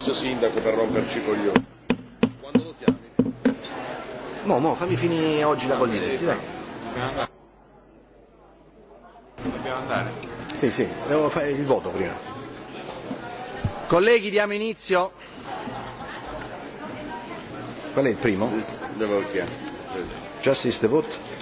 Sindaco per romperci coglioni. Quando lo chiami? Mo, mo, fammi finire oggi la coglinetti, dai. Dobbiamo andare. Dobbiamo andare. Sì, sì, devo fare il voto prima. Colleghi, diamo inizio. Qual è il primo? Just is the vote.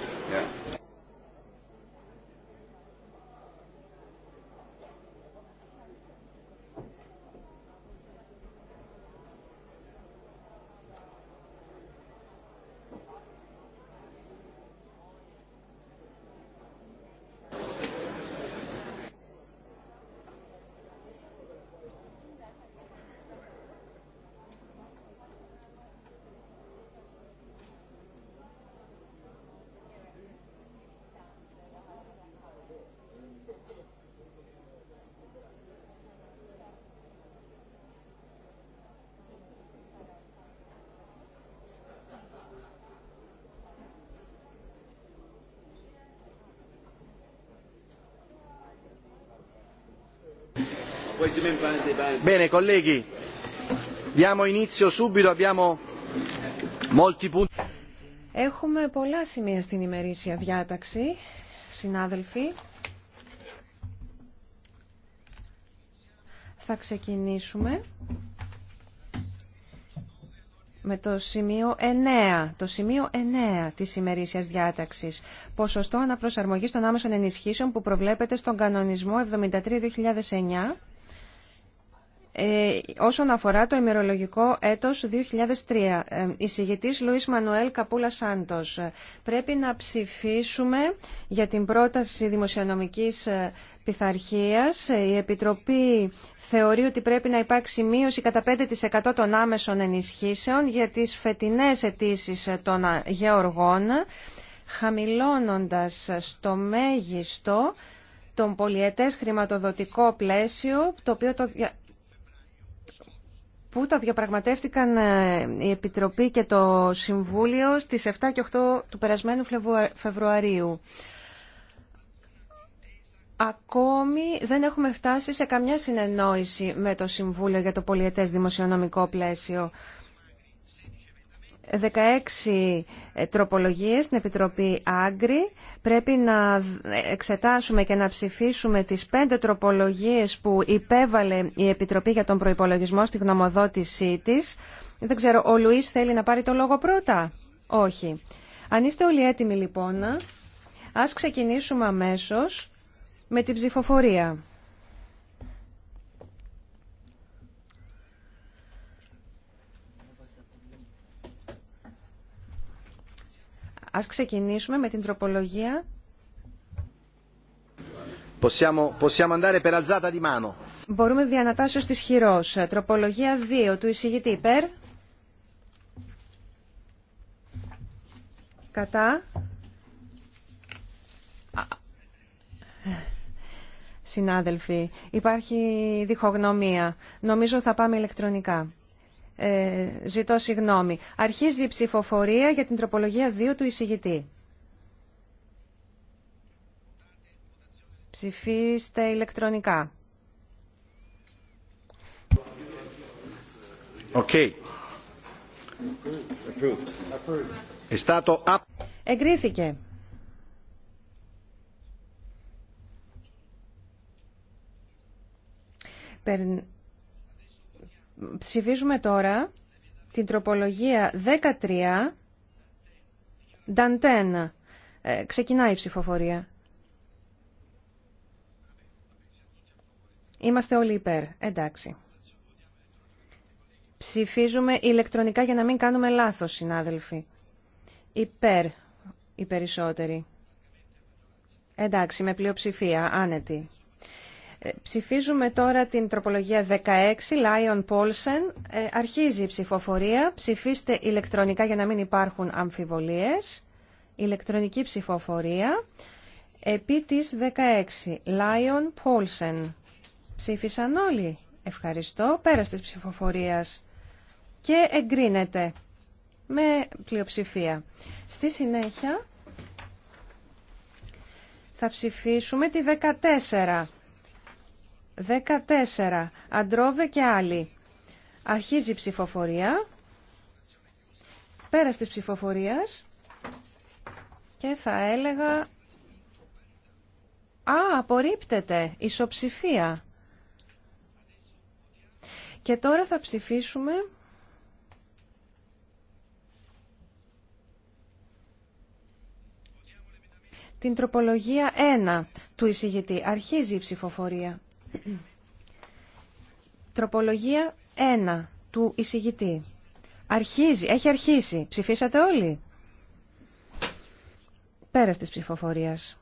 Bene, colleghi, diamo inizio subito, abbiamo molti punti. Έχουμε πολλά σημεία στην ημερήσια διάταξη, συνάδελφοι. Θα ξεκινήσουμε με το σημείο 9, το σημείο 9 της ημερήσια διάταξης, ποσοστό αναπροσαρμογής των άμεσων ενισχύσεων που προβλέπεται στον κανονισμό 73-2009 ε, όσον αφορά το ημερολογικό έτος 2003. η ε, Εισηγητής Λουίς Μανουέλ Καπούλα Σάντος. Ε, πρέπει να ψηφίσουμε για την πρόταση δημοσιονομικής πειθαρχίας. Η Επιτροπή θεωρεί ότι πρέπει να υπάρξει μείωση κατά 5% των άμεσων ενισχύσεων για τις φετινές αιτήσει των γεωργών, χαμηλώνοντας στο μέγιστο τον πολιετές χρηματοδοτικό πλαίσιο, το οποίο το που τα διαπραγματεύτηκαν ε, η Επιτροπή και το Συμβούλιο στις 7 και 8 του περασμένου Φεβρουαρίου. Ακόμη δεν έχουμε φτάσει σε καμιά συνεννόηση με το Συμβούλιο για το πολιετές δημοσιονομικό πλαίσιο. 16 ε, τροπολογίες στην Επιτροπή Άγκρη. Πρέπει να εξετάσουμε και να ψηφίσουμε τις πέντε τροπολογίες που υπέβαλε η Επιτροπή για τον Προϋπολογισμό στη γνωμοδότησή της. Δεν ξέρω, ο Λουίς θέλει να πάρει το λόγο πρώτα. Όχι. Αν είστε όλοι έτοιμοι λοιπόν, ας ξεκινήσουμε αμέσως με την ψηφοφορία. Ας ξεκινήσουμε με την τροπολογία. Μπορούμε διανατάσσεως της χειρός. Τροπολογία 2 του εισηγητή υπέρ. Κατά. Συνάδελφοι, υπάρχει διχογνωμία. Νομίζω θα πάμε ηλεκτρονικά. Ε, ζητώ συγγνώμη. Αρχίζει η ψηφοφορία για την τροπολογία 2 του εισηγητή. Ψηφίστε ηλεκτρονικά. Okay. Εγκρίθηκε. Ψηφίζουμε τώρα την τροπολογία 13, Νταντέν. Ε, ξεκινάει η ψηφοφορία. Είμαστε όλοι υπέρ. Εντάξει. Ψηφίζουμε ηλεκτρονικά για να μην κάνουμε λάθος, συνάδελφοι. Υπέρ οι περισσότεροι. Εντάξει, με πλειοψηφία, άνετη. Ε, ψηφίζουμε τώρα την τροπολογία 16, Lion Πόλσεν. Ε, αρχίζει η ψηφοφορία. Ψηφίστε ηλεκτρονικά για να μην υπάρχουν αμφιβολίες. Ηλεκτρονική ψηφοφορία. Επί της 16, Lion Πόλσεν. Ψήφισαν όλοι. Ευχαριστώ. Πέρασε της ψηφοφορίας. Και εγκρίνεται με πλειοψηφία. Στη συνέχεια θα ψηφίσουμε τη 14 14. Αντρόβε και άλλοι. Αρχίζει η ψηφοφορία. Πέρα της ψηφοφορίας. Και θα έλεγα... Α, απορρίπτεται. Ισοψηφία. Και τώρα θα ψηφίσουμε... Την τροπολογία 1 του εισηγητή. Αρχίζει η ψηφοφορία. Τροπολογία 1 του εισηγητή. Αρχίζει, έχει αρχίσει. Ψηφίσατε όλοι. πέρα της ψηφοφορίας.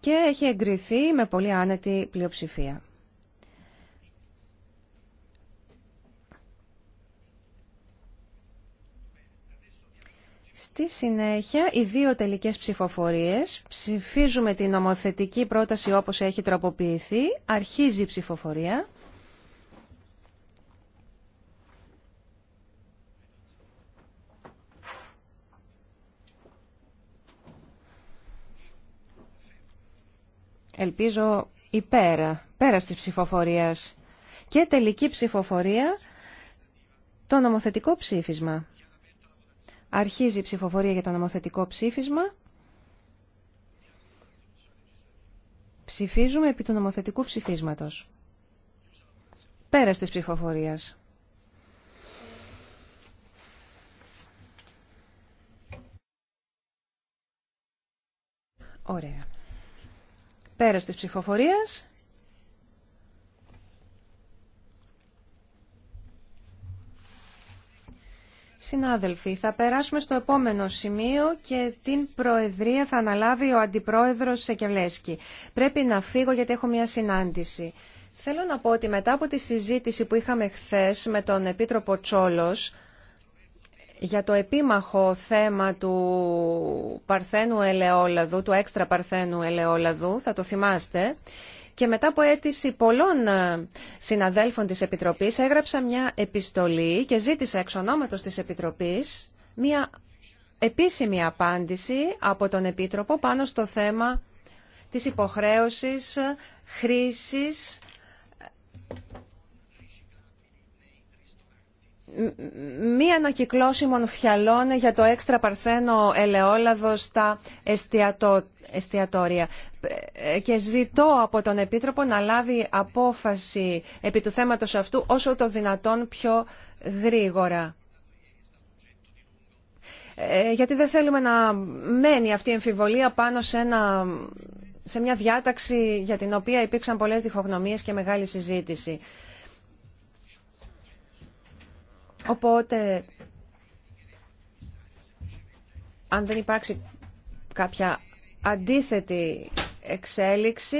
Και έχει εγκριθεί με πολύ άνετη πλειοψηφία. Στη συνέχεια, οι δύο τελικές ψηφοφορίες. Ψηφίζουμε την νομοθετική πρόταση όπως έχει τροποποιηθεί. Αρχίζει η ψηφοφορία. ελπίζω υπέρα, πέρα της ψηφοφορίας και τελική ψηφοφορία το νομοθετικό ψήφισμα. Αρχίζει η ψηφοφορία για το νομοθετικό ψήφισμα. Ψηφίζουμε επί του νομοθετικού ψηφίσματος. Πέρα της ψηφοφορίας. Ωραία. Πέρας της ψηφοφορίας. Συνάδελφοι, θα περάσουμε στο επόμενο σημείο και την Προεδρία θα αναλάβει ο Αντιπρόεδρος Σεκελέσκη. Πρέπει να φύγω γιατί έχω μια συνάντηση. Θέλω να πω ότι μετά από τη συζήτηση που είχαμε χθες με τον Επίτροπο Τσόλος, για το επίμαχο θέμα του παρθένου ελαιόλαδου, του έξτρα παρθένου ελαιόλαδου, θα το θυμάστε, και μετά από αίτηση πολλών ε, συναδέλφων της Επιτροπής έγραψα μια επιστολή και ζήτησα εξ ονόματος της Επιτροπής μια επίσημη απάντηση από τον Επίτροπο πάνω στο θέμα της υποχρέωσης χρήσης μη ανακυκλώσιμων φιαλών για το έξτρα παρθένο ελαιόλαδο στα εστιατόρια. Ε, και ζητώ από τον Επίτροπο να λάβει απόφαση επί του θέματος αυτού όσο το δυνατόν πιο γρήγορα. Ε, γιατί δεν θέλουμε να μένει αυτή η εμφιβολία πάνω σε, σε μια διάταξη για την οποία υπήρξαν πολλές διχογνωμίες και μεγάλη συζήτηση. Οπότε, αν δεν υπάρξει κάποια αντίθετη εξέλιξη,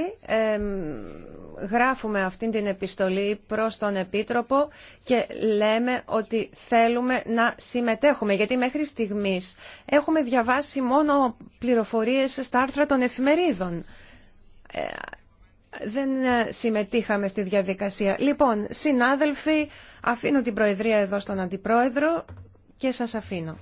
γράφουμε αυτή την επιστολή προς τον Επίτροπο και λέμε ότι θέλουμε να συμμετέχουμε, γιατί μέχρι στιγμής έχουμε διαβάσει μόνο πληροφορίες στα άρθρα των εφημερίδων. Ε, δεν ε, συμμετείχαμε στη διαδικασία. Λοιπόν, συνάδελφοι, αφήνω την Προεδρία εδώ στον Αντιπρόεδρο και σας αφήνω.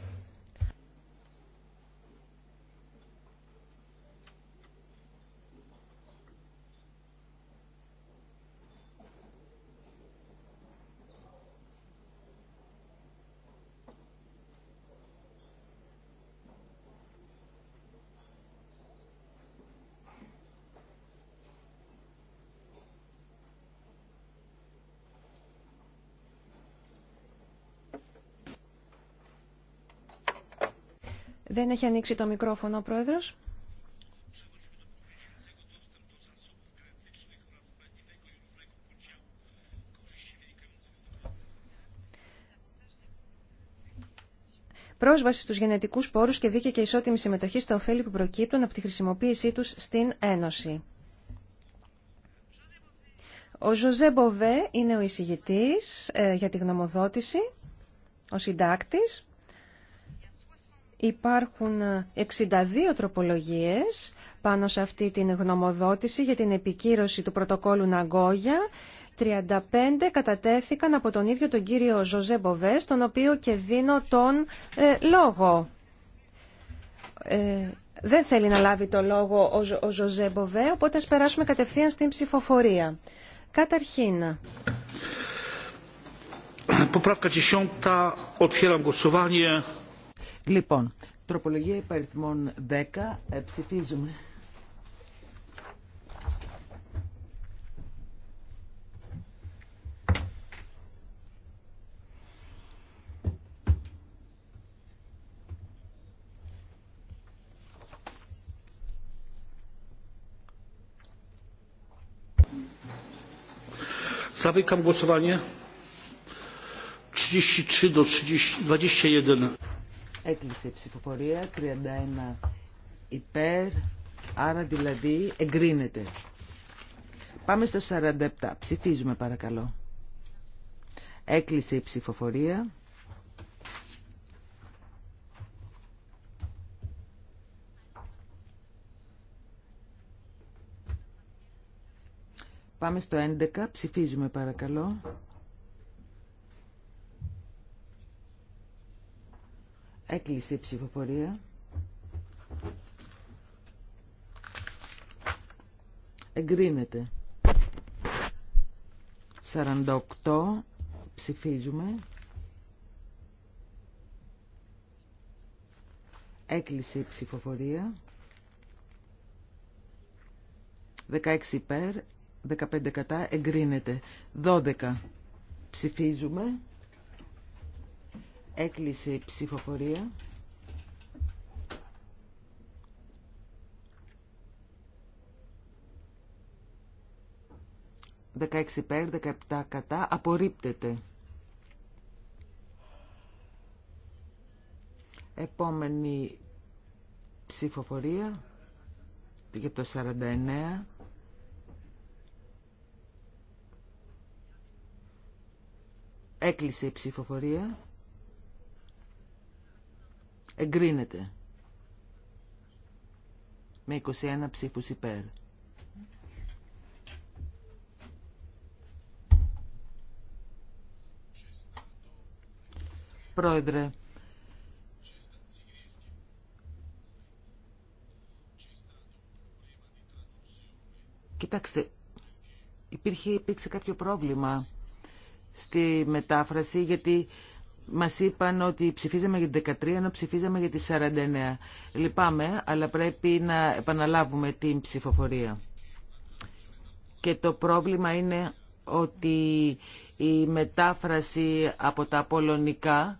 Δεν έχει ανοίξει το μικρόφωνο ο Πρόεδρος. πρόσβαση στους γενετικούς πόρους και δίκαιη και ισότιμη συμμετοχή στα ωφέλη που προκύπτουν από τη χρησιμοποίησή τους στην Ένωση. Ο Ζωζέ Μποβέ είναι ο εισηγητής ε, για τη γνωμοδότηση, ο συντάκτης. Υπάρχουν 62 ε, τροπολογίες πάνω σε αυτή την γνωμοδότηση για την επικύρωση του πρωτοκόλου Ναγκόγια. 35 κατατέθηκαν από τον ίδιο τον κύριο Ζωζέ Μποβέ, τον οποίο και δίνω τον ε, λόγο. Ε, δεν θέλει να λάβει το λόγο ο, Ζωζέ Μποβέ, οπότε ας περάσουμε κατευθείαν στην ψηφοφορία. Καταρχήν. Poprawka 10. Otwieram Λοιπόν, τροπολογία υπαριθμών 10, ε, ψηφίζουμε. Zamykam głosowanie. 33 do 30, 21. Έκλεισε η ψηφοφορία. 31 υπέρ. Άρα δηλαδή εγκρίνεται. Πάμε στο 47. Ψηφίζουμε παρακαλώ. Έκλεισε η ψηφοφορία. Πάμε στο 11. Ψηφίζουμε παρακαλώ. Έκλεισε η ψηφοφορία. Εγκρίνεται. 48 ψηφίζουμε. Έκλεισε η ψηφοφορία. 16 υπέρ, 15 κατά, εγκρίνεται. 12 ψηφίζουμε. Έκλεισε η ψηφοφορία. 16 υπέρ, 17 κατά. Απορρίπτεται. Επόμενη ψηφοφορία για το 49. Έκλεισε η ψηφοφορία. Εγκρίνεται. Με 21 ψήφους υπέρ. Πρόεδρε, Κοιτάξτε, υπήρχε, υπήρξε κάποιο πρόβλημα στη μετάφραση γιατί Μα είπαν ότι ψηφίζαμε για την 13 ενώ ψηφίζαμε για τη 49. Λυπάμαι, αλλά πρέπει να επαναλάβουμε την ψηφοφορία. Και το πρόβλημα είναι ότι η μετάφραση από τα πολωνικά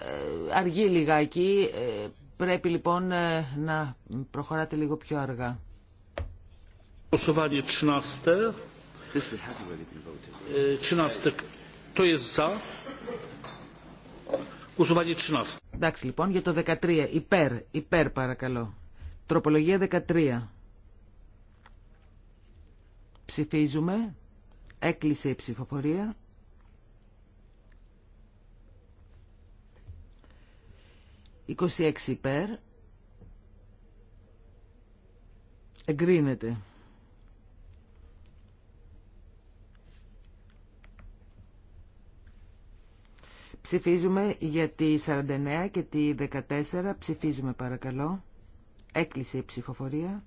ε, αργεί λιγάκι. Ε, πρέπει λοιπόν ε, να προχωράτε λίγο πιο αργά. Głosowanie 13. 13. Kto Εντάξει λοιπόν για το 13. Υπέρ, υπέρ παρακαλώ. Τροπολογία 13. Ψηφίζουμε. Έκλεισε η ψηφοφορία. «26 υπέρ». Εγκρίνεται. Ψηφίζουμε για τη 49 και τη 14. Ψηφίζουμε παρακαλώ. Έκλεισε η ψηφοφορία.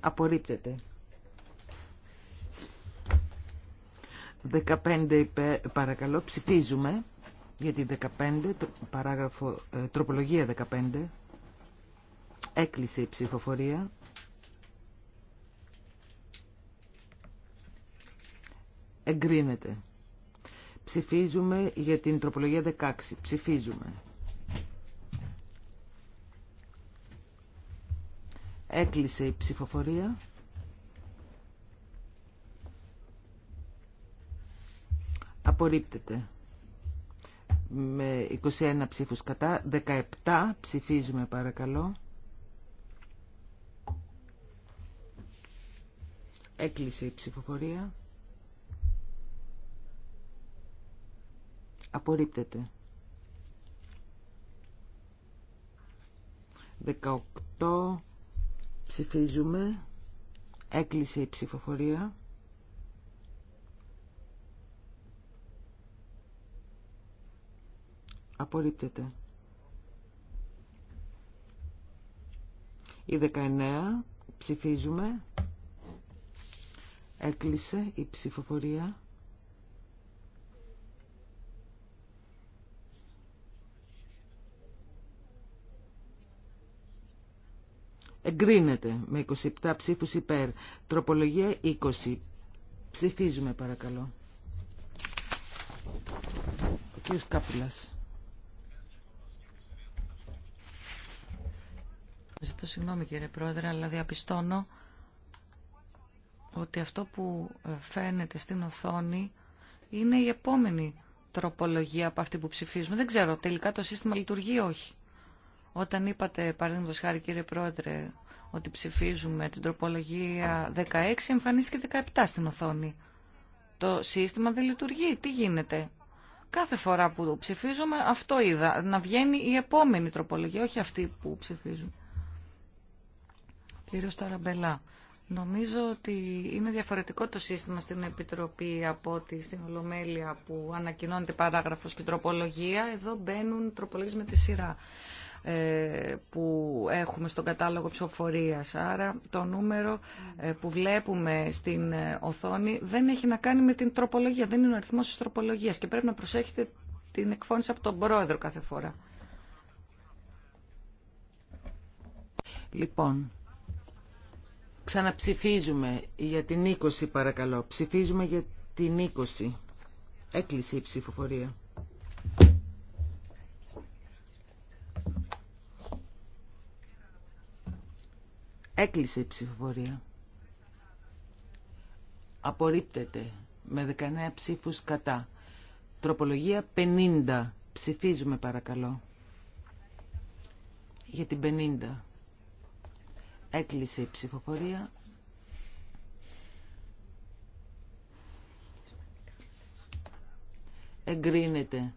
Απορρίπτεται. 15 παρακαλώ ψηφίζουμε για τη 15 παράγραφο, ε, τροπολογία 15 έκλεισε η ψηφοφορία Εγκρίνεται. Ψηφίζουμε για την τροπολογία 16. Ψηφίζουμε. Έκλεισε η ψηφοφορία. Απορρίπτεται. Με 21 ψήφους κατά. 17 ψηφίζουμε παρακαλώ. Έκλεισε η ψηφοφορία. Απορρίπτεται. 18. Ψηφίζουμε. Έκλεισε η ψηφοφορία. Απορρίπτεται. Η 19. Ψηφίζουμε. Έκλεισε η ψηφοφορία. Εγκρίνεται με 27 ψήφους υπέρ. Τροπολογία 20. Ψηφίζουμε παρακαλώ. Ο κ. Κάπουλας. Ζητώ συγγνώμη κύριε Πρόεδρε, αλλά διαπιστώνω ότι αυτό που ε, φαίνεται στην οθόνη είναι η επόμενη τροπολογία από αυτή που ψηφίζουμε. Δεν ξέρω τελικά το σύστημα λειτουργεί ή όχι. Όταν είπατε, παραδείγματο χάρη κύριε Πρόεδρε, ότι ψηφίζουμε την τροπολογία 16, εμφανίστηκε 17 στην οθόνη. Το σύστημα δεν λειτουργεί. Τι γίνεται. Κάθε φορά που ψηφίζουμε αυτό είδα. Να βγαίνει η επόμενη τροπολογία, όχι αυτή που ψηφίζουμε. Κύριο Σταραμπελά, νομίζω ότι είναι διαφορετικό το σύστημα στην Επιτροπή από ότι στην Ολομέλεια που ανακοινώνεται παράγραφος και τροπολογία. Εδώ μπαίνουν τροπολογίες με τη σειρά. Ε, που έχουμε στον κατάλογο ψηφοφορίας. Άρα το νούμερο ε, που βλέπουμε στην ε, οθόνη δεν έχει να κάνει με την τροπολογία, δεν είναι ο αριθμός της τροπολογίας και πρέπει να προσέχετε την εκφώνηση από τον πρόεδρο κάθε φορά. Λοιπόν, ξαναψηφίζουμε για την 20 παρακαλώ. Ψηφίζουμε για την 20. Έκλεισε η ψηφοφορία. Έκλεισε η ψηφοφορία. Απορρίπτεται με 19 ψήφους κατά. Τροπολογία 50. Ψηφίζουμε παρακαλώ. Για την 50. Έκλεισε η ψηφοφορία. Εγκρίνεται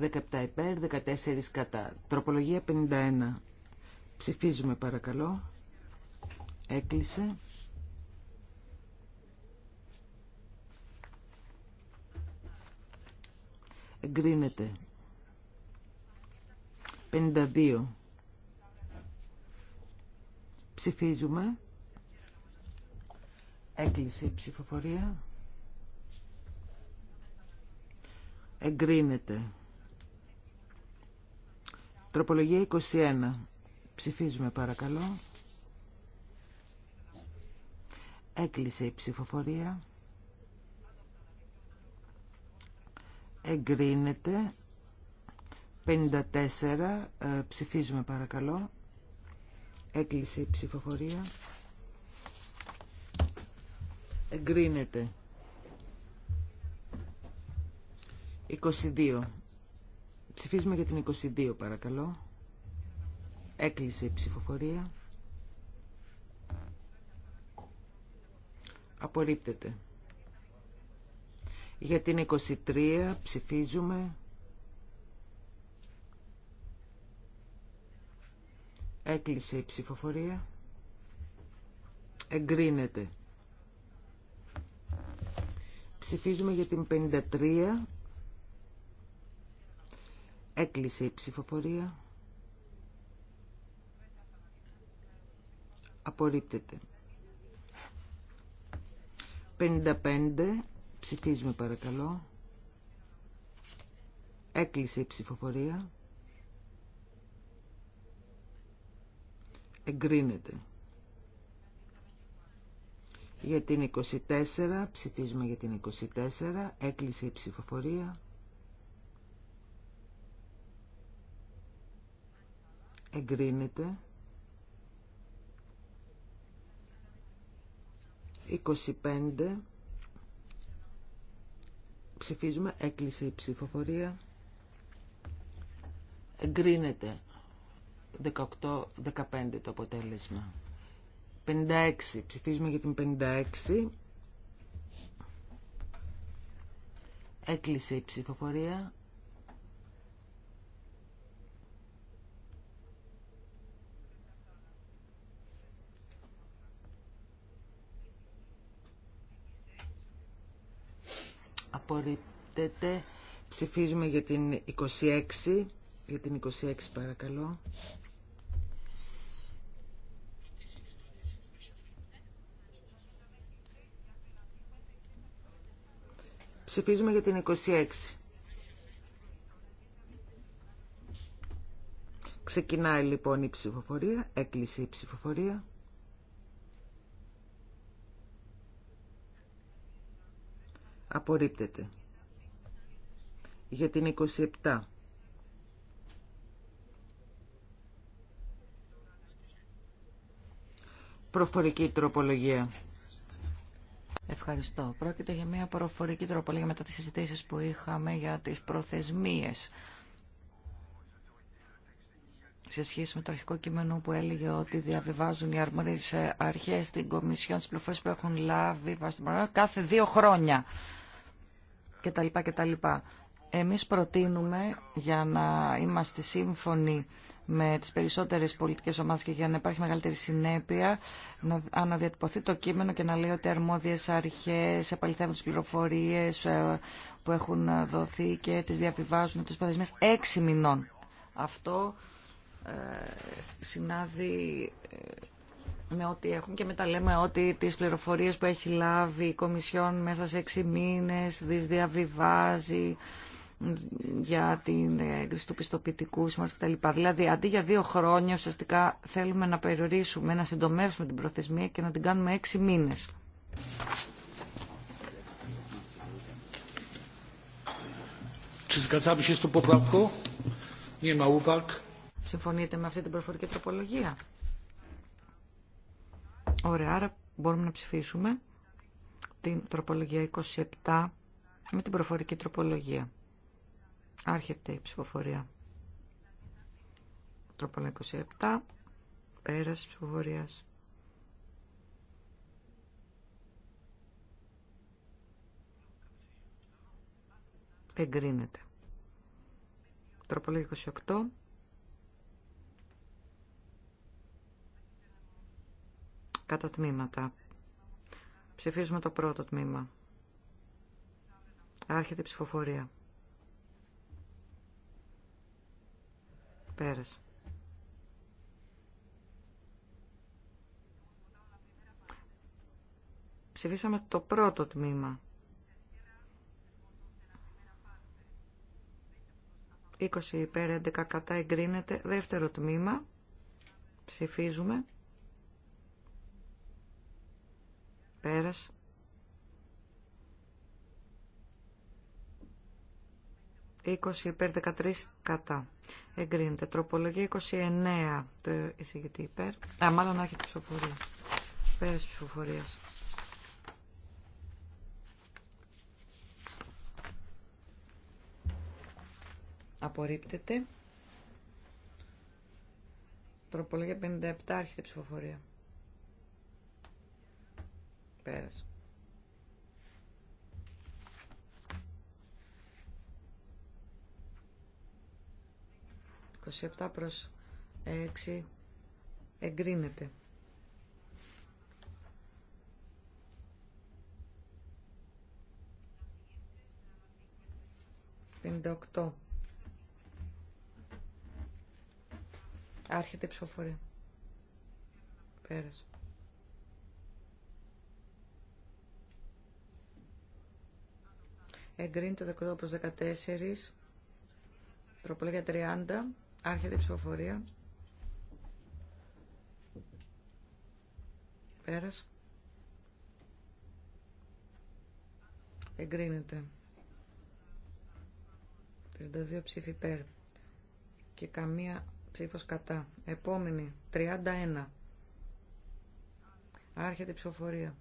17 υπέρ, 14 κατά. Τροπολογία 51. Ψηφίζουμε παρακαλώ. Έκλεισε. Εγκρίνεται. 52. Ψηφίζουμε. Έκλεισε η ψηφοφορία. Εγκρίνεται. Τροπολογία 21. Ψηφίζουμε παρακαλώ. Έκλεισε η ψηφοφορία. Εγκρίνεται. 54. Ε, ψηφίζουμε παρακαλώ. Έκλεισε η ψηφοφορία. Εγκρίνεται. 22. Ψηφίζουμε για την 22 παρακαλώ. Έκλεισε η ψηφοφορία. Απορρίπτεται. Για την 23 ψηφίζουμε. Έκλεισε η ψηφοφορία. Εγκρίνεται. Ψηφίζουμε για την 53. Έκλεισε η ψηφοφορία. Απορρίπτεται. 55. Ψηφίζουμε παρακαλώ. Έκλεισε η ψηφοφορία. Εγκρίνεται. Για την 24, ψηφίζουμε για την 24, έκλεισε η ψηφοφορία. Εγκρίνεται. 25 ψηφίζουμε έκλεισε η ψηφοφορία εγκρίνεται 18-15 το αποτέλεσμα 56 ψηφίζουμε για την 56 έκλεισε η ψηφοφορία απορρίπτεται. Ψηφίζουμε για την 26. Για την 26 παρακαλώ. Ψηφίζουμε για την 26. Ξεκινάει λοιπόν η ψηφοφορία, έκλεισε η ψηφοφορία. απορρίπτεται. Για την 27. Προφορική τροπολογία. Ευχαριστώ. Πρόκειται για μια προφορική τροπολογία μετά τις συζητήσει που είχαμε για τις προθεσμίες σε σχέση με το αρχικό κείμενο που έλεγε ότι διαβιβάζουν οι αρμόδιες αρχές στην Κομισιόν τις πληροφορίες που έχουν λάβει κάθε δύο χρόνια κτλ. κτλ. Εμείς προτείνουμε για να είμαστε σύμφωνοι με τις περισσότερες πολιτικές ομάδες και για να υπάρχει μεγαλύτερη συνέπεια να αναδιατυπωθεί το κείμενο και να λέει ότι αρμόδιες αρχές επαληθεύουν τις πληροφορίες ε, που έχουν δοθεί και τις διαβιβάζουν τους προθεσμίες έξι μηνών. Αυτό ε, συνάδει ε, με ό,τι έχουμε και μετά λέμε ότι τις πληροφορίες που έχει λάβει η Κομισιόν μέσα σε έξι μήνες τι διαβιβάζει για την έγκριση του πιστοποιητικού μας κτλ. Δηλαδή, αντί για δύο χρόνια, ουσιαστικά θέλουμε να περιορίσουμε, να συντομεύσουμε την προθεσμία και να την κάνουμε έξι μήνες. Συμφωνείτε με αυτή την προφορική τροπολογία. Ωραία, άρα μπορούμε να ψηφίσουμε την τροπολογία 27 με την προφορική τροπολογία. Άρχεται η ψηφοφορία. Τροπολογία 27, πέρας ψηφοφορίας. Εγκρίνεται. Τροπολογία 28, κατά τμήματα. Ψηφίζουμε το πρώτο τμήμα. Άρχεται η ψηφοφορία. Πέρασε. Ψηφίσαμε το πρώτο τμήμα. 20 υπέρ 11 κατά εγκρίνεται. Δεύτερο τμήμα. Ψηφίζουμε. Πέρας. Είκοσι υπέρ 13 κατά. Εγκρίνεται. Τροπολογία 29. Το εισηγητή υπέρ. Α, μάλλον άρχεται ψηφοφορία. Πέρας ψηφοφορίας. απορρίπτεται. Τροπολογία 57 άρχεται ψηφοφορία. Πέρασο. 27 προς 6. Εγκρίνεται. 58. Άρχεται η ψηφοφορία. Πέρασο. Εγκρίνεται το προς 14. τροπολέγια 30. Άρχεται η ψηφοφορία. Πέρας. Εγκρίνεται. 32 ψήφοι υπέρ και καμία ψήφος κατά. Επόμενη, 31. Άρχεται η ψηφοφορία.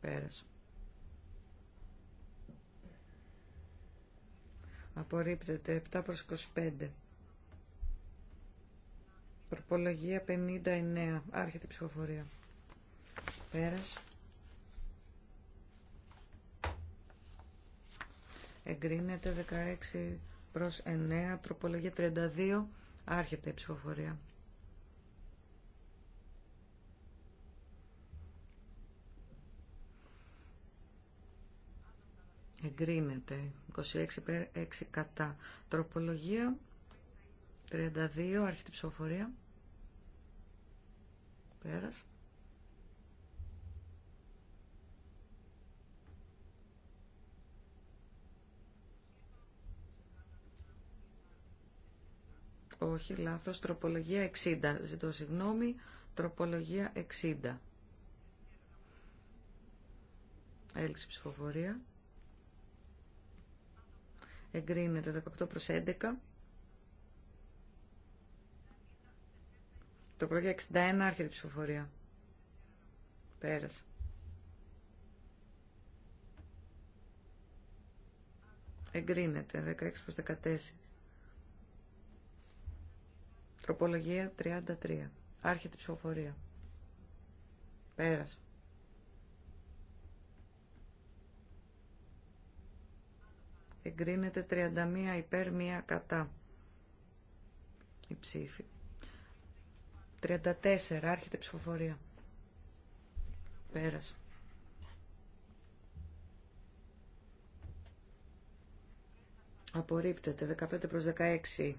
Πέρασε. απορρίπτεται 7 προς 25 τροπολογία 59 άρχεται η ψηφοφορία πέρας εγκρίνεται 16 προς 9 τροπολογία 32 άρχεται η ψηφοφορία Εγκρίνεται. 26 6 κατά. Τροπολογία 32. Άρχιτη ψηφοφορία. Πέρας. Όχι, λάθος. Τροπολογία 60. Ζητώ συγγνώμη. Τροπολογία 60. Έλξη ψηφοφορία εγκρίνεται 18 προς 11. Το πρωί 61 άρχεται η ψηφοφορία. Πέρασε. Εγκρίνεται 16 προς 14. Τροπολογία 33. Άρχεται η ψηφοφορία. Πέρασε. εγκρίνεται 31 υπέρ 1 κατά η ψήφη 34 άρχεται ψηφοφορία πέρασε απορρίπτεται 15 προς 16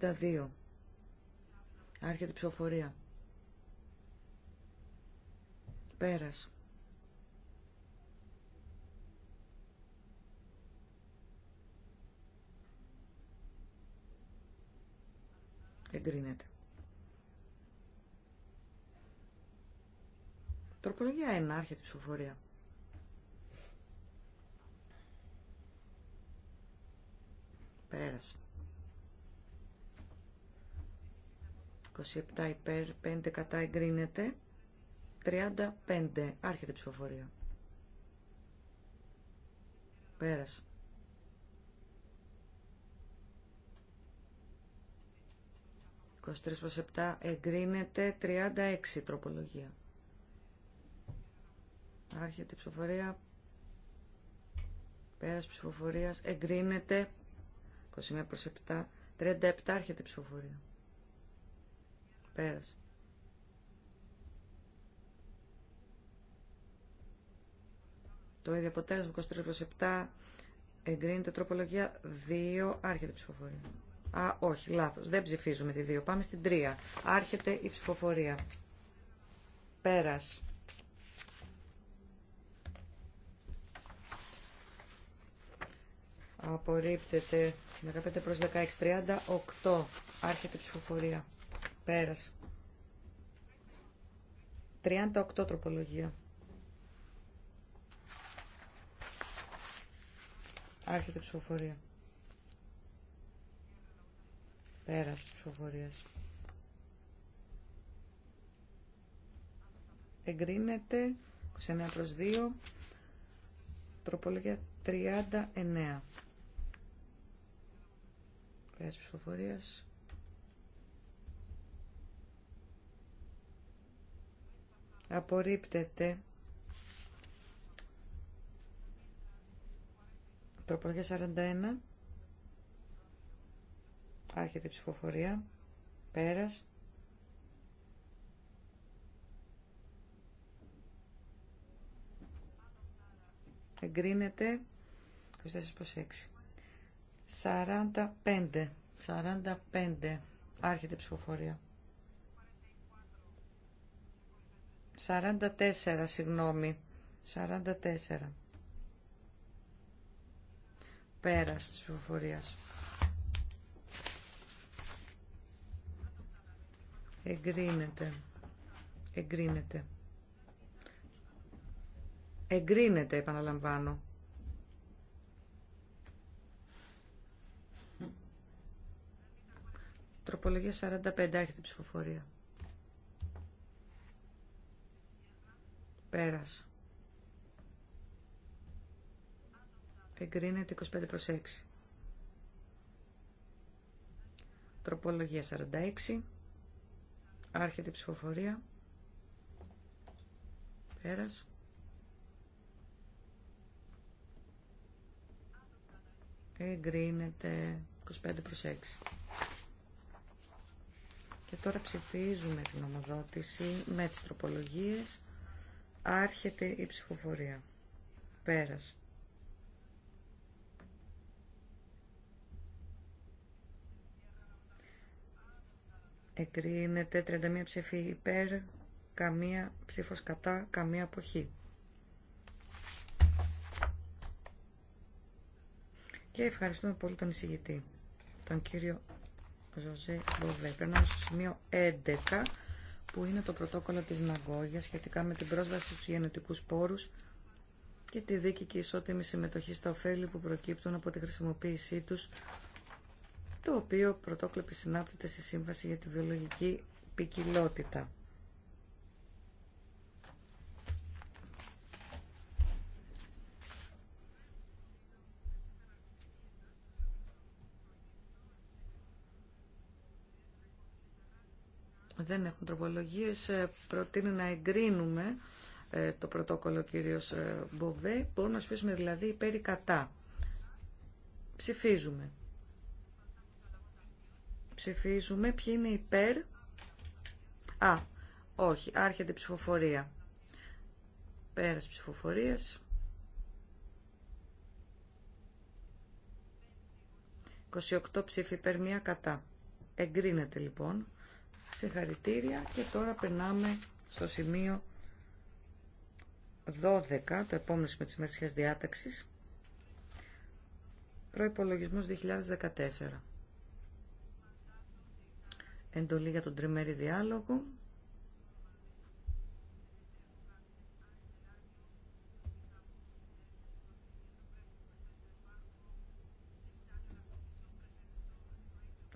62 άρχεται ψηφοφορία πέρασε Εγκρίνεται. Τροπολογία 1. Άρχεται η ψηφοφορία. Πέρασε. 27 υπέρ, 5 κατά εγκρίνεται. 35. Άρχεται η ψηφοφορία. Πέρασε. 23 προς 7 εγκρίνεται 36 τροπολογία. Άρχεται η ψηφοφορία. Πέρας ψηφοφορίας εγκρίνεται 21 7. 37 άρχεται η ψηφοφορία. Πέρας. Το ίδιο αποτέλεσμα 23 προς 7 εγκρίνεται τροπολογία 2 άρχεται η ψηφοφορία. Α, όχι, λάθος. Δεν ψηφίζουμε τη 2. Πάμε στην 3. Άρχεται η ψηφοφορία. Πέρας. Απορρίπτεται 15 προς 16, 38. Άρχεται η ψηφοφορία. Πέρας. 38 τροπολογία. Άρχεται η ψηφοφορία. Πέρας ψηφοφορίας. Εγκρίνεται 29 προς 2. Τροπολογία 39. Πέρας ψηφοφορίας. Απορρίπτεται. Τροπολογία 41. Άρχεται η ψηφοφορία. Πέρας. Εγκρίνεται 24 προς 45. 45. Άρχεται η ψηφοφορία. 44, συγγνώμη. 44. Πέρας της ψηφοφορίας. Εγκρίνεται. Εγκρίνεται. Εγκρίνεται, επαναλαμβάνω. Τροπολογία 45, έρχεται ψηφοφορία. Πέρας. Εγκρίνεται 25 προς 6. Τροπολογία 46. Άρχεται η ψηφοφορία. Πέρας. Εγκρίνεται 25 προς 6. Και τώρα ψηφίζουμε την ομοδότηση με τις τροπολογίες. Άρχεται η ψηφοφορία. Πέρας. εκρίνεται 31 ψήφοι υπέρ, καμία ψήφος κατά, καμία αποχή. Και ευχαριστούμε πολύ τον εισηγητή, τον κύριο Ζωζέ Μποβέ. Περνάμε στο σημείο 11, που είναι το πρωτόκολλο της Ναγκόγια σχετικά με την πρόσβαση στους γενετικούς πόρους και τη δίκη και ισότιμη συμμετοχή στα ωφέλη που προκύπτουν από τη χρησιμοποίησή τους το οποίο πρωτόκλοπη συνάπτεται στη Σύμβαση για τη Βιολογική Ποικιλότητα. δεν έχουν τροπολογίες, ε, προτείνει να εγκρίνουμε ε, το πρωτόκολλο κύριος ε, Μποβέ. Μπορούμε να σφισουμε δηλαδή υπέρ ή κατά. Ψηφίζουμε. Ψηφίζουμε. Ποιοι είναι υπέρ. Α, όχι. Άρχεται η ψηφοφορία. Πέρας ψηφοφορίας. 28 ψήφοι υπέρ, μία κατά. Εγκρίνεται λοιπόν. Συγχαρητήρια και τώρα περνάμε στο σημείο 12, το επόμενο σημείο της διάταξης. Προϋπολογισμός 2014 εντολή για τον τριμέρι διάλογο.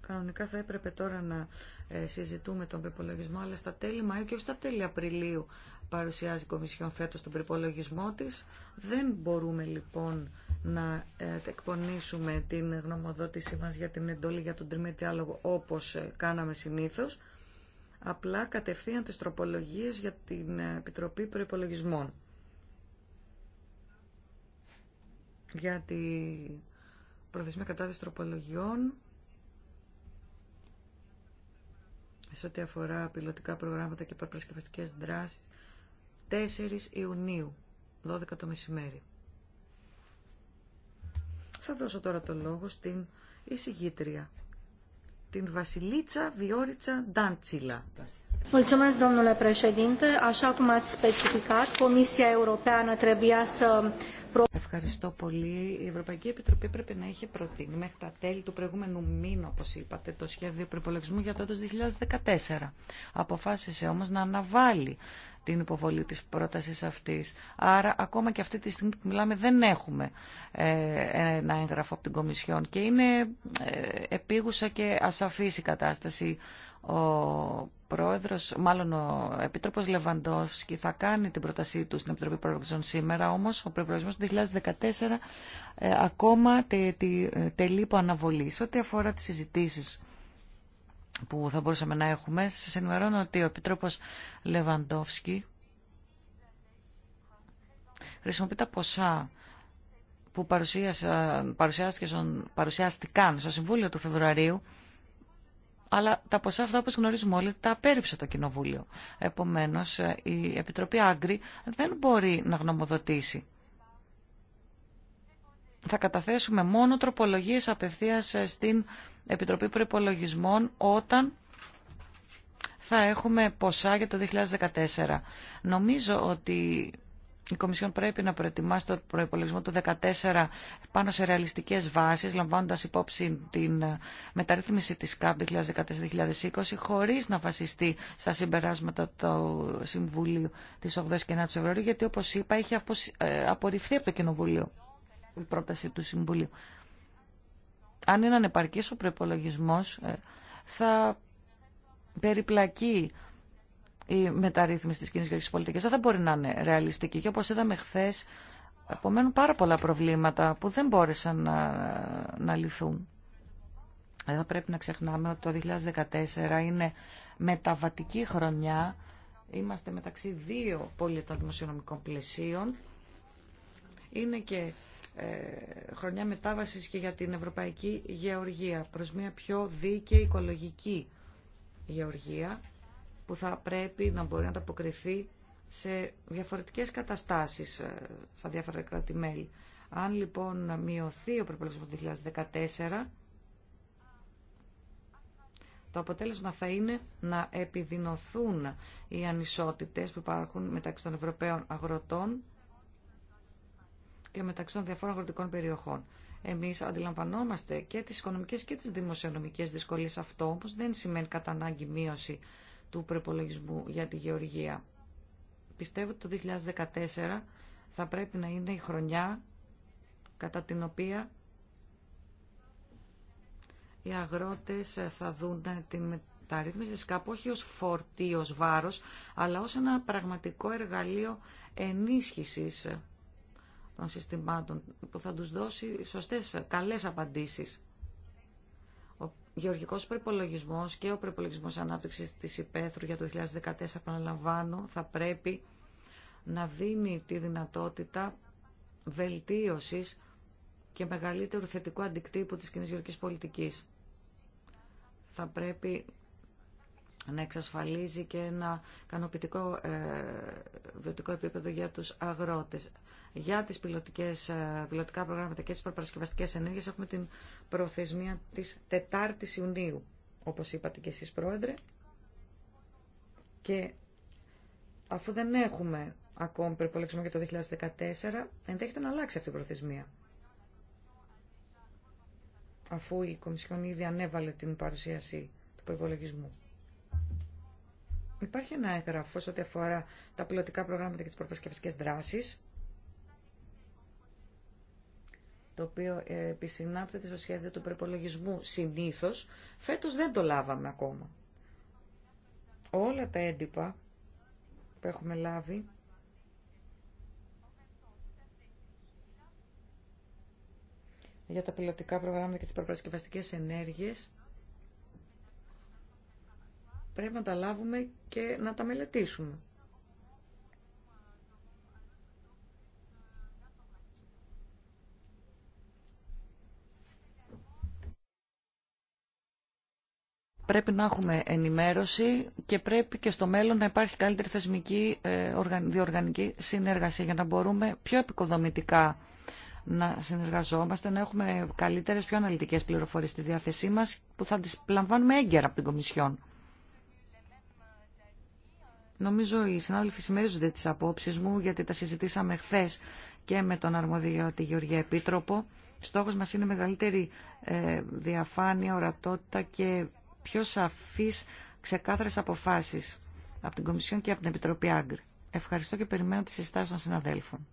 Κανονικά θα έπρεπε τώρα να ε, συζητούμε τον προπολογισμό, αλλά στα τέλη Μαΐου και όχι στα τέλη Απριλίου παρουσιάζει η Κομισιόν φέτος τον προπολογισμό της. Δεν μπορούμε λοιπόν να ε, εκπονήσουμε την γνωμοδότησή μας για την εντολή για τον τριμμένο διάλογο όπως ε, κάναμε συνήθως, απλά κατευθείαν τις τροπολογίες για την ε, Επιτροπή Προϋπολογισμών. Για την προθεσμία κατάθεση τροπολογιών, σε ό,τι αφορά πιλωτικά προγράμματα και προπρασκευαστικές δράσεις, 4 Ιουνίου, 12 το μεσημέρι. Θα δώσω τώρα το λόγο στην εισηγήτρια, την Βασιλίτσα Βιόριτσα Ντάντσιλα. Mulțumesc, domnule președinte. Așa cum ați specificat, Comisia Ευχαριστώ πολύ. Η Ευρωπαϊκή Επιτροπή πρέπει να είχε προτείνει μέχρι τα τέλη του προηγούμενου μήνα, όπω είπατε, το σχέδιο προπολογισμού για το 2014. Αποφάσισε όμω να αναβάλει την υποβολή της πρότασης αυτής. Άρα ακόμα και αυτή τη στιγμή που μιλάμε δεν έχουμε ε, ένα έγγραφο από την Κομισιόν και είναι ε, επίγουσα και ασαφής η κατάσταση. Ο πρόεδρος, μάλλον ο Επίτροπος Λεβαντόφσκι θα κάνει την πρότασή του στην Επιτροπή Πρόεδρων σήμερα, όμως ο μας, του 2014 ε, ακόμα τε, τε, τελεί υπό αναβολή. ό,τι αφορά τις συζητήσεις που θα μπορούσαμε να έχουμε. Σας ενημερώνω ότι ο Επιτρόπος Λεβαντόφσκι χρησιμοποιεί τα ποσά που παρουσιάστηκαν στο Συμβούλιο του Φεβρουαρίου, αλλά τα ποσά αυτά, όπως γνωρίζουμε όλοι, τα απέρριψε το Κοινοβούλιο. Επομένως, η Επιτροπή Άγκρη δεν μπορεί να γνωμοδοτήσει θα καταθέσουμε μόνο τροπολογίες απευθείας ε, στην Επιτροπή Προϋπολογισμών όταν θα έχουμε ποσά για το 2014. Νομίζω ότι η Κομισιόν πρέπει να προετοιμάσει το προπολογισμό του 2014 πάνω σε ρεαλιστικές βάσεις, λαμβάνοντας υπόψη την ε, μεταρρύθμιση της ΚΑΠ 2014-2020, χωρίς να βασιστεί στα συμπεράσματα του Συμβουλίου της 8η και 9 ης γιατί όπως είπα, έχει ε, απορριφθεί από το Κοινοβούλιο η πρόταση του Συμβουλίου. Αν είναι ανεπαρκής ο προπολογισμό, ε, θα περιπλακεί η μεταρρύθμιση της κοινής γεωργικής πολιτικής. Δεν θα μπορεί να είναι ρεαλιστική. Και όπως είδαμε χθε, απομένουν πάρα πολλά προβλήματα που δεν μπόρεσαν να, να λυθούν. Εδώ πρέπει να ξεχνάμε ότι το 2014 είναι μεταβατική χρονιά. Είμαστε μεταξύ δύο πολιτών δημοσιονομικών πλαισίων. Είναι και ε, χρονιά μετάβασης και για την Ευρωπαϊκή Γεωργία προς μια πιο δίκαιη οικολογική γεωργία που θα πρέπει να μπορεί να ανταποκριθεί σε διαφορετικές καταστάσεις ε, στα διάφορα κράτη-μέλη. Αν λοιπόν μειωθεί ο προπολογισμό του 2014, το αποτέλεσμα θα είναι να επιδεινωθούν οι ανισότητες που υπάρχουν μεταξύ των Ευρωπαίων αγροτών και μεταξύ των διαφόρων αγροτικών περιοχών. Εμείς αντιλαμβανόμαστε και τι οικονομικές και τις δημοσιονομικές δυσκολίες αυτό, όμω δεν σημαίνει κατά ανάγκη μείωση του προπολογισμού για τη γεωργία. Πιστεύω ότι το 2014 θα πρέπει να είναι η χρονιά κατά την οποία οι αγρότες θα δουν την μεταρρύθμιση της ΚΑΠ όχι ως φορτίο βάρος, αλλά ως ένα πραγματικό εργαλείο ενίσχυσης των συστημάτων που θα τους δώσει σωστές, καλές απαντήσεις. Ο γεωργικός προπολογισμό και ο προπολογισμό ανάπτυξης της υπαίθρου για το 2014, παραλαμβάνω, θα πρέπει να δίνει τη δυνατότητα βελτίωσης και μεγαλύτερου θετικού αντικτύπου της κοινής γεωργικής πολιτικής. Θα πρέπει να εξασφαλίζει και ένα κανοποιητικό ε, βιωτικό επίπεδο για τους αγρότες για τις πιλωτικές, ε, πιλωτικά προγράμματα και τις προπαρασκευαστικές ενέργειες έχουμε την προθεσμία της 4ης Ιουνίου, όπως είπατε και εσείς Πρόεδρε. Και αφού δεν έχουμε ακόμη περιπολέξουμε για το 2014, ενδέχεται να αλλάξει αυτή η προθεσμία. Αφού η Κομισιόν ήδη ανέβαλε την παρουσίαση του προπολογισμού. Υπάρχει ένα έγγραφο ό,τι αφορά τα πιλωτικά προγράμματα και τι προπασκευαστικέ δράσει. το οποίο ε, επισυνάπτεται στο σχέδιο του προπολογισμού συνήθως, φέτος δεν το λάβαμε ακόμα. Όλα τα έντυπα που έχουμε λάβει για τα πιλωτικά προγράμματα και τις προπαρασκευαστικές ενέργειες πρέπει να τα λάβουμε και να τα μελετήσουμε. πρέπει να έχουμε ενημέρωση και πρέπει και στο μέλλον να υπάρχει καλύτερη θεσμική ε, διοργανική συνεργασία για να μπορούμε πιο επικοδομητικά να συνεργαζόμαστε, να έχουμε καλύτερες, πιο αναλυτικές πληροφορίες στη διάθεσή μας που θα τις λαμβάνουμε έγκαιρα από την Κομισιόν. Νομίζω οι συνάδελφοι συμμερίζονται τις απόψεις μου γιατί τα συζητήσαμε χθε και με τον αρμόδιο τη Γεωργία Επίτροπο. Στόχος μας είναι μεγαλύτερη ε, διαφάνεια, ορατότητα και πιο σαφείς, ξεκάθαρες αποφάσεις από την Κομισιόν και από την Επιτροπή Άγκρη. Ευχαριστώ και περιμένω τις συστάσεις των συναδέλφων.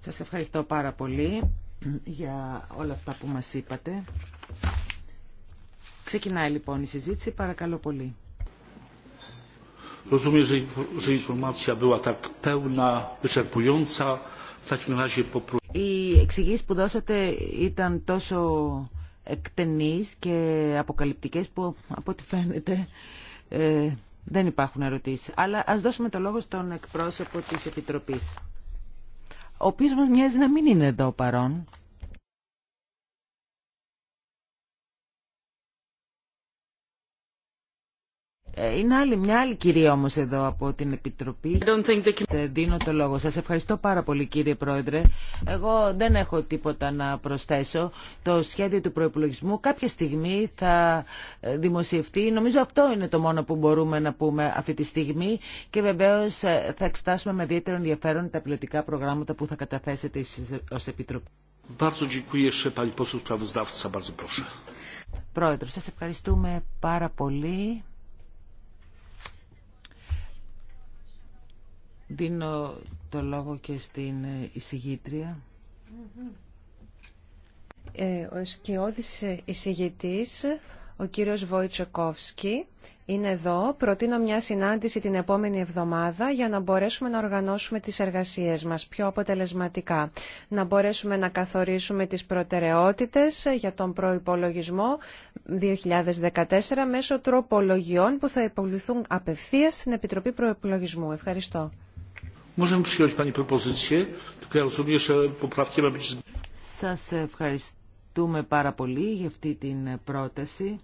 Σας ευχαριστώ πάρα πολύ για όλα αυτά που μας είπατε. Ξεκινάει λοιπόν η συζήτηση. Παρακαλώ πολύ. Rozumiem, Οι εξηγήσει που δώσατε ήταν τόσο εκτενείς και αποκαλυπτικές που από ό,τι φαίνεται ε, δεν υπάρχουν ερωτήσεις. Αλλά ας δώσουμε το λόγο στον εκπρόσωπο της Επιτροπής, ο οποίος μας μοιάζει να μην είναι εδώ παρόν. Ε, είναι άλλη, μια άλλη κυρία όμως εδώ από την Επιτροπή. The... Ε, δίνω το λόγο. Σας ευχαριστώ πάρα πολύ κύριε Πρόεδρε. Εγώ δεν έχω τίποτα να προσθέσω. Το σχέδιο του προϋπολογισμού κάποια στιγμή θα ε, δημοσιευτεί. Νομίζω αυτό είναι το μόνο που μπορούμε να πούμε αυτή τη στιγμή και βεβαίως θα εξετάσουμε με ιδιαίτερο ενδιαφέρον τα πιλωτικά προγράμματα που θα καταθέσετε ως Επιτροπή. Πρόεδρο, σας ευχαριστούμε πάρα πολύ. Δίνω το λόγο και στην εισηγήτρια. Ε, ο σκιώδης εισηγητής, ο κύριος Βοητσοκόφσκι, είναι εδώ. Προτείνω μια συνάντηση την επόμενη εβδομάδα για να μπορέσουμε να οργανώσουμε τις εργασίες μας πιο αποτελεσματικά. Να μπορέσουμε να καθορίσουμε τις προτεραιότητες για τον προϋπολογισμό 2014 μέσω τροπολογιών που θα υπολοιθούν απευθείας στην Επιτροπή Προϋπολογισμού. Ευχαριστώ. Możemy Σας ευχαριστούμε πάρα πολύ για αυτή την πρόταση.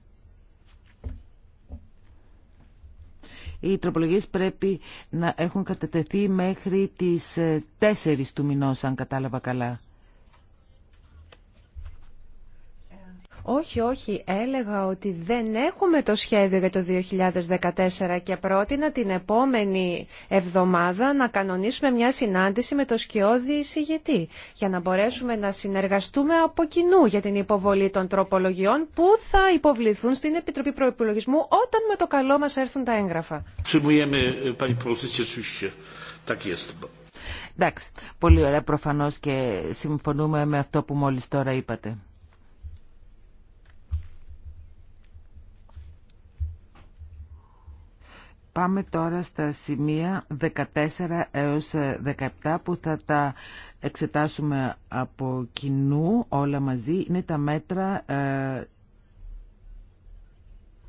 Οι τροπολογίες πρέπει να έχουν κατατεθεί μέχρι τις 4 του μηνός, αν κατάλαβα καλά. Όχι, όχι, έλεγα ότι δεν έχουμε το σχέδιο για το 2014 και πρότεινα την επόμενη εβδομάδα να κανονίσουμε μια συνάντηση με το σκιώδη εισηγητή για να μπορέσουμε να συνεργαστούμε από κοινού για την υποβολή των τροπολογιών που θα υποβληθούν στην Επιτροπή προπολογισμού όταν με το καλό μας έρθουν τα έγγραφα. Ε, Εντάξει, πολύ ωραία προφανώς και συμφωνούμε με αυτό που μόλις τώρα είπατε. Πάμε τώρα στα σημεία 14 έως 17 ε, που θα τα εξετάσουμε από κοινού όλα μαζί. Είναι τα μέτρα, ε,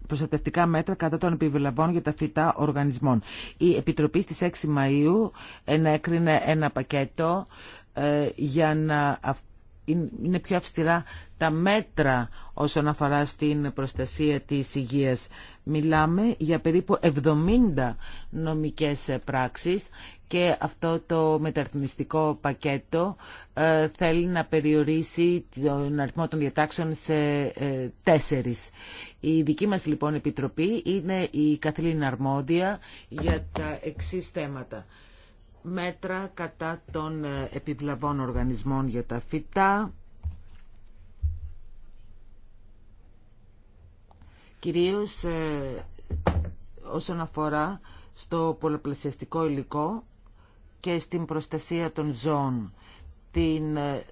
προστατευτικά μέτρα κατά των επιβλαβών για τα φυτά οργανισμών. Η Επιτροπή στις 6 Μαΐου ενέκρινε ένα πακέτο ε, για να είναι πιο αυστηρά τα μέτρα όσον αφορά στην προστασία της υγείας. Μιλάμε για περίπου 70 νομικές πράξεις και αυτό το μεταρρυθμιστικό πακέτο ε, θέλει να περιορίσει τον αριθμό των διατάξεων σε ε, τέσσερις. Η δική μας λοιπόν επιτροπή είναι η καθήλυνα αρμόδια για τα εξής θέματα μέτρα κατά των ε, επιβλαβών οργανισμών για τα φυτά, κυρίως ε, όσον αφορά στο πολλαπλασιαστικό υλικό και στην προστασία των ζώων, την ε,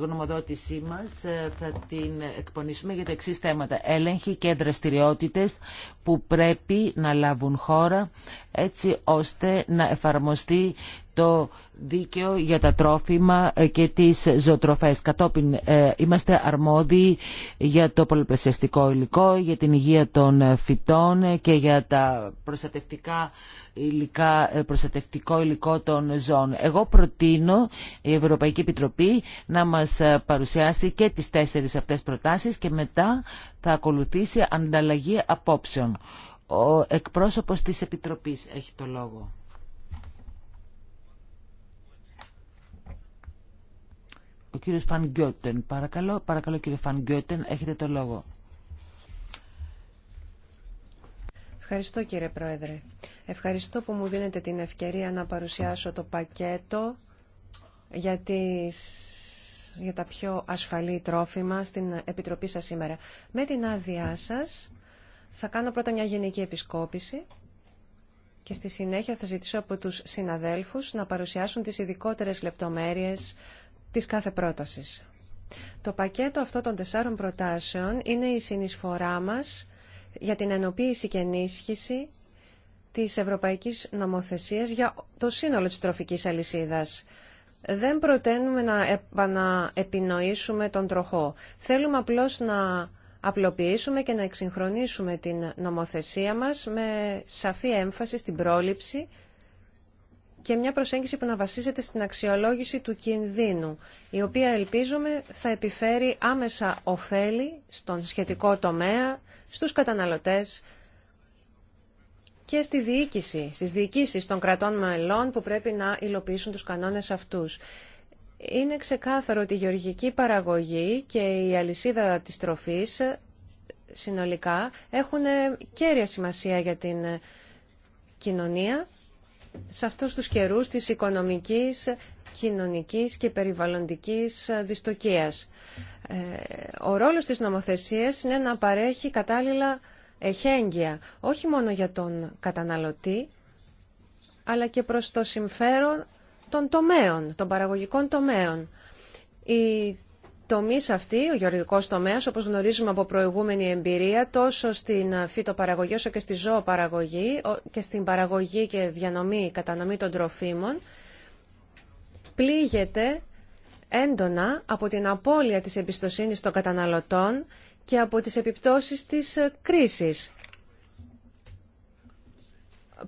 γνωμοδότησή μα, ε, θα την εκπονήσουμε για τα εξή θέματα. Έλεγχη και δραστηριότητε που πρέπει να λάβουν χώρα έτσι ώστε να εφαρμοστεί το δίκαιο για τα τρόφιμα ε, και τις ζωοτροφές. Κατόπιν ε, είμαστε αρμόδιοι για το πολυπλασιαστικό υλικό, για την υγεία των φυτών και για τα προστατευτικά υλικά, ε, προστατευτικό υλικό των ζώων. Εγώ προτείνω η Ευρωπαϊκή Επιτροπή να μας ε, παρουσιάσει και τις τέσσερις αυτές προτάσεις και μετά θα ακολουθήσει ανταλλαγή απόψεων. Ο εκπρόσωπος της Επιτροπής έχει το λόγο. Ο κύριος Φαν παρακαλώ, παρακαλώ κύριε Φαν έχετε το λόγο. Ευχαριστώ κύριε Πρόεδρε. Ευχαριστώ που μου δίνετε την ευκαιρία να παρουσιάσω το πακέτο για, τις, για τα πιο ασφαλή τρόφιμα στην Επιτροπή σας σήμερα. Με την άδειά σας θα κάνω πρώτα μια γενική επισκόπηση και στη συνέχεια θα ζητήσω από τους συναδέλφους να παρουσιάσουν τις ειδικότερες λεπτομέρειες της κάθε πρότασης. Το πακέτο αυτό των τεσσάρων προτάσεων είναι η συνεισφορά μας για την ενοποίηση και ενίσχυση της ευρωπαϊκής νομοθεσίας για το σύνολο της τροφικής αλυσίδας. Δεν προτείνουμε να επαναεπινοήσουμε τον τροχό. Θέλουμε απλώς να απλοποιήσουμε και να εξυγχρονίσουμε την νομοθεσία μας με σαφή έμφαση στην πρόληψη και μια προσέγγιση που να βασίζεται στην αξιολόγηση του κινδύνου, η οποία ελπίζουμε θα επιφέρει άμεσα ωφέλη στον σχετικό τομέα, στους καταναλωτές και στη διοίκηση, στις διοικήσεις των κρατών μελών που πρέπει να υλοποιήσουν τους κανόνες αυτούς. Είναι ξεκάθαρο ότι η γεωργική παραγωγή και η αλυσίδα της τροφής συνολικά έχουν κέρια σημασία για την κοινωνία σε αυτούς τους καιρούς της οικονομικής, κοινωνικής και περιβαλλοντικής δυστοκίας. Ε, ο ρόλος της νομοθεσίας είναι να παρέχει κατάλληλα εχέγγυα, όχι μόνο για τον καταναλωτή, αλλά και προς το συμφέρον των τομέων, των παραγωγικών τομέων. Η τομεί αυτή, ο γεωργικός τομέας, όπως γνωρίζουμε από προηγούμενη εμπειρία, τόσο στην φυτοπαραγωγή όσο και στη ζωοπαραγωγή και στην παραγωγή και διανομή, κατανομή των τροφίμων, πλήγεται έντονα από την απώλεια της εμπιστοσύνης των καταναλωτών και από τις επιπτώσεις της ε, κρίσης.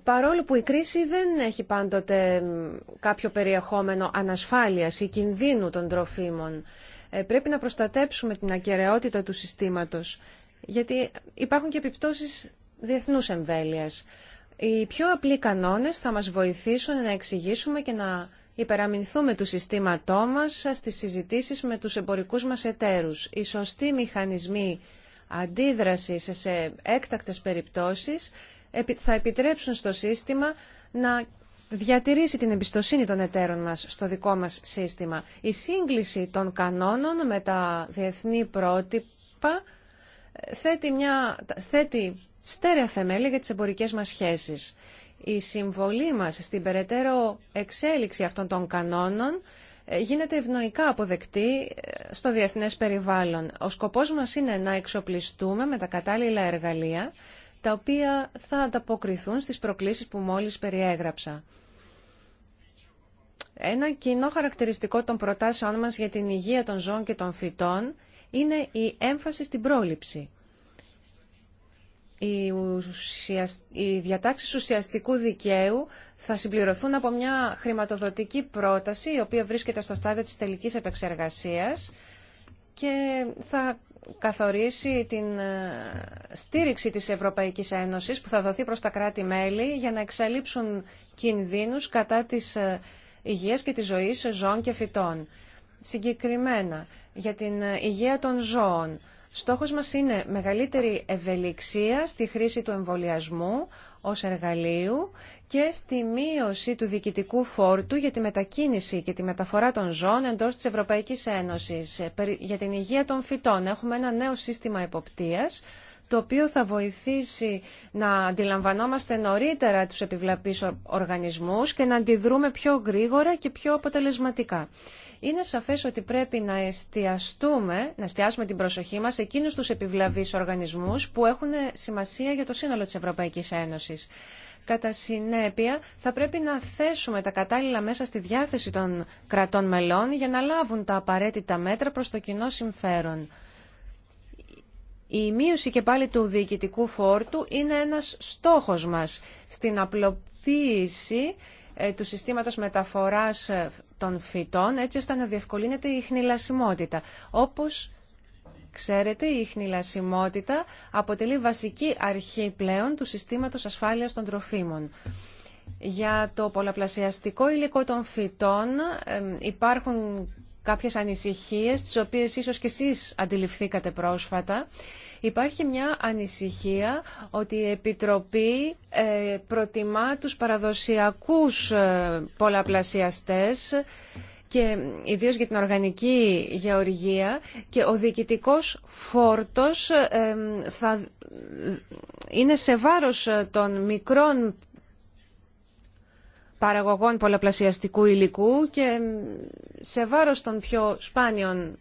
Παρόλο που η κρίση δεν έχει πάντοτε κάποιο περιεχόμενο ανασφάλειας ή κινδύνου των τροφίμων, ε, πρέπει να προστατέψουμε την ακαιρεότητα του συστήματος, γιατί υπάρχουν και επιπτώσεις διεθνούς εμβέλειας. Οι πιο απλοί κανόνες θα μας βοηθήσουν να εξηγήσουμε και να υπεραμεινθούμε του συστήματό μας στις συζητήσεις με τους εμπορικούς μας εταίρους. Οι σωστοί μηχανισμοί αντίδρασης σε έκτακτες περιπτώσεις θα επιτρέψουν στο σύστημα να διατηρήσει την εμπιστοσύνη των εταίρων μας στο δικό μας σύστημα. Η σύγκληση των κανόνων με τα διεθνή πρότυπα ε, θέτει, μια, θέτει στέρεα θεμέλια για τις εμπορικές μας σχέσεις η συμβολή μας στην περαιτέρω εξέλιξη αυτών των κανόνων ε, γίνεται ευνοϊκά αποδεκτή ε, στο διεθνές περιβάλλον. Ο σκοπός μας είναι να εξοπλιστούμε με τα κατάλληλα εργαλεία, τα οποία θα ανταποκριθούν στις προκλήσεις που μόλις περιέγραψα. Ένα κοινό χαρακτηριστικό των προτάσεών μας για την υγεία των ζώων και των φυτών είναι η έμφαση στην πρόληψη οι, ουσιασ... διατάξεις ουσιαστικού δικαίου θα συμπληρωθούν από μια χρηματοδοτική πρόταση η οποία βρίσκεται στο στάδιο της τελικής επεξεργασίας και θα καθορίσει την ε, στήριξη της Ευρωπαϊκής Ένωσης που θα δοθεί προς τα κράτη-μέλη για να εξαλείψουν κινδύνους κατά της ε, υγείας και της ζωής ζώων και φυτών. Συγκεκριμένα, για την ε, υγεία των ζώων, Στόχος μας είναι μεγαλύτερη ευελιξία στη χρήση του εμβολιασμού ως εργαλείου και στη μείωση του διοικητικού φόρτου για τη μετακίνηση και τη μεταφορά των ζώων εντός της Ευρωπαϊκής Ένωσης. Ε, για την υγεία των φυτών έχουμε ένα νέο σύστημα εποπτείας το οποίο θα βοηθήσει να αντιλαμβανόμαστε νωρίτερα τους επιβλαπείς οργανισμούς και να αντιδρούμε πιο γρήγορα και πιο αποτελεσματικά. Είναι σαφές ότι πρέπει να εστιαστούμε, να εστιάσουμε την προσοχή μας εκείνους τους επιβλαβείς οργανισμούς που έχουν σημασία για το σύνολο της Ευρωπαϊκής Ένωσης. Κατά συνέπεια, θα πρέπει να θέσουμε τα κατάλληλα μέσα στη διάθεση των κρατών μελών για να λάβουν τα απαραίτητα μέτρα προς το κοινό συμφέρον. Η μείωση και πάλι του διοικητικού φόρτου είναι ένας στόχος μας στην απλοποίηση ε, του συστήματος μεταφοράς ε, των φυτών έτσι ώστε να διευκολύνεται η χνηλασιμότητα. Όπως ξέρετε η χνηλασιμότητα αποτελεί βασική αρχή πλέον του συστήματος ασφάλειας των τροφίμων. Για το πολλαπλασιαστικό υλικό των φυτών ε, υπάρχουν κάποιες ανησυχίες, τις οποίες ίσως και εσείς αντιληφθήκατε πρόσφατα. Υπάρχει μια ανησυχία ότι η Επιτροπή ε, προτιμά τους παραδοσιακούς ε, πολλαπλασιαστές και ιδίως για την οργανική γεωργία και ο διοικητικός φόρτος ε, θα είναι σε βάρος των μικρών παραγωγών πολλαπλασιαστικού υλικού και σε βάρος των πιο σπάνιων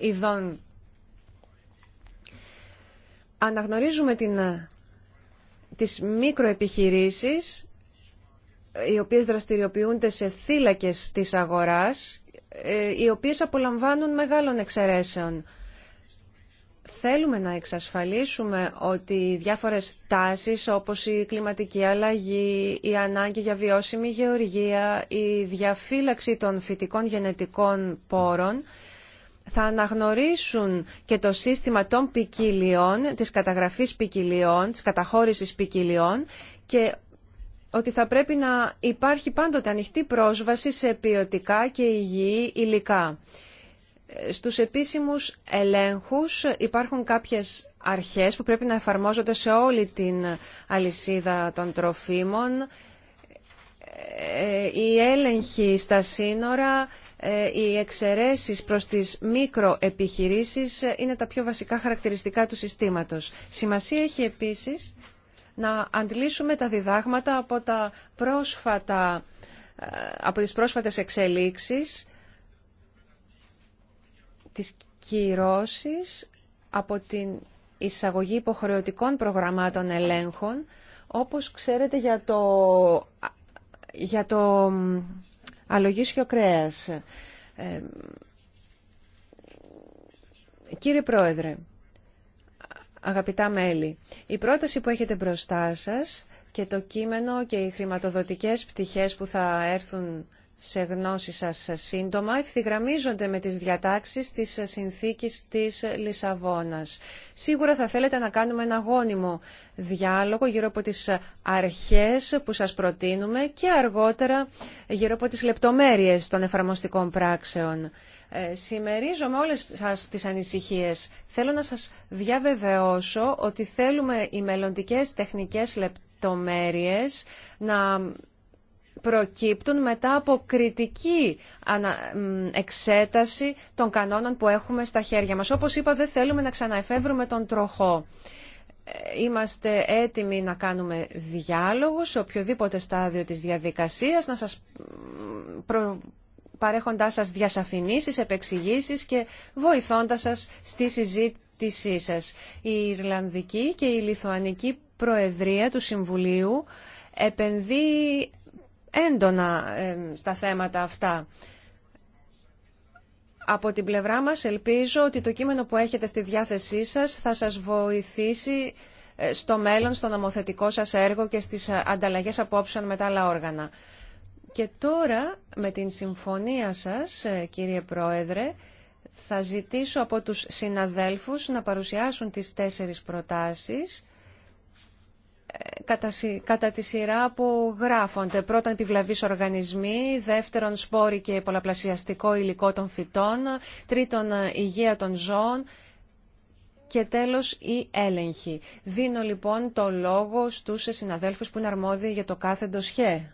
ειδών. Αναγνωρίζουμε την, ε, τις μικροεπιχειρήσεις ε, οι οποίες δραστηριοποιούνται σε θύλακες της αγοράς, ε, οι οποίες απολαμβάνουν μεγάλων εξαιρέσεων. Θέλουμε να εξασφαλίσουμε ότι οι διάφορες τάσεις όπως η κλιματική αλλαγή, η ανάγκη για βιώσιμη γεωργία, η διαφύλαξη των φυτικών γενετικών πόρων θα αναγνωρίσουν και το σύστημα των ποικιλιών, της καταγραφής ποικιλιών, της καταχώρησης ποικιλιών και ότι θα πρέπει να υπάρχει πάντοτε ανοιχτή πρόσβαση σε ποιοτικά και υγιή υλικά στους επίσημους ελέγχους υπάρχουν κάποιες αρχές που πρέπει να εφαρμόζονται σε όλη την αλυσίδα των τροφίμων. Η ε, έλεγχη στα σύνορα, ε, οι εξαιρέσεις προς τις μικροεπιχειρήσεις ε, είναι τα πιο βασικά χαρακτηριστικά του συστήματος. Σημασία έχει επίσης να αντλήσουμε τα διδάγματα από, τα πρόσφατα, από τις πρόσφατες εξελίξεις τις κυρώσεις από την εισαγωγή υποχρεωτικών προγραμμάτων ελέγχων, όπως ξέρετε για το, για το αλογίσιο κρέας. Ε, κύριε Πρόεδρε, αγαπητά μέλη, η πρόταση που έχετε μπροστά σας και το κείμενο και οι χρηματοδοτικές πτυχές που θα έρθουν σε γνώση σας σύντομα ευθυγραμμίζονται με τις διατάξεις της συνθήκης της Λισαβόνας. Σίγουρα θα θέλετε να κάνουμε ένα γόνιμο διάλογο γύρω από τις αρχές που σας προτείνουμε και αργότερα γύρω από τις λεπτομέρειες των εφαρμοστικών πράξεων. Ε, συμμερίζομαι όλες σας τις ανησυχίες. Θέλω να σας διαβεβαιώσω ότι θέλουμε οι μελλοντικές τεχνικές λεπτομέρειες να προκύπτουν μετά από κριτική εξέταση των κανόνων που έχουμε στα χέρια μας. Όπως είπα, δεν θέλουμε να ξαναεφεύρουμε τον τροχό. Ε, είμαστε έτοιμοι να κάνουμε διάλογο σε οποιοδήποτε στάδιο της διαδικασίας, να σας προ... παρέχοντάς σας διασαφηνίσεις, επεξηγήσεις και βοηθώντας σας στη συζήτησή σας. Η Ιρλανδική και η Λιθουανική Προεδρία του Συμβουλίου επενδύει έντονα στα θέματα αυτά. Από την πλευρά μας ελπίζω ότι το κείμενο που έχετε στη διάθεσή σας θα σας βοηθήσει ε, στο μέλλον, στο νομοθετικό σας έργο και στις ε, ανταλλαγές απόψεων με τα άλλα όργανα. Και τώρα, με την συμφωνία σας, ε, κύριε Πρόεδρε, θα ζητήσω από τους συναδέλφους να παρουσιάσουν τις τέσσερις προτάσεις κατά τη σειρά που γράφονται. Πρώτον, επιβλαβείς οργανισμοί. Δεύτερον, σπόροι και πολλαπλασιαστικό υλικό των φυτών. Τρίτον, υγεία των ζώων. Και τέλος, η έλεγχη. Δίνω λοιπόν το λόγο στους συναδέλφους που είναι αρμόδιοι για το κάθε ντοσχέ.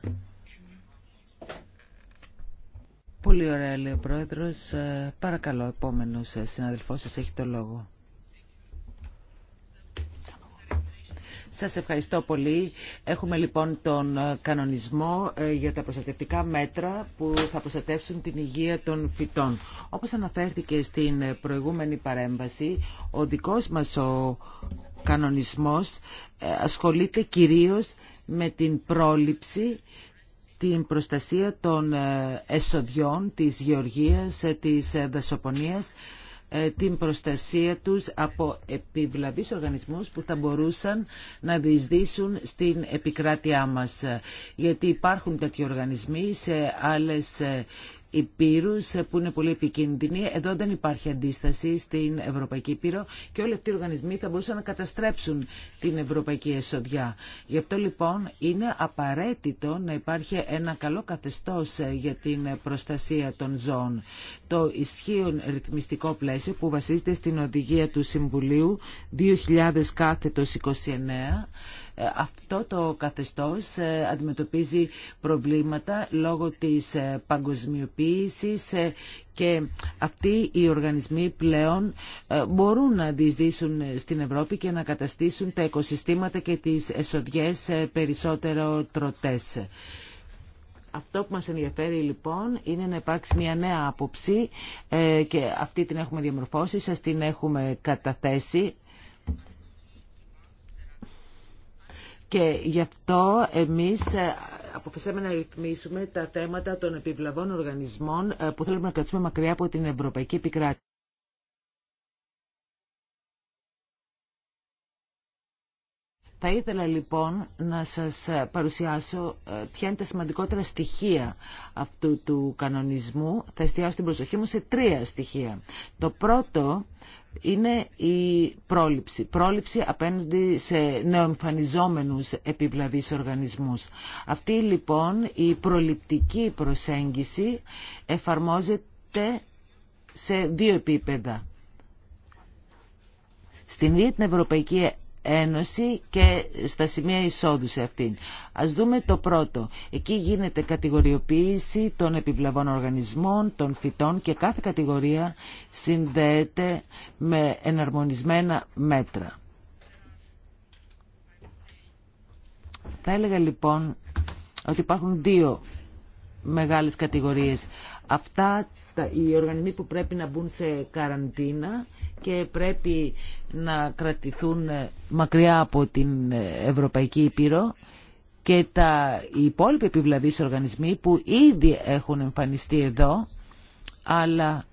Πολύ ωραία, λέει ο Πρόεδρος. Ε, παρακαλώ, επόμενος ε, συναδελφός σας έχει το λόγο. Σας ευχαριστώ πολύ. Έχουμε λοιπόν τον ε, κανονισμό ε, για τα προστατευτικά μέτρα που θα προστατεύσουν την υγεία των φυτών. Όπως αναφέρθηκε στην ε, προηγούμενη παρέμβαση, ο δικός μας ο κανονισμός ασχολείται κυρίως με την πρόληψη την προστασία των εσοδιών της γεωργίας, της δασοπονίας ε, την προστασία τους από επιβλαβείς οργανισμούς που θα μπορούσαν να διεισδύσουν στην επικράτειά μας. Γιατί υπάρχουν τέτοιοι οργανισμοί σε άλλες ε, πύρους, ε, που είναι πολύ επικίνδυνοι. Εδώ δεν υπάρχει αντίσταση στην Ευρωπαϊκή πύρο και όλοι αυτοί οι οργανισμοί θα μπορούσαν να καταστρέψουν την Ευρωπαϊκή Εσοδιά. Γι' αυτό λοιπόν είναι απαραίτητο να υπάρχει ένα καλό καθεστώς ε, για την προστασία των ζώων. Το ισχύον ρυθμιστικό πλαίσιο που βασίζεται στην οδηγία του Συμβουλίου 2000 ε, αυτό το καθεστώς ε, αντιμετωπίζει προβλήματα λόγω της ε, παγκοσμιοποίησης και αυτοί οι οργανισμοί πλέον μπορούν να διεισδύσουν στην Ευρώπη και να καταστήσουν τα οικοσυστήματα και τις εσοδιές περισσότερο τροτές. Αυτό που μας ενδιαφέρει λοιπόν είναι να υπάρξει μια νέα άποψη και αυτή την έχουμε διαμορφώσει, σας την έχουμε καταθέσει Και γι' αυτό εμείς ε, αποφασίσαμε να ρυθμίσουμε τα θέματα των επιβλαβών οργανισμών ε, που θέλουμε να κρατήσουμε μακριά από την Ευρωπαϊκή Επικράτηση. Θα ήθελα λοιπόν να σας ε, παρουσιάσω ποια είναι τα σημαντικότερα στοιχεία αυτού του κανονισμού. Θα εστιάσω την προσοχή μου σε τρία στοιχεία. Το πρώτο είναι η πρόληψη. Πρόληψη απέναντι σε νεοεμφανιζόμενους επιβλαβείς οργανισμούς. Αυτή λοιπόν η προληπτική προσέγγιση εφαρμόζεται σε δύο επίπεδα. Στην ίδια την Ευρωπαϊκή Ένωση και στα σημεία εισόδου σε αυτήν. Ας δούμε το πρώτο. Εκεί γίνεται κατηγοριοποίηση των επιβλαβών οργανισμών, των φυτών και κάθε κατηγορία συνδέεται με εναρμονισμένα μέτρα. Θα έλεγα λοιπόν ότι υπάρχουν δύο μεγάλες κατηγορίες. Αυτά οι οργανισμοί που πρέπει να μπουν σε καραντίνα και πρέπει να κρατηθούν ε, μακριά από την ε, Ευρωπαϊκή Ήπειρο και τα, οι υπόλοιποι επιβλαβείς οργανισμοί που ήδη έχουν εμφανιστεί εδώ αλλά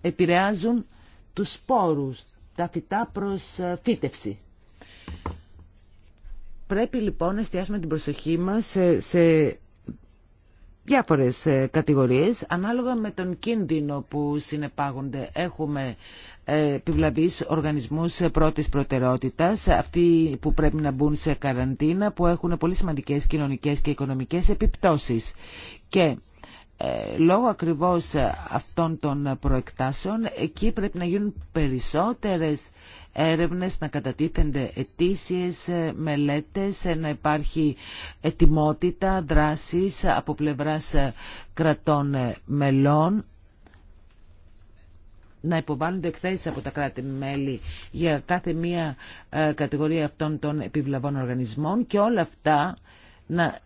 επηρεάζουν τους σπόρους, τα φυτά προς ε, φύτευση. Πρέπει λοιπόν να εστιάσουμε την προσοχή μας σε διάφορες ε, κατηγορίες ανάλογα με τον κίνδυνο που συνεπάγονται. Έχουμε ε, επιβλαβείς οργανισμούς ε, πρώτης προτεραιότητας, αυτοί που πρέπει να μπουν σε καραντίνα, που έχουν πολύ σημαντικές κοινωνικές και οικονομικές επιπτώσεις. Και ε, λόγω ακριβώς αυτών των προεκτάσεων εκεί πρέπει να γίνουν περισσότερες έρευνες, να κατατίθενται ετήσιες ε, μελέτες, ε, να υπάρχει ετοιμότητα δράσης από πλευράς κρατών μελών να υποβάλλονται εκθέσεις από τα κράτη-μέλη για κάθε μία κατηγορία αυτών των επιβλαβών οργανισμών και όλα αυτά να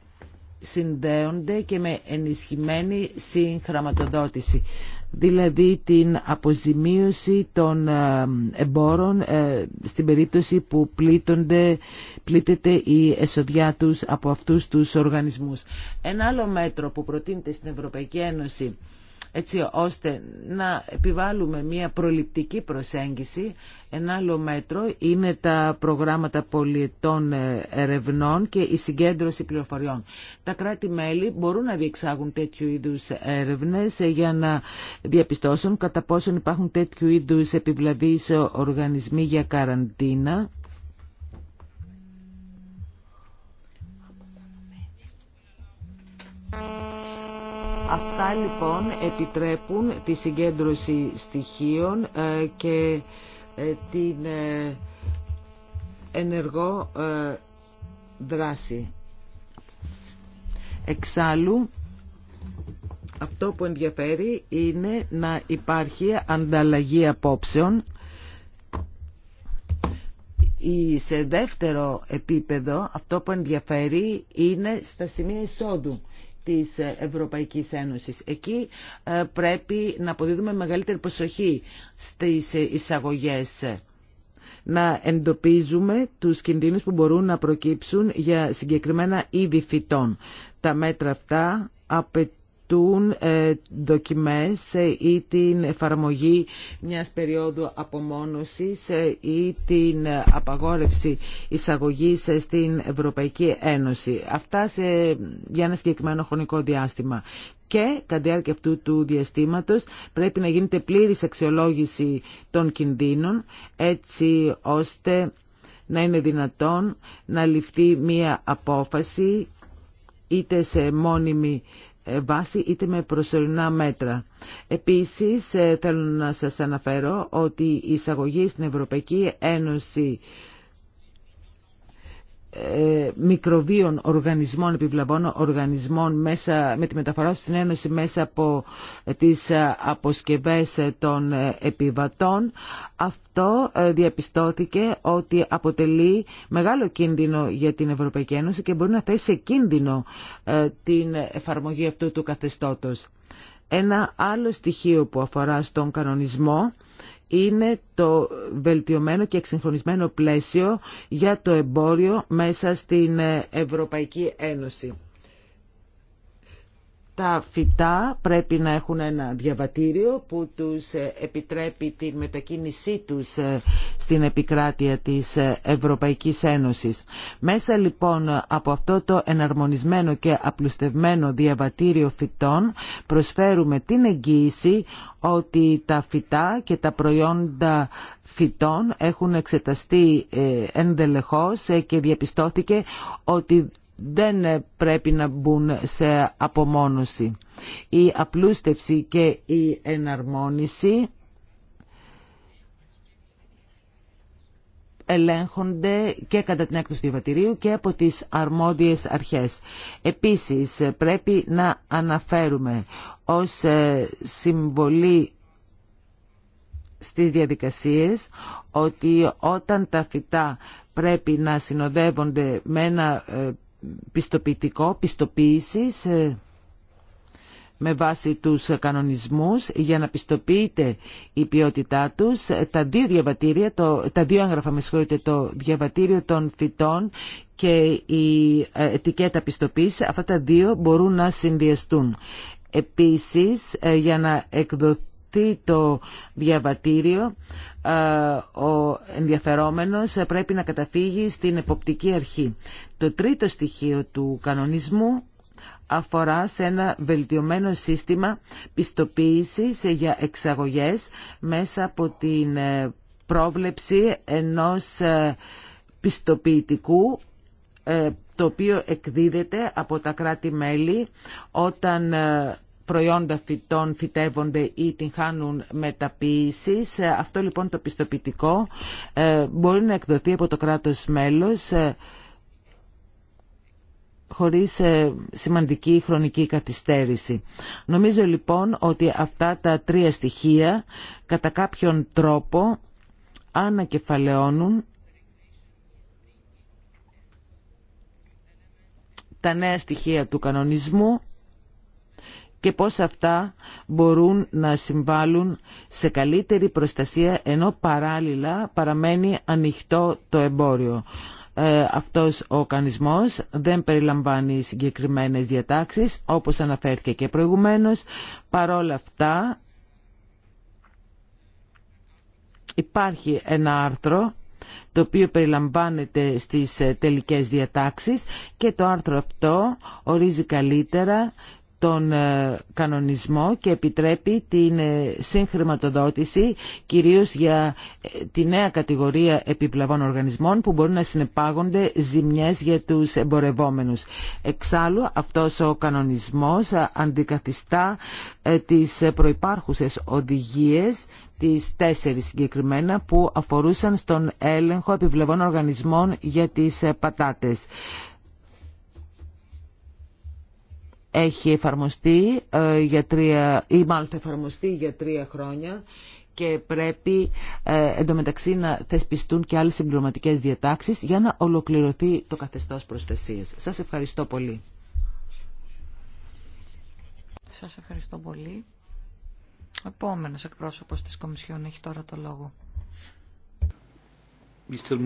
συνδέονται και με ενισχυμένη συγχραματοδότηση δηλαδή την αποζημίωση των ε, εμπόρων ε, στην περίπτωση που πλήττεται η εσοδιά τους από αυτούς τους οργανισμούς. Ένα άλλο μέτρο που προτείνεται στην Ευρωπαϊκή Ένωση έτσι ώστε να επιβάλλουμε μια προληπτική προσέγγιση. Ένα άλλο μέτρο είναι τα προγράμματα πολιτών ε, ερευνών και η συγκέντρωση πληροφοριών. Τα κράτη-μέλη μπορούν να διεξάγουν τέτοιου είδους έρευνες για να διαπιστώσουν κατά πόσον υπάρχουν τέτοιου είδους επιβλαβείς οργανισμοί για καραντίνα. Αυτά λοιπόν επιτρέπουν τη συγκέντρωση στοιχείων ε, και ε, την ε, ενεργό δράση. Εξάλλου, αυτό που ενδιαφέρει είναι να υπάρχει ανταλλαγή απόψεων σε δεύτερο επίπεδο αυτό που ενδιαφέρει είναι στα σημεία εισόδου της Ευρωπαϊκής Ένωσης. Εκεί ε, πρέπει να αποδίδουμε μεγαλύτερη προσοχή στις εισαγωγές να εντοπίζουμε τους κινδύνους που μπορούν να προκύψουν για συγκεκριμένα είδη φυτών. Τα μέτρα αυτά απαιτούν απαιτούν ε, δοκιμές ε, ή την εφαρμογή μιας περίοδου απομόνωσης ε, ή την απαγόρευση εισαγωγής στην Ευρωπαϊκή Ένωση. Αυτά σε, για ένα συγκεκριμένο χρονικό διάστημα και κατά διάρκεια αυτού του διαστήματος πρέπει να γίνεται πλήρης αξιολόγηση των κινδύνων έτσι ώστε να είναι δυνατόν να ληφθεί μία απόφαση είτε σε μόνιμη ε, βάση είτε με προσωρινά μέτρα. Επίσης ε, θέλω να σας αναφέρω ότι η εισαγωγή στην Ευρωπαϊκή Ένωση μικροβίων οργανισμών επιβλαβών οργανισμών μέσα, με τη μεταφορά στην Ένωση μέσα από τις αποσκευές των επιβατών αυτό ε, διαπιστώθηκε ότι αποτελεί μεγάλο κίνδυνο για την Ευρωπαϊκή Ένωση και μπορεί να θέσει σε κίνδυνο ε, την εφαρμογή αυτού του καθεστώτος. Ένα άλλο στοιχείο που αφορά στον κανονισμό είναι το βελτιωμένο και εξυγχρονισμένο πλαίσιο για το εμπόριο μέσα στην Ευρωπαϊκή Ένωση. Τα φυτά πρέπει να έχουν ένα διαβατήριο που τους ε, επιτρέπει τη μετακίνησή τους ε, στην επικράτεια της ε, Ευρωπαϊκής Ένωσης. Μέσα λοιπόν από αυτό το εναρμονισμένο και απλουστευμένο διαβατήριο φυτών προσφέρουμε την εγγύηση ότι τα φυτά και τα προϊόντα φυτών έχουν εξεταστεί ενδελεχώς και διαπιστώθηκε ότι δεν πρέπει να μπουν σε απομόνωση. Η απλούστευση και η εναρμόνιση ελέγχονται και κατά την έκδοση του διαβατηρίου και από τις αρμόδιες αρχές. Επίσης πρέπει να αναφέρουμε ως ε, συμβολή στις διαδικασίες ότι όταν τα φυτά πρέπει να συνοδεύονται με ένα ε, πιστοποιητικό πιστοποίησης ε, με βάση τους κανονισμούς για να πιστοποιείται η ποιότητά τους ε, τα δύο διαβατήρια, το, τα δύο έγγραφα με συγχωρείτε, το διαβατήριο των φυτών και η ε, ετικέτα πιστοποίηση, αυτά τα δύο μπορούν να συνδυαστούν. Επίσης, για να εκδοθεί το διαβατήριο ε, ο ενδιαφερόμενος πρέπει να καταφύγει στην εποπτική αρχή. Το τρίτο στοιχείο του κανονισμού αφορά σε ένα βελτιωμένο σύστημα πιστοποίησης για εξαγωγές μέσα από την ε, πρόβλεψη ενός ε, πιστοποιητικού το οποίο εκδίδεται από τα κράτη-μέλη όταν προϊόντα φυτών φυτεύονται ή την χάνουν μεταποίησης. Ε, αυτό λοιπόν το πιστοποιητικό ε, μπορεί να εκδοθεί από το κράτος μέλος ε, χωρίς σημαντική χρονική καθυστέρηση. Νομίζω λοιπόν ότι αυτά τα τρία στοιχεία κατά κάποιον τρόπο ανακεφαλαιώνουν τα νέα στοιχεία του κανονισμού και πώς αυτά μπορούν να συμβάλλουν σε καλύτερη προστασία ενώ παράλληλα παραμένει ανοιχτό το εμπόριο. Ε, αυτός ο κανισμός δεν περιλαμβάνει συγκεκριμένες διατάξεις όπως αναφέρθηκε και προηγουμένως. Παρόλα αυτά υπάρχει ένα άρθρο το οποίο περιλαμβάνεται στις ε, τελικές διατάξεις και το άρθρο αυτό ορίζει καλύτερα τον ε, κανονισμό και επιτρέπει την ε, συγχρηματοδότηση κυρίως για ε, τη νέα κατηγορία επιπλαβών οργανισμών που μπορούν να συνεπάγονται ζημιές για τους εμπορευόμενους. Εξάλλου αυτός ο κανονισμός αντικαθιστά τις προϋπάρχουσες οδηγίες τις τέσσερις συγκεκριμένα που αφορούσαν στον έλεγχο επιβλεβών οργανισμών για τις πατάτες. έχει εφαρμοστεί ε, για τρία, ή μάλλον θα εφαρμοστεί για τρία χρόνια και πρέπει ε, εντωμεταξύ να θεσπιστούν και άλλες συμπληρωματικέ διατάξεις για να ολοκληρωθεί το καθεστώς προστασίας. Σας ευχαριστώ πολύ. Σας ευχαριστώ πολύ. Ο επόμενος εκπρόσωπος της Κομισιόν έχει τώρα το λόγο. Mr.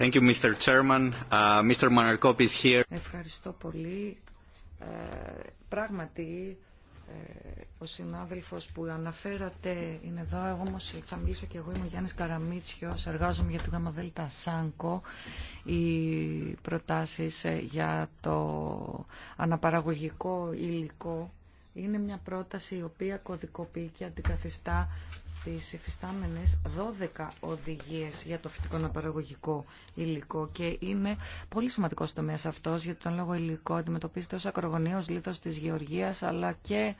Uh, Ευχαριστώ πολύ. Ε, πράγματι, ε, ο συνάδελφος που αναφέρατε είναι εδώ. Εγώ όμως θα μιλήσω και εγώ είμαι ο Γιάννης Καραμίτσιος. Εργάζομαι για την Γαμαδέλτα Σάνκο. Οι προτάσεις ε, για το αναπαραγωγικό υλικό είναι μια πρόταση η οποία κωδικοποιεί και αντικαθιστά τις υφιστάμενες 12 οδηγίες για το φυτικό αναπαραγωγικό υλικό και είναι πολύ σημαντικό τομέα αυτός γιατί τον λόγο υλικό αντιμετωπίζεται ως ακρογωνίος λίθος της γεωργίας αλλά και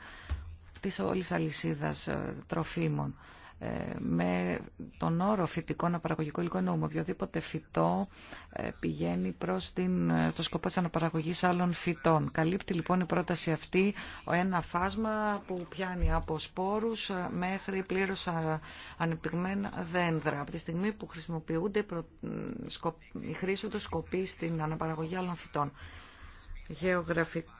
της όλης αλυσίδας ε, τροφίμων. Ε, με τον όρο φυτικό αναπαραγωγικό υλικό εννοούμε οποιοδήποτε φυτό ε, πηγαίνει προς την, ε, το σκοπό της αναπαραγωγής άλλων φυτών. Καλύπτει λοιπόν η πρόταση αυτή ένα φάσμα που πιάνει από σπόρους μέχρι πλήρως ανεπτυγμένα δέντρα. Από τη στιγμή που χρησιμοποιούνται η χρήση του σκοπή στην αναπαραγωγή άλλων φυτών. Γεωγραφικά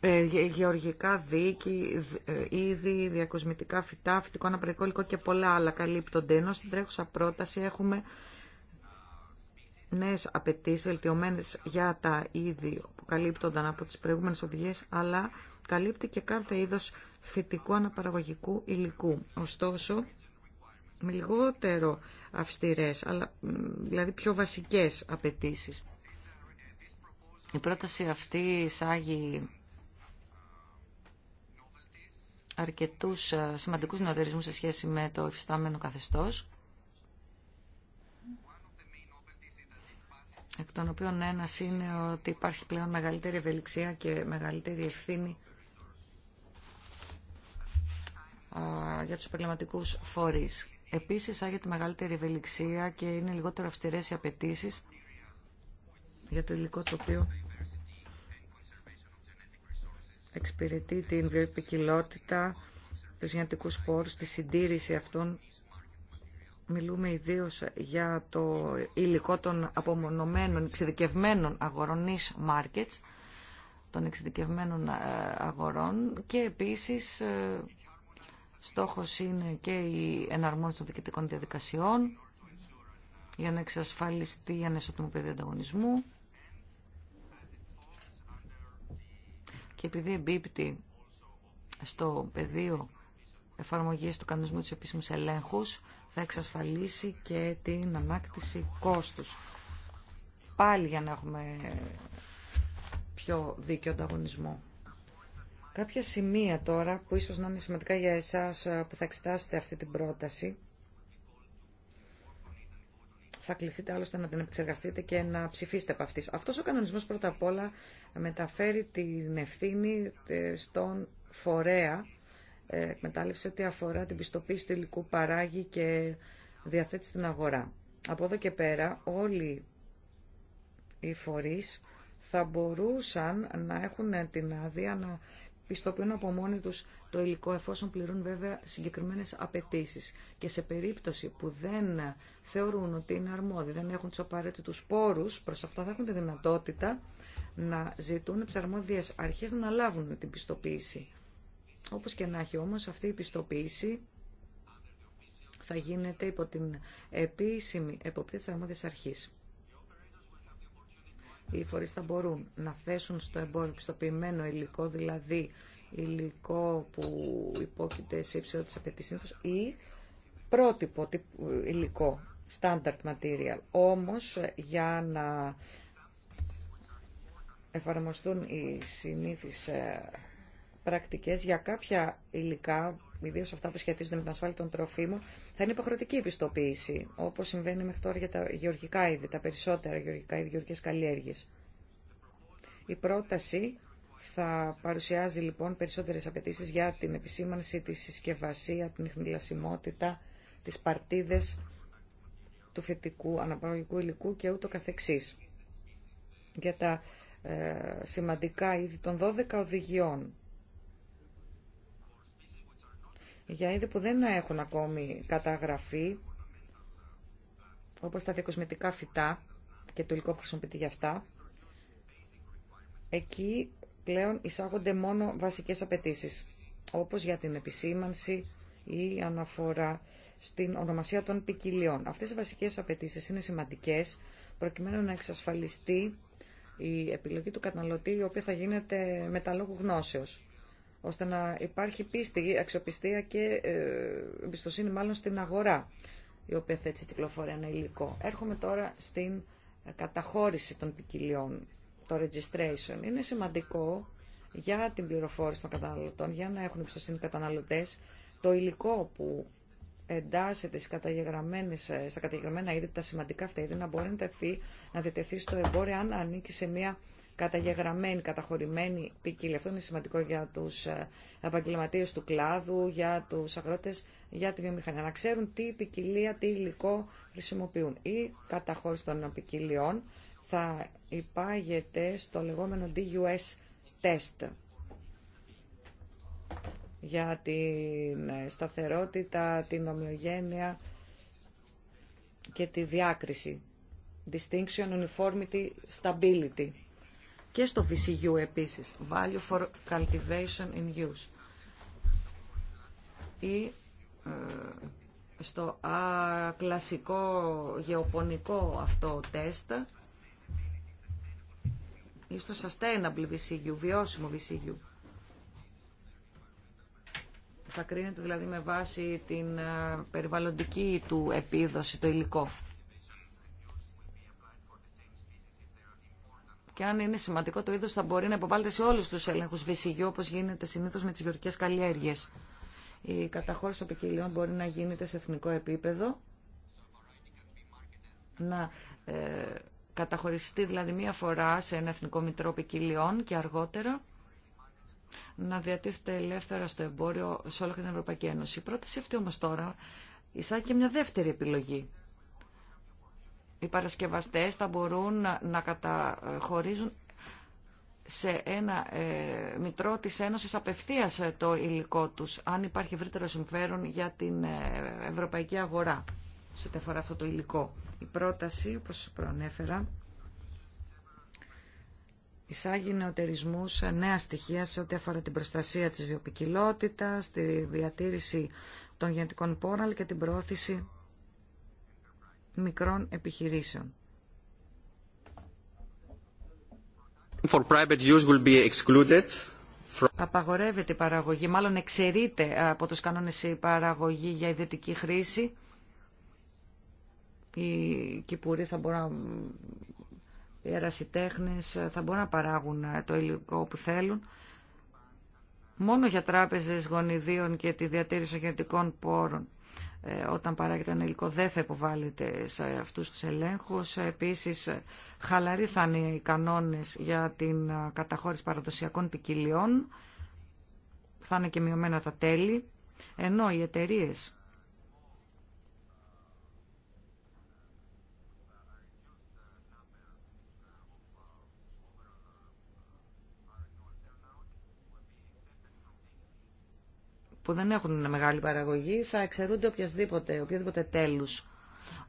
ε, γεωργικά δίκη, ε, είδη, διακοσμητικά φυτά, φυτικό αναπαραγωγικό υλικό και πολλά άλλα καλύπτονται. Ενώ στην τρέχουσα πρόταση έχουμε νέε απαιτήσει βελτιωμένε για τα είδη που καλύπτονταν από τις προηγούμενε οδηγίε, αλλά καλύπτει και κάθε είδο φυτικού αναπαραγωγικού υλικού. Ωστόσο, με λιγότερο αυστηρές, αλλά δηλαδή πιο βασικές απαιτήσει. Η πρόταση αυτή εισάγει αρκετούς ε, σημαντικούς νεοτερισμούς σε σχέση με το εφιστάμενο καθεστώς, εκ των οποίων ένας είναι ότι υπάρχει πλέον μεγαλύτερη ευελιξία και μεγαλύτερη ευθύνη για τους επαγγελματικού φορείς. Επίσης, άγεται μεγαλύτερη ευελιξία και είναι λιγότερο αυστηρές οι απαιτήσει για το υλικό το οποίο εξυπηρετεί την βιοποικιλότητα, τους γενετικούς πόρους, τη συντήρηση αυτών. Μιλούμε ιδίως για το υλικό των απομονωμένων, εξειδικευμένων αγορών, niche markets, των εξειδικευμένων ε, αγορών και επίσης ε, στόχος είναι και η εναρμόνιση των διοικητικών διαδικασιών για να εξασφαλιστεί η ανεσοτημό ανταγωνισμού. και επειδή εμπίπτει στο πεδίο εφαρμογής του κανονισμού της επίσημου ελέγχους θα εξασφαλίσει και την ανάκτηση κόστους. Πάλι για να έχουμε πιο δίκαιο ανταγωνισμό. Κάποια σημεία τώρα που ίσως να είναι σημαντικά για εσάς που θα εξετάσετε αυτή την πρόταση θα κληθείτε άλλωστε να την επεξεργαστείτε και να ψηφίσετε από αυτής. Αυτός ο κανονισμός πρώτα απ' όλα μεταφέρει την ευθύνη ε, στον φορέα ε, εκμετάλλευση ό,τι αφορά την πιστοποίηση του υλικού παράγει και διαθέτει στην αγορά. Από εδώ και πέρα όλοι οι φορείς θα μπορούσαν να έχουν την άδεια να πιστοποιούν από μόνοι τους το υλικό εφόσον πληρούν βέβαια συγκεκριμένες απαιτήσεις. Και σε περίπτωση που δεν θεωρούν ότι είναι αρμόδιοι, δεν έχουν τους απαραίτητους πόρους, προς αυτά θα έχουν τη δυνατότητα να ζητούν τις αρμόδιες αρχές να λάβουν την πιστοποίηση. Όπως και να έχει όμως αυτή η πιστοποίηση θα γίνεται υπό την επίσημη εποπτεία της αρμόδιας αρχής οι φορείς θα μπορούν να θέσουν στο εμπόριο πιστοποιημένο υλικό, δηλαδή υλικό που υπόκειται σε υψηλό της απαιτησύνθος ή πρότυπο υλικό, standard material. Όμως για να εφαρμοστούν οι συνήθεις ε, πρακτικές για κάποια υλικά ιδίω αυτά που σχετίζονται με την ασφάλεια των τροφίμων, θα είναι υποχρεωτική η πιστοποίηση, όπω συμβαίνει μέχρι τώρα για τα γεωργικά είδη, τα περισσότερα γεωργικά είδη, γεωργικέ καλλιέργειε. Η πρόταση θα παρουσιάζει λοιπόν περισσότερε απαιτήσει για την επισήμανση, τη συσκευασία, την χνηλασιμότητα, τι παρτίδε του φυτικού αναπαραγωγικού υλικού και ούτω καθεξής. Για τα ε, σημαντικά είδη των 12 οδηγιών για είδη που δεν έχουν ακόμη καταγραφή, όπως τα διακοσμητικά φυτά και το υλικό που χρησιμοποιείται για αυτά, εκεί πλέον εισάγονται μόνο βασικές απαιτήσεις, όπως για την επισήμανση ή αναφορά στην ονομασία των ποικιλιών. Αυτές οι βασικές απαιτήσεις είναι σημαντικές, προκειμένου να εξασφαλιστεί η επιλογή του καταναλωτή, η οποία θα γίνεται με γνώσεως ώστε να υπάρχει πίστη, αξιοπιστία και ε, εμπιστοσύνη μάλλον στην αγορά η οποία θα έτσι κυκλοφορεί ένα υλικό. Έρχομαι τώρα στην ε, καταχώρηση των ποικιλιών, το registration. Είναι σημαντικό για την πληροφόρηση των καταναλωτών, για να έχουν εμπιστοσύνη οι καταναλωτές, το υλικό που εντάσσεται στις καταγεγραμμένες, ε, στα καταγεγραμμένα είδη, τα σημαντικά αυτά είδη, να μπορεί να, τεθεί, να στο εμπόριο αν ανήκει σε μια καταγεγραμμένη, καταχωρημένη ποικίλια. Αυτό είναι σημαντικό για τους ε, επαγγελματίες του κλάδου, για τους αγρότες, για τη βιομηχανία. Να ξέρουν τι ποικιλία, τι υλικό χρησιμοποιούν. Η καταχώρηση των ποικιλιών θα υπάγεται στο λεγόμενο DUS test για την ε, σταθερότητα, την ομοιογένεια και τη διάκριση. Distinction, uniformity, stability και στο VCU επίσης, Value for Cultivation In Use. Ή ε, στο α, κλασικό γεωπονικό αυτό τεστ ή στο sustainable VCU, βιώσιμο VCU. Θα κρίνεται δηλαδή με βάση την ε, περιβαλλοντική του επίδοση, το υλικό. και αν είναι σημαντικό το είδος θα μπορεί να υποβάλλεται σε όλους τους έλεγχους βυσιγιού όπως γίνεται συνήθως με τις γεωργικές καλλιέργειες. Η καταχώρηση των ποικιλιών μπορεί να γίνεται σε εθνικό επίπεδο, να ε, καταχωριστεί δηλαδή μία φορά σε ένα εθνικό μητρό ποικιλιών και αργότερα να διατίθεται ελεύθερα στο εμπόριο σε όλη την Ευρωπαϊκή Ένωση. Η πρόταση αυτή όμως τώρα εισάγει και μια δεύτερη επιλογή οι παρασκευαστές θα μπορούν να καταχωρίζουν σε ένα ε, μητρό της Ένωσης απευθείας ε, το υλικό τους, αν υπάρχει ευρύτερο συμφέρον για την ε, ευρωπαϊκή αγορά σε αφορά αυτό το υλικό. Η πρόταση, όπως προανέφερα, εισάγει νεοτερισμούς νέα στοιχεία σε ό,τι αφορά την προστασία της βιοπικιλότητας, τη διατήρηση των γενετικών πόρων, και την πρόθεση μικρών επιχειρήσεων. Απαγορεύεται η παραγωγή, μάλλον εξαιρείται από τους κανόνες η παραγωγή για ιδιωτική χρήση. Οι κυπουροί θα μπορούν Οι ερασιτέχνες θα μπορούν να παράγουν το υλικό που θέλουν. Μόνο για τράπεζες γονιδίων και τη διατήρηση γενετικών πόρων ε, όταν παράγεται ένα υλικό δεν θα υποβάλλεται σε αυτούς τους ελέγχους. Επίσης, ε, χαλαρή θα είναι οι κανόνες για την ε, καταχώρηση παραδοσιακών ποικιλιών. Θα είναι και μειωμένα τα τέλη. Ενώ οι εταιρείε που δεν έχουν μεγάλη παραγωγή θα εξαιρούνται οποιασδήποτε οποιοδήποτε τέλους.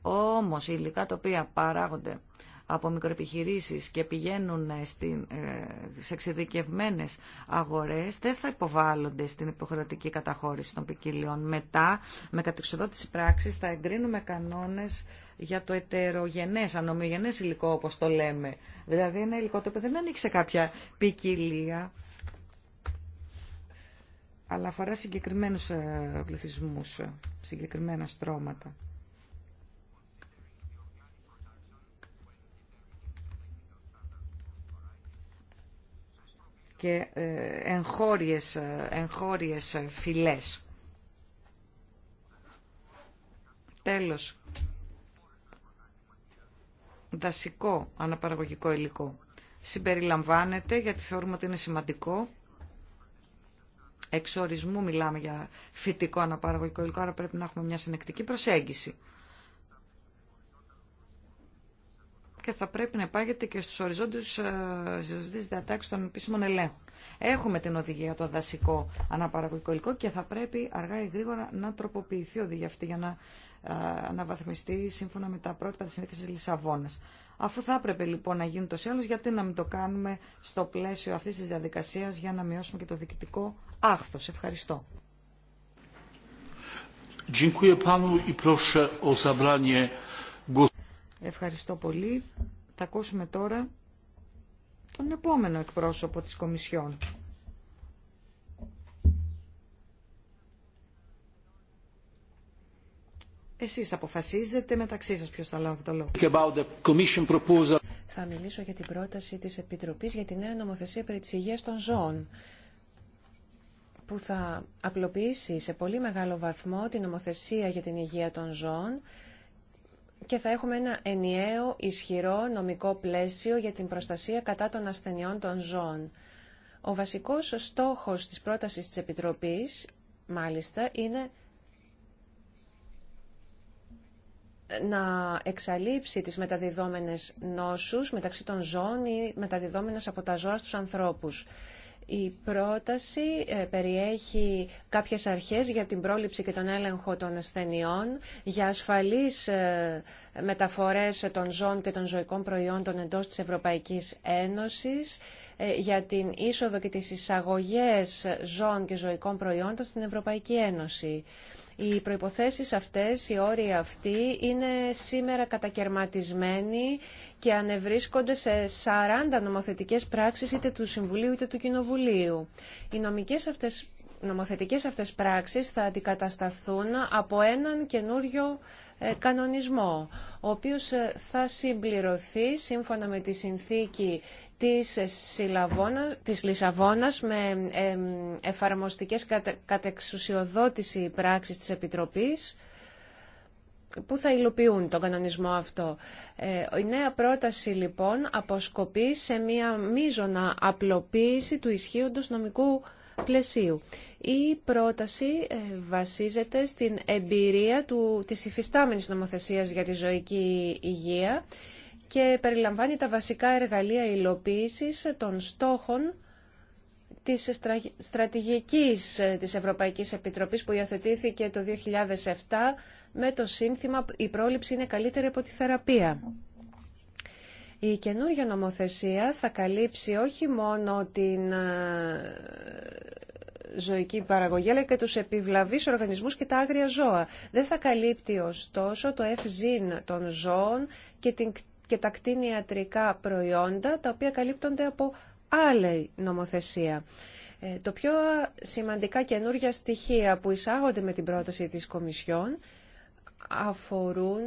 Όμως οι υλικά τα οποία παράγονται από μικροεπιχειρήσεις και πηγαίνουν ε, στην, ε, σε εξειδικευμένε αγορές δεν θα υποβάλλονται στην υποχρεωτική καταχώρηση των ποικιλίων. Μετά, με κατεξοδότηση πράξης, θα εγκρίνουμε κανόνες για το ετερογενές, ανομοιογενές υλικό όπως το λέμε. Δηλαδή ένα υλικό το οποίο δεν ανοίξει σε κάποια ποικιλία, αλλά αφορά συγκεκριμένους ε, πληθυσμούς, ε, συγκεκριμένα στρώματα. και ε, εγχώριες, εγχώριες φυλές. Τέλος, δασικό αναπαραγωγικό υλικό. Συμπεριλαμβάνεται γιατί θεωρούμε ότι είναι σημαντικό εξορισμού μιλάμε για φυτικό αναπαραγωγικό υλικό, άρα πρέπει να έχουμε μια συνεκτική προσέγγιση. και θα πρέπει να υπάγεται και στους οριζόντιους ε, διατάξεις των επίσημων ελέγχων. Έχουμε την οδηγία το δασικό αναπαραγωγικό υλικό και θα πρέπει αργά ή γρήγορα να τροποποιηθεί η οδηγία αυτή για να ε, αναβαθμιστεί σύμφωνα με τα πρότυπα της συνέχισης της Λισαβόνας. Αφού θα έπρεπε λοιπόν να γίνει το άλλος, γιατί να μην το κάνουμε στο πλαίσιο αυτής της διαδικασίας για να μειώσουμε και το διοικητικό άχθος. Ευχαριστώ. Ευχαριστώ πολύ. Θα ακούσουμε τώρα τον επόμενο εκπρόσωπο της Κομισιόν. Εσείς αποφασίζετε μεταξύ σας ποιος θα λάβει το λόγο. Θα μιλήσω για την πρόταση της Επιτροπής για τη νέα νομοθεσία περί της υγείας των ζώων που θα απλοποιήσει σε πολύ μεγάλο βαθμό την νομοθεσία για την υγεία των ζώων και θα έχουμε ένα ενιαίο ισχυρό νομικό πλαίσιο για την προστασία κατά των ασθενειών των ζώων. Ο βασικός στόχος της πρότασης της Επιτροπής, μάλιστα, είναι να εξαλείψει τις μεταδιδόμενες νόσους μεταξύ των ζώων ή μεταδιδόμενες από τα ζώα στους ανθρώπους. Η πρόταση ε, περιέχει κάποιες αρχές για την πρόληψη και τον έλεγχο των ασθενειών, για ασφαλείς ε, μεταφορές των ζώων και των ζωικών προϊόντων εντός της Ευρωπαϊκής Ένωσης, ε, για την είσοδο και τις εισαγωγές ζώων και ζωικών προϊόντων στην Ευρωπαϊκή Ένωση. Οι προϋποθέσεις αυτές, οι όροι αυτοί είναι σήμερα κατακαιρματισμένοι και ανεβρίσκονται σε 40 νομοθετικές πράξεις είτε του Συμβουλίου είτε του Κοινοβουλίου. Οι νομικές αυτές, νομοθετικές αυτές πράξεις θα αντικατασταθούν από έναν καινούριο ε, κανονισμό, ο οποίος ε, θα συμπληρωθεί σύμφωνα με τη συνθήκη της, της Λισαβόνας με ε, εφαρμοστικές κατεξουσιοδότηση πράξης της Επιτροπής που θα υλοποιούν τον κανονισμό αυτό. Η νέα πρόταση λοιπόν αποσκοπεί σε μία μείζωνα απλοποίηση του ισχύοντος νομικού η πρόταση ε, βασίζεται στην εμπειρία του, της υφιστάμενης νομοθεσίας για τη ζωική υγεία και περιλαμβάνει τα βασικά εργαλεία υλοποίησης των στόχων της στρατηγικής ε, της Ευρωπαϊκής Επιτροπής που υιοθετήθηκε το 2007 με το σύνθημα «Η πρόληψη είναι καλύτερη από τη θεραπεία». Η καινούργια νομοθεσία θα καλύψει όχι μόνο την ε, ζωική παραγωγή αλλά και τους επιβλαβείς οργανισμούς και τα άγρια ζώα. Δεν θα καλύπτει ωστόσο το ευζήν των ζώων και, την, και τα κτηνιατρικά προϊόντα τα οποία καλύπτονται από άλλη νομοθεσία. Ε, το πιο σημαντικά καινούργια στοιχεία που εισάγονται με την πρόταση της Κομισιόν αφορούν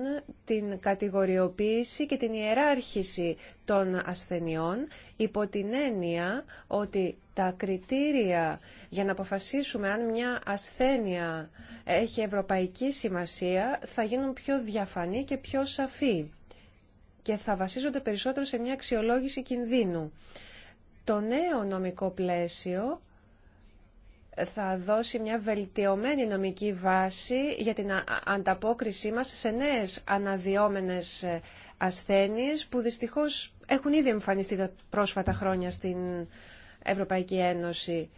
την κατηγοριοποίηση και την ιεράρχηση των ασθενειών υπό την έννοια ότι τα κριτήρια για να αποφασίσουμε αν μια ασθένεια έχει ευρωπαϊκή σημασία θα γίνουν πιο διαφανή και πιο σαφή και θα βασίζονται περισσότερο σε μια αξιολόγηση κινδύνου. Το νέο νομικό πλαίσιο θα δώσει μια βελτιωμένη νομική βάση για την ανταπόκρισή μας σε νέες αναδιόμενες ε, ασθένειες που δυστυχώς έχουν ήδη εμφανιστεί τα πρόσφατα χρόνια στην Ευρωπαϊκή Ένωση.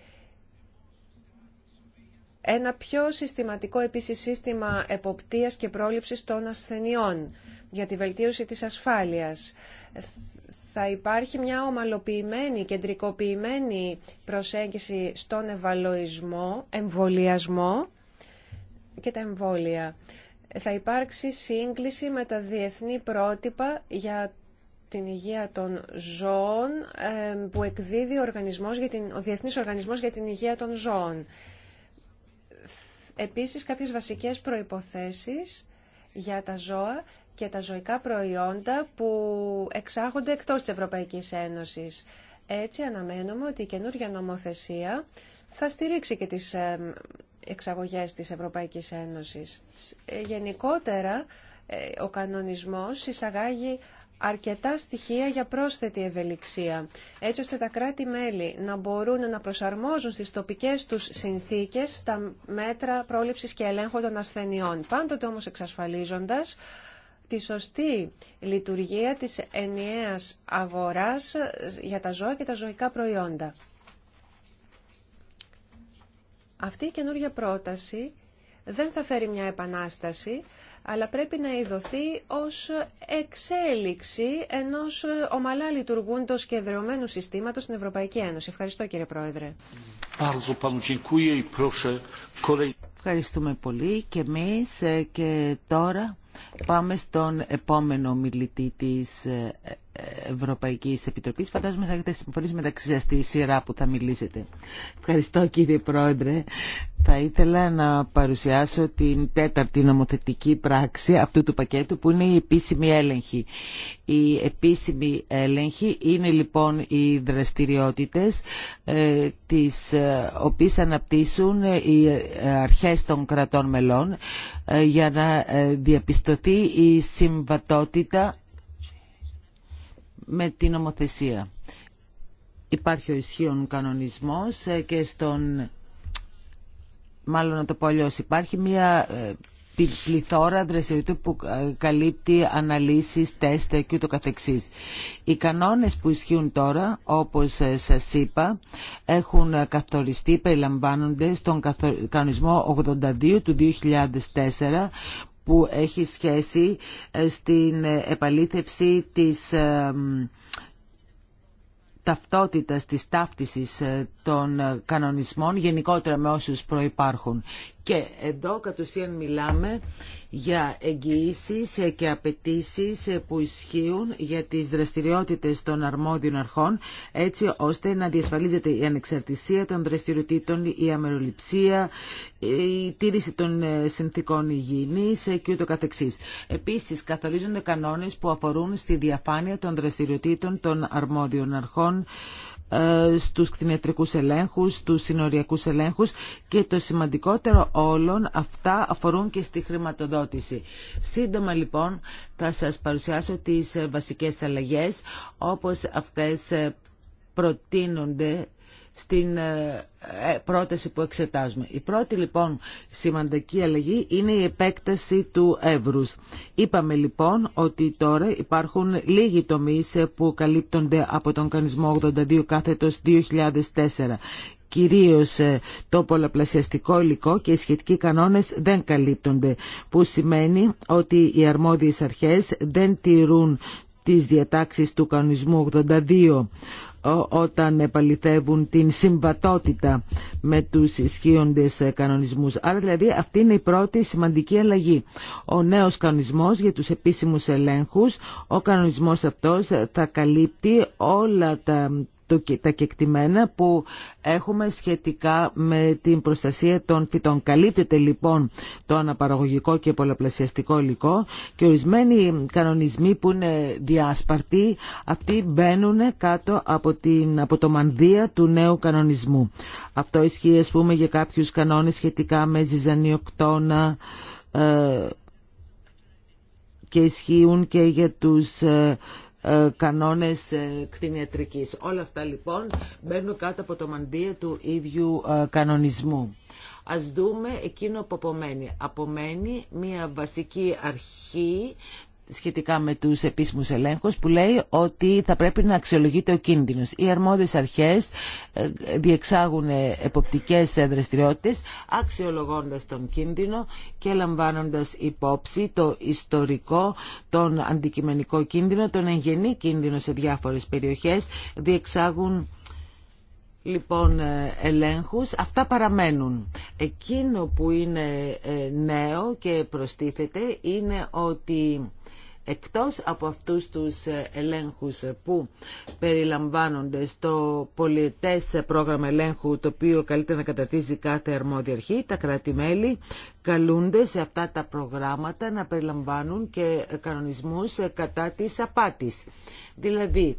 Ένα πιο συστηματικό επίσης σύστημα εποπτείας και πρόληψης των ασθενειών για τη βελτίωση της ασφάλειας θα υπάρχει μια ομαλοποιημένη, κεντρικοποιημένη προσέγγιση στον ευαλωισμό, εμβολιασμό και τα εμβόλια. Θα υπάρξει σύγκληση με τα διεθνή πρότυπα για την υγεία των ζώων που εκδίδει ο, οργανισμός για την, ο Διεθνής Οργανισμός για την Υγεία των Ζώων. Επίσης, κάποιες βασικές προϋποθέσεις για τα ζώα και τα ζωικά προϊόντα που εξάγονται εκτός της Ευρωπαϊκής Ένωσης. Έτσι αναμένουμε ότι η καινούργια νομοθεσία θα στηρίξει και τις εξαγωγές της Ευρωπαϊκής Ένωσης. Ε, γενικότερα, ε, ο κανονισμός εισαγάγει αρκετά στοιχεία για πρόσθετη ευελιξία, έτσι ώστε τα κράτη-μέλη να μπορούν να προσαρμόζουν στις τοπικές τους συνθήκες τα μέτρα πρόληψης και ελέγχου των ασθενειών, πάντοτε όμως εξασφαλίζοντας τη σωστή λειτουργία της ενιαίας αγοράς για τα ζώα και τα ζωικά προϊόντα. Αυτή η καινούργια πρόταση δεν θα φέρει μια επανάσταση, αλλά πρέπει να ειδωθεί ως εξέλιξη ενός ομαλά λειτουργούντος και δρεωμένου συστήματος στην Ευρωπαϊκή Ένωση. Ευχαριστώ κύριε Πρόεδρε. Ευχαριστούμε πολύ και εμείς ε, και τώρα Πάμε στον επόμενο μιλητή της ε, Ευρωπαϊκής Επιτροπής. Φαντάζομαι θα έχετε συμφωνήσει μεταξύ σας τη σειρά που θα μιλήσετε. Ευχαριστώ κύριε Πρόεδρε. Θα ήθελα να παρουσιάσω την τέταρτη νομοθετική πράξη αυτού του πακέτου που είναι η επίσημη έλεγχη. Η επίσημη έλεγχη είναι λοιπόν οι δραστηριότητες ε, τις ε, οποίες αναπτύσσουν οι ε, αρχές των κρατών μελών ε, για να διαπιστωθεί η συμβατότητα με την νομοθεσία. Υπάρχει ο ισχύων κανονισμός ε, και στον... Μάλλον να το πω αλλιώς, υπάρχει μια ε, πληθώρα δραστηριοτήτων που ε, καλύπτει αναλύσεις, τεστ και ούτω καθεξής. Οι κανόνες που ισχύουν τώρα, όπως σας είπα, έχουν καθοριστεί, περιλαμβάνονται στον κανονισμό 82 του 2004 που έχει σχέση ε, στην επαλήθευση της ε, ταυτότητας της ταύτισης ε, των κανονισμών γενικότερα με όσους προϋπάρχουν και εδώ κατ' ουσίαν μιλάμε για εγγυήσει και απαιτήσει που ισχύουν για τις δραστηριότητες των αρμόδιων αρχών έτσι ώστε να διασφαλίζεται η ανεξαρτησία των δραστηριοτήτων, η αμεροληψία, η τήρηση των ε, συνθήκων υγιεινής και ούτω καθεξής. Επίσης καθορίζονται κανόνες που αφορούν στη διαφάνεια των δραστηριοτήτων των αρμόδιων αρχών ε, στους κτηνιατρικούς ελέγχους, στους συνοριακούς ελέγχους και το σημαντικότερο όλων αυτά αφορούν και στη χρηματοδότηση. Σύντομα λοιπόν θα σας παρουσιάσω τις ε, βασικές αλλαγές όπως αυτές ε, προτείνονται στην ε, ε, πρόταση που εξετάζουμε. Η πρώτη λοιπόν σημαντική αλλαγή είναι η επέκταση του εύρους. Είπαμε λοιπόν ότι τώρα υπάρχουν λίγοι τομείς ε, που καλύπτονται από τον κανισμό 82 κάθετος 2004 κυρίως το πολλαπλασιαστικό υλικό και οι σχετικοί κανόνες δεν καλύπτονται, που σημαίνει ότι οι αρμόδιες αρχές δεν τηρούν τις διατάξεις του κανονισμού 82 όταν επαληθεύουν την συμβατότητα με τους ισχύοντες κανονισμούς. Άρα δηλαδή αυτή είναι η πρώτη σημαντική αλλαγή. Ο νέος κανονισμός για τους επίσημους ελέγχους, ο κανονισμός αυτός θα καλύπτει όλα τα το, τα κεκτημένα που έχουμε σχετικά με την προστασία των φυτών. Καλύπτεται λοιπόν το αναπαραγωγικό και πολλαπλασιαστικό υλικό και ορισμένοι κανονισμοί που είναι διάσπαρτοι αυτοί μπαίνουν κάτω από, την, το μανδύα του νέου κανονισμού. Αυτό ισχύει ας πούμε για κάποιους κανόνες σχετικά με ζυζανιοκτώνα ε, και ισχύουν και για τους ε, ε, κανόνες ε, κτηνιατρικής. Όλα αυτά λοιπόν μπαίνουν κάτω από το μανδύα του ίδιου ε, κανονισμού. Ας δούμε εκείνο που απομένει. Απομένει μια βασική αρχή σχετικά με τους επίσημους ελέγχους που λέει ότι θα πρέπει να αξιολογείται ο κίνδυνος. Οι αρμόδιες αρχές ε, διεξάγουν ε, εποπτικές ε, δραστηριότητες αξιολογώντας τον κίνδυνο και λαμβάνοντας υπόψη το ιστορικό, τον αντικειμενικό κίνδυνο, τον εγγενή κίνδυνο σε διάφορες περιοχές, διεξάγουν λοιπόν ελέγχους, αυτά παραμένουν. Εκείνο που είναι νέο και προστίθεται είναι ότι εκτός από αυτούς τους ε, ελέγχους ε, που περιλαμβάνονται στο πολιετές ε, πρόγραμμα ελέγχου το οποίο καλύτερα να καταρτίζει κάθε αρμόδια αρχή, τα κράτη-μέλη καλούνται σε αυτά τα προγράμματα να περιλαμβάνουν και κανονισμούς κατά της απάτης. Δηλαδή,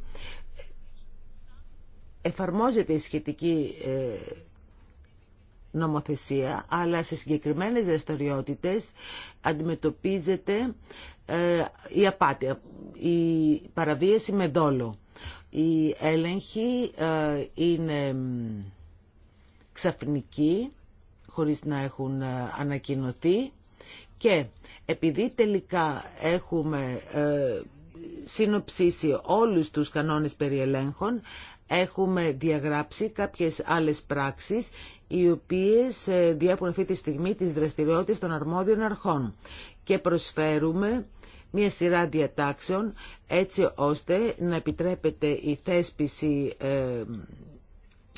εφαρμόζεται η σχετική νομοθεσία, αλλά σε συγκεκριμένες δραστηριότητε αντιμετωπίζεται ε, η απάτη, η παραβίαση με δόλο. Οι έλεγχοι ε, είναι ξαφνικοί, χωρίς να έχουν ε, ανακοινωθεί και επειδή τελικά έχουμε συνοψίσει όλους τους κανόνες περί ελέγχων, έχουμε διαγράψει κάποιες άλλες πράξεις οι οποίες διέπουν αυτή τη στιγμή τις δραστηριότητες των αρμόδιων αρχών και προσφέρουμε μία σειρά διατάξεων έτσι ώστε να επιτρέπεται η θέσπιση ε,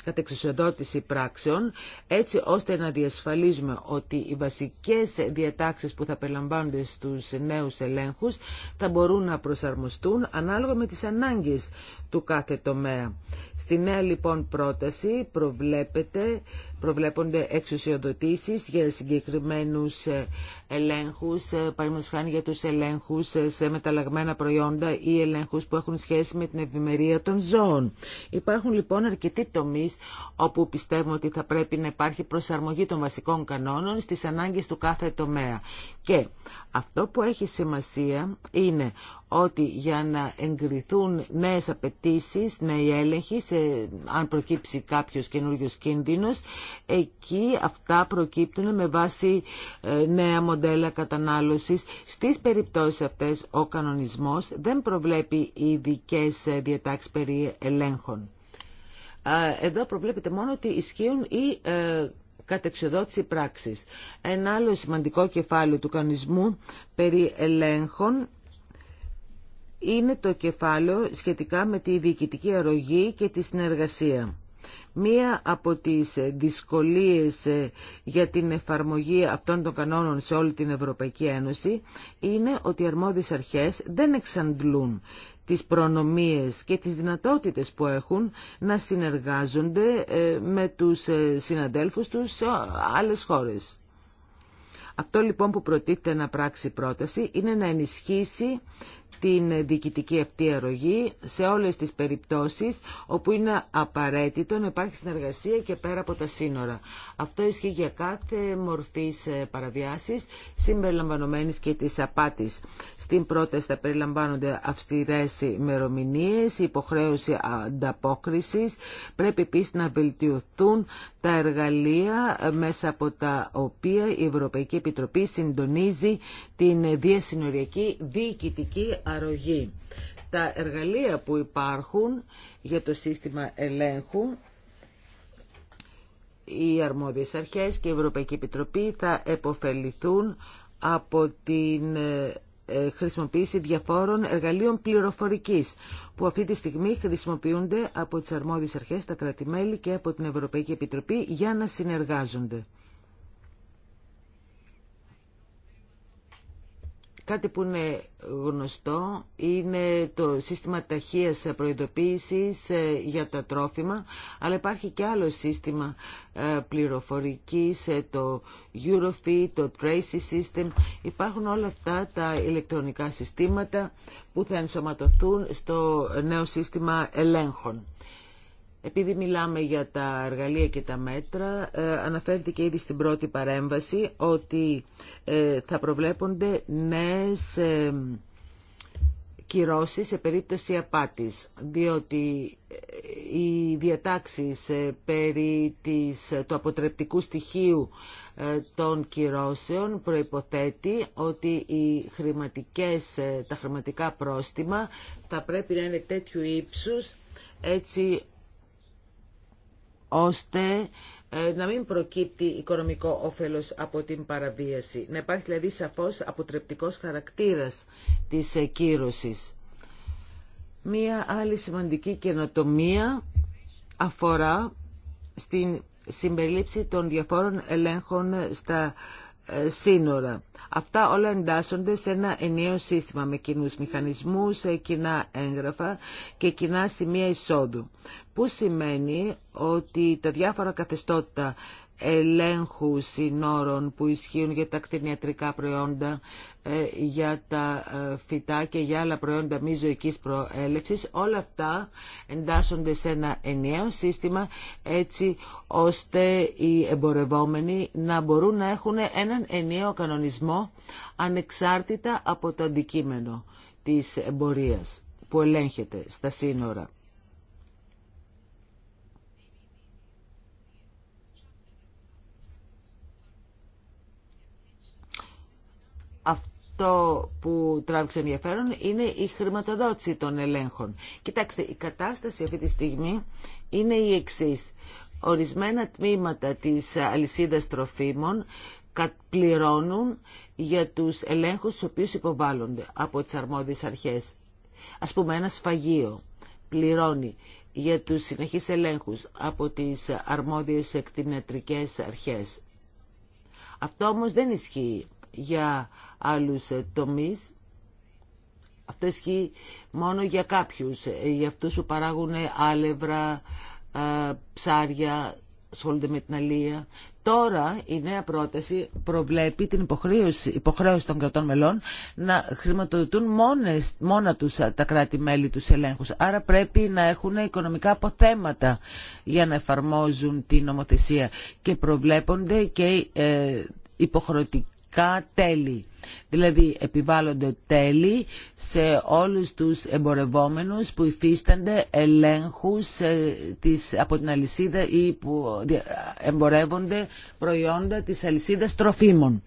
κατεξουσιοδότηση πράξεων, έτσι ώστε να διασφαλίζουμε ότι οι βασικές διατάξεις που θα περιλαμβάνονται στους νέους ελέγχους θα μπορούν να προσαρμοστούν ανάλογα με τις ανάγκες του κάθε τομέα. Στη νέα λοιπόν πρόταση προβλέπεται προβλέπονται εξουσιοδοτήσεις για συγκεκριμένους ε, ελέγχους, ε, παραδείγματος για τους ελέγχους ε, σε μεταλλαγμένα προϊόντα ή ελέγχους που έχουν σχέση με την ευημερία των ζώων. Υπάρχουν λοιπόν αρκετοί τομείς όπου πιστεύουμε ότι θα πρέπει να υπάρχει προσαρμογή των βασικών κανόνων στις ανάγκες του κάθε τομέα. Και αυτό που έχει σημασία είναι ότι για να εγκριθούν νέες απαιτήσει, νέοι έλεγχοι, σε, αν προκύψει κάποιος καινούριος κίνδυνος, εκεί αυτά προκύπτουν με βάση ε, νέα μοντέλα κατανάλωσης. Στις περιπτώσεις αυτές ο κανονισμός δεν προβλέπει ειδικέ ε, διατάξεις περί ελέγχων. Ε, εδώ προβλέπεται μόνο ότι ισχύουν οι κατεξοδότηση πράξης. Ένα άλλο σημαντικό κεφάλαιο του κανονισμού περί ελέγχων είναι το κεφάλαιο σχετικά με τη διοικητική αρρωγή και τη συνεργασία. Μία από τις δυσκολίες ε, για την εφαρμογή αυτών των κανόνων σε όλη την Ευρωπαϊκή Ένωση είναι ότι οι αρμόδιες αρχές δεν εξαντλούν τις προνομίες και τις δυνατότητες που έχουν να συνεργάζονται ε, με τους ε, συναδέλφους τους σε άλλες χώρες. Αυτό λοιπόν που προτείνεται να πράξει πρόταση είναι να ενισχύσει την διοικητική αυτή αρρωγή σε όλες τις περιπτώσεις όπου είναι απαραίτητο να υπάρχει συνεργασία και πέρα από τα σύνορα. Αυτό ισχύει για κάθε μορφής ε, παραβιάσης συμπεριλαμβανομένης και της απάτης. Στην πρόταση θα περιλαμβάνονται αυστηρές ημερομηνίε, υποχρέωση ανταπόκρισης. Πρέπει επίσης να βελτιωθούν τα εργαλεία ε, μέσα από τα οποία η Ευρωπαϊκή Επιτροπή συντονίζει την διασυνοριακή διοικητική αρρωγή. Τα εργαλεία που υπάρχουν για το σύστημα ελέγχου οι αρμόδιες αρχές και η Ευρωπαϊκή Επιτροπή θα επωφεληθούν από την ε, χρησιμοποίηση διαφόρων εργαλείων πληροφορικής που αυτή τη στιγμή χρησιμοποιούνται από τις αρμόδιες αρχές, τα κρατημέλη και από την Ευρωπαϊκή Επιτροπή για να συνεργάζονται. Κάτι που είναι γνωστό είναι το σύστημα ταχείας προειδοποίησης ε, για τα τρόφιμα, αλλά υπάρχει και άλλο σύστημα ε, πληροφορικής, ε, το Eurofeed, το Tracy System. Υπάρχουν όλα αυτά τα ηλεκτρονικά συστήματα που θα ενσωματωθούν στο νέο σύστημα ελέγχων. Επειδή μιλάμε για τα εργαλεία και τα μέτρα, ε, αναφέρθηκε ήδη στην πρώτη παρέμβαση ότι ε, θα προβλέπονται νέες ε, κυρώσεις σε περίπτωση απάτης, διότι οι διατάξεις περί της, του αποτρεπτικού στοιχείου των κυρώσεων προϋποθέτει ότι οι χρηματικές, τα χρηματικά πρόστιμα θα πρέπει να είναι τέτοιου ύψους έτσι ώστε ε, να μην προκύπτει οικονομικό όφελος από την παραβίαση. Να υπάρχει δηλαδή σαφώς αποτρεπτικός χαρακτήρας της ε, κύρωσης. Μία άλλη σημαντική καινοτομία αφορά στην συμπερίληψη των διαφόρων ελέγχων στα σύνορα. Αυτά όλα εντάσσονται σε ένα ενιαίο σύστημα με κοινούς μηχανισμούς, κοινά έγγραφα και κοινά σημεία εισόδου. Που σημαίνει ότι τα διάφορα καθεστώτα ελέγχου συνόρων που ισχύουν για τα κτηνιατρικά προϊόντα, ε, για τα ε, φυτά και για άλλα προϊόντα μη ζωικής προέλευσης. Όλα αυτά εντάσσονται σε ένα ενιαίο σύστημα έτσι ώστε οι εμπορευόμενοι να μπορούν να έχουν έναν ενιαίο κανονισμό ανεξάρτητα από το αντικείμενο της εμπορίας που ελέγχεται στα σύνορα. το που τράβηξε ενδιαφέρον είναι η χρηματοδότηση των ελέγχων. Κοιτάξτε, η κατάσταση αυτή τη στιγμή είναι η εξή. Ορισμένα τμήματα της αλυσίδας τροφίμων πληρώνουν για τους ελέγχους στους οποίους υποβάλλονται από τις αρμόδιες αρχές. Ας πούμε ένα σφαγείο πληρώνει για τους συνεχείς ελέγχους από τις αρμόδιες εκτινετρικές αρχές. Αυτό όμως δεν ισχύει για άλλους ε, τομείς. Αυτό ισχύει μόνο για κάποιους, ε, για αυτούς που παράγουν άλευρα, ε, ψάρια, ασχολούνται με την αλεία. Τώρα η νέα πρόταση προβλέπει την υποχρέωση, των κρατών μελών να χρηματοδοτούν μόνες, μόνα τους τα κράτη-μέλη τους ελέγχους. Άρα πρέπει να έχουν οικονομικά αποθέματα για να εφαρμόζουν την νομοθεσία και προβλέπονται και ε, υποχρεωτικά τέλη. Δηλαδή επιβάλλονται τέλη σε όλους τους εμπορευόμενους που υφίστανται ελέγχους ε, της, από την αλυσίδα ή που εμπορεύονται προϊόντα της αλυσίδας τροφίμων.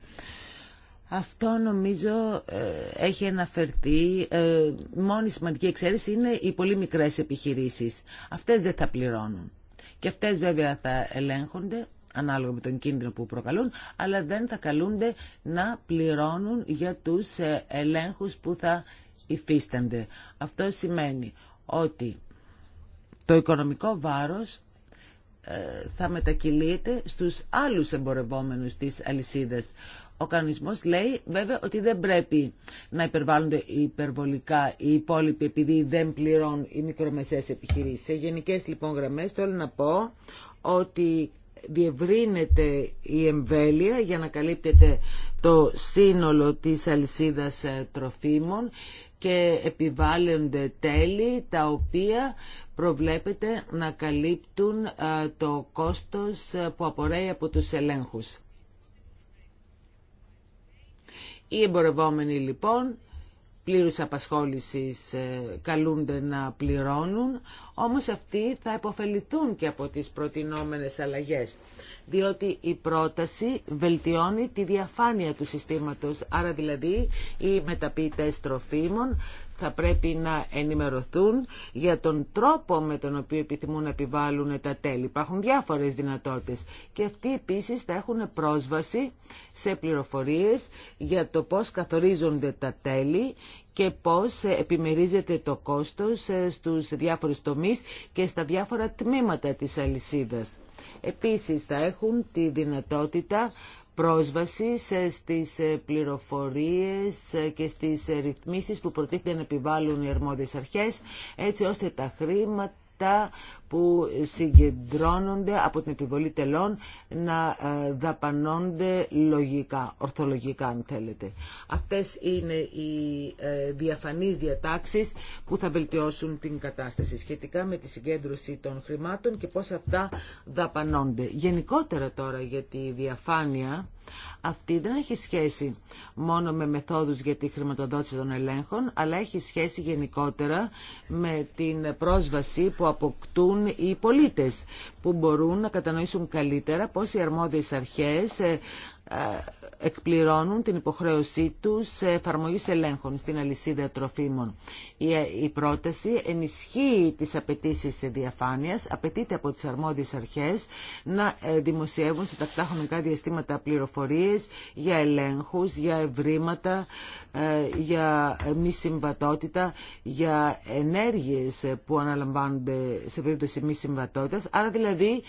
Αυτό νομίζω ε, έχει αναφερθεί. Ε, μόνη σημαντική εξαίρεση είναι οι πολύ μικρές επιχειρήσεις. Αυτές δεν θα πληρώνουν. Και αυτές βέβαια θα ελέγχονται ανάλογα με τον κίνδυνο που προκαλούν, αλλά δεν θα καλούνται να πληρώνουν για τους ε, ελέγχους που θα υφίστανται. Αυτό σημαίνει ότι το οικονομικό βάρος ε, θα μετακυλείται στους άλλους εμπορευόμενους της αλυσίδας. Ο κανονισμός λέει βέβαια ότι δεν πρέπει να υπερβάλλονται υπερβολικά οι υπόλοιποι επειδή δεν πληρώνουν οι μικρομεσαίες επιχειρήσεις. Σε γενικές λοιπόν γραμμές θέλω να πω ότι διευρύνεται η εμβέλεια για να καλύπτεται το σύνολο της αλυσίδας ε, τροφίμων και επιβάλλονται τέλη τα οποία προβλέπεται να καλύπτουν ε, το κόστος ε, που απορρέει από τους ελέγχους. Οι εμπορευόμενοι λοιπόν πλήρους απασχόλησης ε, καλούνται να πληρώνουν, όμως αυτοί θα επωφεληθούν και από τις προτινόμενες αλλαγές, διότι η πρόταση βελτιώνει τη διαφάνεια του συστήματος, άρα δηλαδή οι μεταποιητές τροφίμων θα πρέπει να ενημερωθούν για τον τρόπο με τον οποίο επιθυμούν να επιβάλλουν τα τέλη. Υπάρχουν διάφορες δυνατότητες και αυτοί επίσης θα έχουν πρόσβαση σε πληροφορίες για το πώς καθορίζονται τα τέλη και πώς επιμερίζεται το κόστος ε, στους διάφορους τομείς και στα διάφορα τμήματα της αλυσίδας. Επίσης θα έχουν τη δυνατότητα πρόσβαση στις ε, πληροφορίες ε, και στις ε, ρυθμίσεις που προτίθεται να επιβάλλουν οι αρμόδιες αρχές, έτσι ώστε τα χρήματα που συγκεντρώνονται από την επιβολή τελών να ε, δαπανώνται λογικά, ορθολογικά αν θέλετε. Αυτές είναι οι ε, διαφανείς διατάξεις που θα βελτιώσουν την κατάσταση σχετικά με τη συγκέντρωση των χρημάτων και πώς αυτά δαπανώνται. Γενικότερα τώρα για τη διαφάνεια αυτή δεν έχει σχέση μόνο με μεθόδους για τη χρηματοδότηση των ελέγχων, αλλά έχει σχέση γενικότερα με την πρόσβαση που αποκτούν οι πολίτες, που μπορούν να κατανοήσουν καλύτερα πώς οι αρμόδιες αρχές ε, εκπληρώνουν την υποχρέωσή τους εφαρμογή ελέγχων στην αλυσίδα τροφίμων. Η πρόταση ενισχύει τις απαιτήσει διαφάνειας, απαιτείται από τις αρμόδιες αρχές να ε, δημοσιεύουν σε τακτά χρονικά διαστήματα πληροφορίες για ελέγχους, για ευρήματα, ε, για ε, μη συμβατότητα, για ενέργειες που αναλαμβάνονται σε περίπτωση μη συμβατότητας, άρα δηλαδή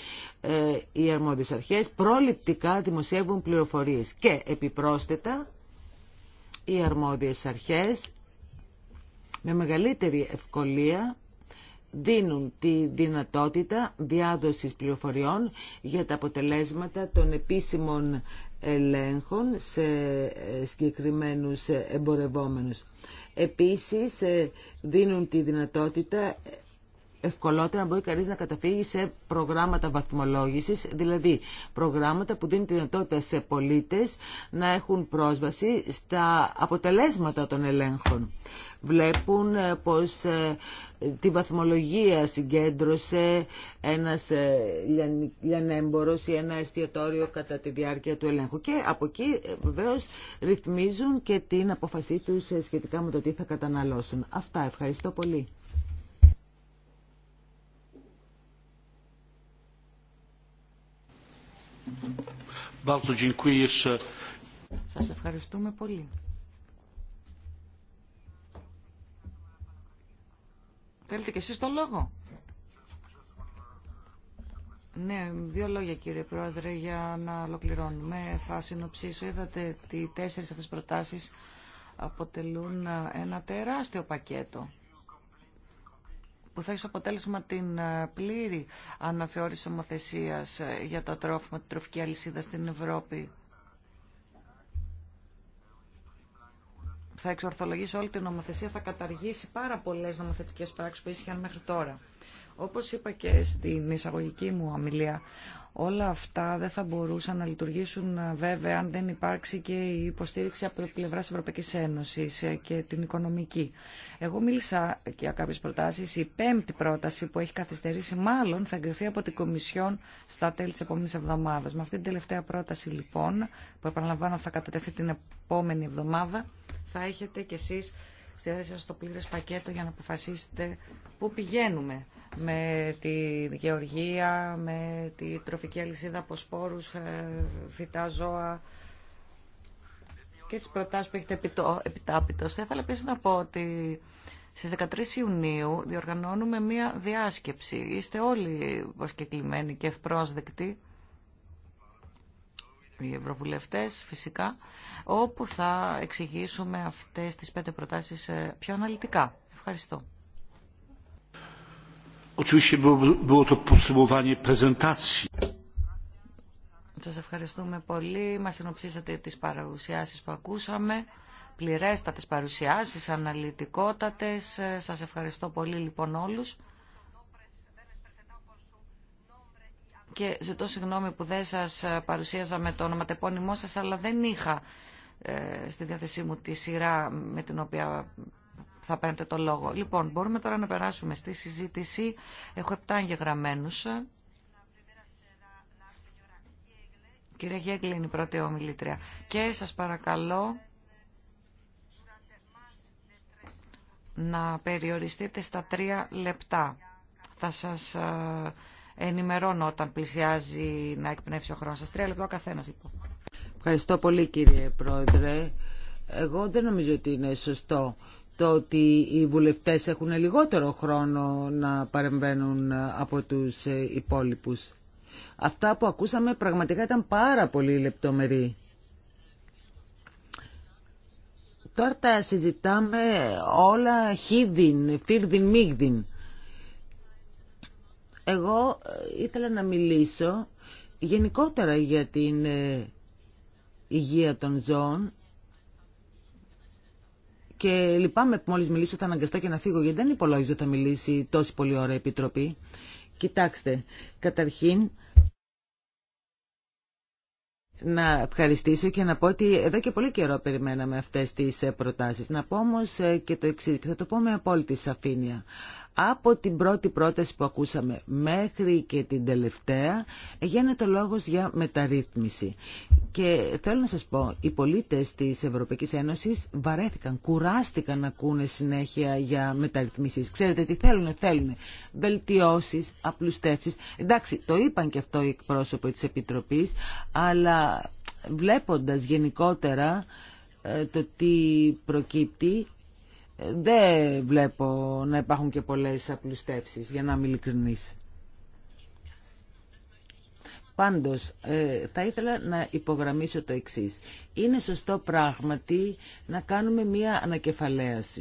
ε, οι αρμόδιες αρχές προληπτικά δημοσιεύουν πληροφορίες και επιπρόσθετα οι αρμόδιες αρχές με μεγαλύτερη ευκολία δίνουν τη δυνατότητα διάδοσης πληροφοριών για τα αποτελέσματα των επίσημων ελέγχων σε ε, συγκεκριμένους εμπορευόμενους. Επίσης ε, δίνουν τη δυνατότητα ευκολότερα μπορεί κανεί να καταφύγει σε προγράμματα βαθμολόγηση, δηλαδή προγράμματα που δίνουν τη δυνατότητα σε πολίτες να έχουν πρόσβαση στα αποτελέσματα των ελέγχων. Βλέπουν ε, πως ε, τη βαθμολογία συγκέντρωσε ένας ε, λιανέμπορος ή ένα εστιατόριο κατά τη διάρκεια του ελέγχου και από εκεί βεβαίω ρυθμίζουν και την αποφασή τους σχετικά με το τι θα καταναλώσουν. Αυτά. Ευχαριστώ πολύ. Σας ευχαριστούμε πολύ. Θέλετε και εσείς το λόγο. Ναι, δύο λόγια κύριε Πρόεδρε για να ολοκληρώνουμε. Θα συνοψίσω. Είδατε ότι οι τέσσερις αυτές προτάσεις αποτελούν ένα τεράστιο πακέτο που θα έχει αποτέλεσμα την ε, πλήρη αναθεώρηση ομοθεσίας ε, για τα τρόφιμα, την τροφική αλυσίδα στην Ευρώπη. Θα εξορθολογήσει όλη την νομοθεσία, θα καταργήσει πάρα πολλέ νομοθετικέ πράξει που ήσχαν μέχρι τώρα. Όπως είπα και στην εισαγωγική μου ομιλία, Όλα αυτά δεν θα μπορούσαν να λειτουργήσουν ε, βέβαια αν δεν υπάρξει και η υποστήριξη από την πλευρά της Ευρωπαϊκής Ένωσης ε, και την οικονομική. Εγώ μίλησα και για κάποιες προτάσεις. Η πέμπτη πρόταση που έχει καθυστερήσει μάλλον θα εγκριθεί από την Κομισιόν στα τέλη της επόμενης εβδομάδας. Με αυτή την τελευταία πρόταση λοιπόν που επαναλαμβάνω θα κατατεθεί την επόμενη εβδομάδα θα έχετε κι εσείς στη διάθεσή σας το πλήρες πακέτο για να αποφασίσετε πού πηγαίνουμε με τη γεωργία, με τη τροφική αλυσίδα από σπόρους, ε, φυτά ζώα και τις προτάσεις που έχετε επιτάπητος. Θα ήθελα επίσης να πω ότι στις 13 Ιουνίου διοργανώνουμε μία διάσκεψη. Είστε όλοι προσκεκλημένοι και ευπρόσδεκτοι οι ευρωβουλευτές φυσικά, όπου θα εξηγήσουμε αυτές τις πέντε προτάσεις ε, πιο αναλυτικά. Ευχαριστώ. Σας ευχαριστούμε πολύ. Μας συνοψίσατε τις παρουσιάσεις που ακούσαμε πληρέστατες παρουσιάσεις, αναλυτικότατες. Σας ευχαριστώ πολύ λοιπόν όλους. και ζητώ συγγνώμη που δεν σας ε, παρουσίαζα με το ονοματεπώνυμό σας, αλλά δεν είχα ε, στη διάθεσή μου τη σειρά με την οποία θα παίρνετε το λόγο. Λοιπόν, μπορούμε τώρα να περάσουμε στη συζήτηση. Έχω επτά εγγεγραμμένους. Κυρία Γέγκλη είναι η πρώτη ομιλήτρια. Και σας παρακαλώ να περιοριστείτε στα τρία λεπτά. Θα σας ε, ενημερώνω όταν πλησιάζει να εκπνεύσει ο χρόνος σας. Τρία λεπτά ο καθένας λοιπόν. Ευχαριστώ πολύ κύριε Πρόεδρε. Εγώ δεν νομίζω ότι είναι σωστό το ότι οι βουλευτές έχουν λιγότερο χρόνο να παρεμβαίνουν από τους υπόλοιπους. Αυτά που ακούσαμε πραγματικά ήταν πάρα πολύ λεπτομερή. Τώρα τα συζητάμε όλα χίδιν, φίρδιν, μίγδιν. Εγώ ε, ήθελα να μιλήσω γενικότερα για την ε, υγεία των ζώων και λυπάμαι που μόλις μιλήσω θα αναγκαστώ και να φύγω γιατί δεν υπολογίζω ότι θα μιλήσει τόση πολύ ώρα η Επιτροπή. Κοιτάξτε, καταρχήν να ευχαριστήσω και να πω ότι εδώ και πολύ καιρό περιμέναμε αυτές τις ε, προτάσεις. Να πω όμως και το εξής και θα το πω με απόλυτη σαφήνεια. Από την πρώτη πρόταση που ακούσαμε μέχρι και την τελευταία γίνεται λόγος για μεταρρύθμιση. Και θέλω να σας πω, οι πολίτες της Ευρωπαϊκής Ένωσης βαρέθηκαν, κουράστηκαν να ακούνε συνέχεια για μεταρρυθμίσεις. Ξέρετε τι θέλουν, θέλουν βελτιώσεις, απλουστεύσεις. Εντάξει, το είπαν και αυτό οι εκπρόσωποι της Επιτροπής, αλλά βλέποντας γενικότερα ε, το τι προκύπτει δεν βλέπω να υπάρχουν και πολλές απλουστεύσεις, για να είμαι ειλικρινής. Πάντως, ε, θα ήθελα να υπογραμμίσω το εξής. Είναι σωστό πράγματι να κάνουμε μία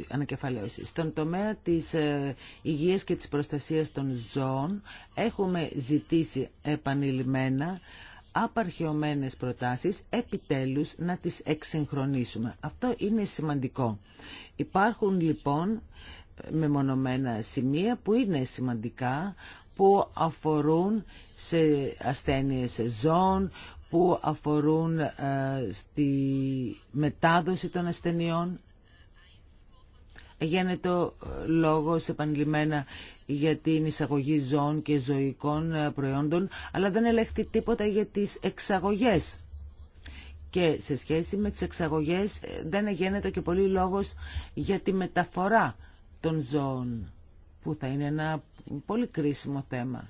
ανακεφαλαίωση. Στον τομέα της ε, υγείας και της προστασίας των ζώων έχουμε ζητήσει επανειλημμένα απαρχαιωμένες προτάσεις επιτέλους να τις εξυγχρονίσουμε. Αυτό είναι σημαντικό. Υπάρχουν λοιπόν μεμονωμένα σημεία που είναι σημαντικά που αφορούν σε ασθένειες ζώων, που αφορούν ε, στη μετάδοση των ασθενειών. Γίνεται σε επανειλημμένα για την εισαγωγή ζώων και ζωικών ε, προϊόντων, αλλά δεν ελέγχθη τίποτα για τις εξαγωγές. Και σε σχέση με τις εξαγωγές ε, δεν γίνεται και πολύ λόγος για τη μεταφορά των ζώων, που θα είναι ένα πολύ κρίσιμο θέμα.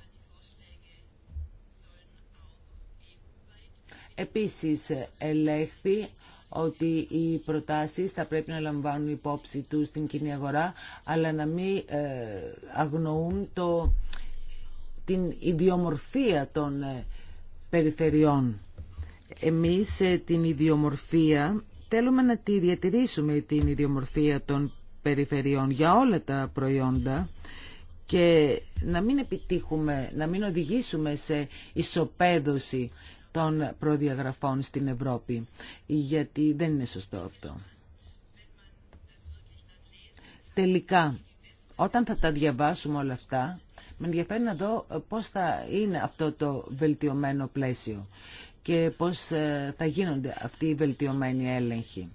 Επίσης, ε, ελέγχθη ότι οι προτάσεις θα πρέπει να λαμβάνουν υπόψη τους στην κοινή αγορά, αλλά να μην ε, αγνοούν το, την ιδιομορφία των ε, περιφερειών. Εμείς ε, την ιδιομορφία θέλουμε να τη διατηρήσουμε την ιδιομορφία των περιφερειών για όλα τα προϊόντα και να μην επιτύχουμε, να μην οδηγήσουμε σε ισοπαίδωση των προδιαγραφών στην Ευρώπη, γιατί δεν είναι σωστό αυτό. Τελικά, όταν θα τα διαβάσουμε όλα αυτά, με ενδιαφέρει να δω πώς θα είναι αυτό το βελτιωμένο πλαίσιο και πώς ε, θα γίνονται αυτοί οι βελτιωμένοι έλεγχοι.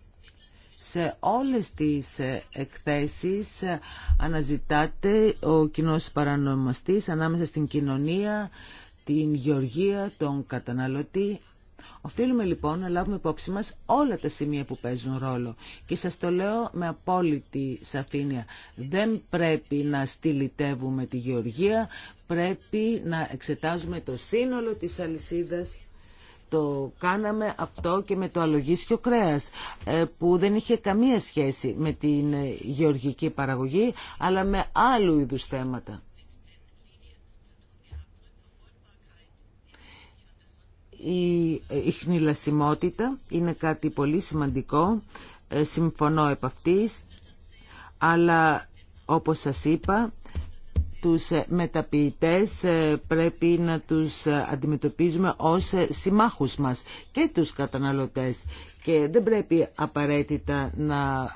Σε όλες τις ε, εκθέσεις ε, αναζητάται ο κοινός παρανομαστής ανάμεσα στην κοινωνία, την γεωργία, τον καταναλωτή. Οφείλουμε λοιπόν να λάβουμε υπόψη μας όλα τα σημεία που παίζουν ρόλο και σας το λέω με απόλυτη σαφήνεια. Δεν πρέπει να στυλιτεύουμε τη γεωργία, πρέπει να εξετάζουμε το σύνολο της αλυσίδας το κάναμε αυτό και με το αλογίσιο κρέας ε, που δεν είχε καμία σχέση με την ε, γεωργική παραγωγή αλλά με άλλου είδους θέματα. Η χνηλασιμότητα είναι κάτι πολύ σημαντικό, ε, συμφωνώ επ' αυτής, αλλά όπως σας είπα, τους ε, μεταποιητές ε, πρέπει να τους αντιμετωπίζουμε ως συμμάχους μας και τους καταναλωτές και δεν πρέπει απαραίτητα να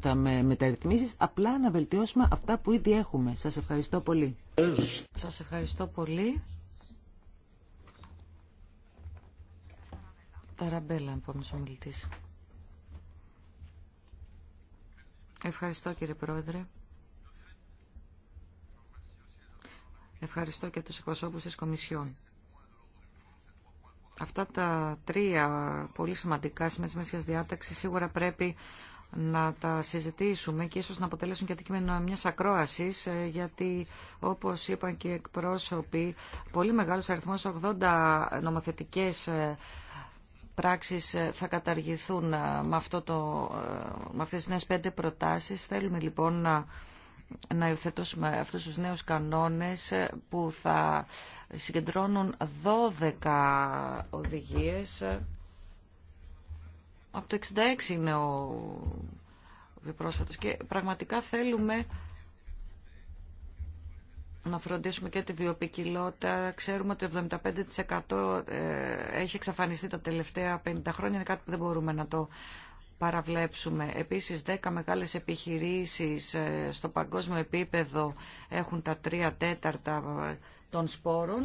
τα με μεταρρυθμίσεις απλά να βελτιώσουμε αυτά που ήδη έχουμε. Σας ευχαριστώ πολύ. Σας ευχαριστώ πολύ. Ταραμπέλα, επόμενος ομιλητής. Ευχαριστώ κύριε Πρόεδρε. Ευχαριστώ και τους εκπροσώπους της Κομισιόν. Αυτά τα τρία πολύ σημαντικά σημεία διάταξη. σίγουρα πρέπει να τα συζητήσουμε και ίσως να αποτελέσουν και αντικείμενο μια ακρόασης ε, γιατί όπως είπαν και εκπρόσωποι πολύ μεγάλος αριθμός 80 νομοθετικές ε, πράξεις ε, θα καταργηθούν ε, με, αυτό το, ε, με αυτές τις νέες πέντε προτάσεις. Θέλουμε λοιπόν να, να υιοθετώσουμε αυτούς τους νέους κανόνες που θα συγκεντρώνουν 12 οδηγίες. Από το 66 είναι ο πρόσφατος και πραγματικά θέλουμε να φροντίσουμε και τη βιοπικιλότητα. Ξέρουμε ότι 75% ε, έχει εξαφανιστεί τα τελευταία 50 χρόνια. Είναι κάτι που δεν μπορούμε να το παραβλέψουμε. Επίσης, 10 μεγάλες επιχειρήσεις ε, στο παγκόσμιο επίπεδο έχουν τα 3 τέταρτα ε, των σπόρων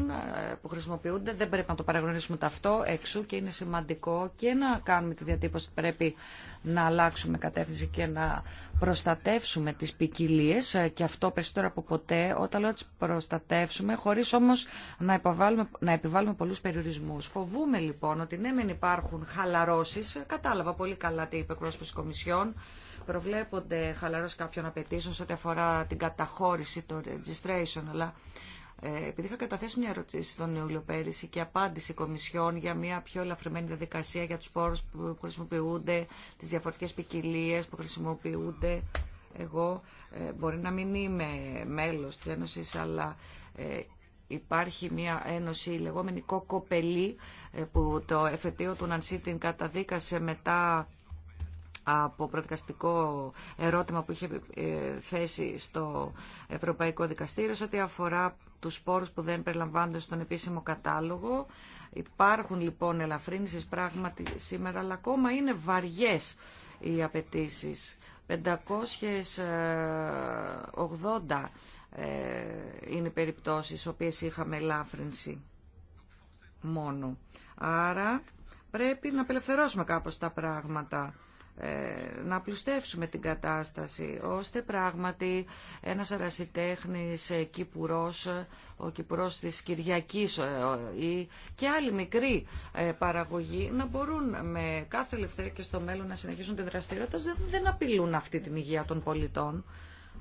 που χρησιμοποιούνται. Δεν πρέπει να το παραγνωρίσουμε ταυτό εξού και είναι σημαντικό και να κάνουμε τη διατύπωση πρέπει να αλλάξουμε κατεύθυνση και να προστατεύσουμε τις ποικιλίε ε, και αυτό περισσότερο από ποτέ όταν λέω τις προστατεύσουμε χωρίς όμως να επιβάλλουμε, να επιβάλλουμε πολλούς περιορισμούς. Φοβούμε λοιπόν ότι ναι μεν υπάρχουν χαλαρώσεις, κατάλαβα πολύ καλά τι είπε της Κομισιόν, προβλέπονται χαλαρώσεις κάποιων απαιτήσεων σε ό,τι αφορά την καταχώρηση, το registration, αλλά ε, επειδή είχα καταθέσει μια ερώτηση τον Ιούλιο πέρυσι και απάντηση κομισιών για μια πιο ελαφρυμένη διαδικασία για τους πόρους που χρησιμοποιούνται, τις διαφορετικές ποικιλίε που χρησιμοποιούνται. Εγώ ε, μπορεί να μην είμαι μέλος της Ένωσης, αλλά ε, υπάρχει μια ένωση, η λεγόμενη Κοκοπελή, που το εφετείο του Νανσί την καταδίκασε μετά από προδικαστικό ερώτημα που είχε θέσει στο Ευρωπαϊκό Δικαστήριο ό,τι αφορά του σπόρου που δεν περιλαμβάνονται στον επίσημο κατάλογο. Υπάρχουν λοιπόν ελαφρύνσει πράγματι σήμερα, αλλά ακόμα είναι βαριέ οι απαιτήσει. 580 ε, ε, είναι οι περιπτώσεις οποίες είχαμε ελάφρυνση μόνο. Άρα πρέπει να απελευθερώσουμε κάπως τα πράγματα. Ε, να πλουστεύσουμε την κατάσταση, ώστε πράγματι ένας αρασιτέχνης ε, κυπουρός, ε, ο κυπουρός της Κυριακής και άλλοι μικροί παραγωγοί να μπορούν με κάθε ελευθερία και στο μέλλον να συνεχίσουν τη δραστηριότητα, δεν απειλούν αυτή την υγεία των πολιτών.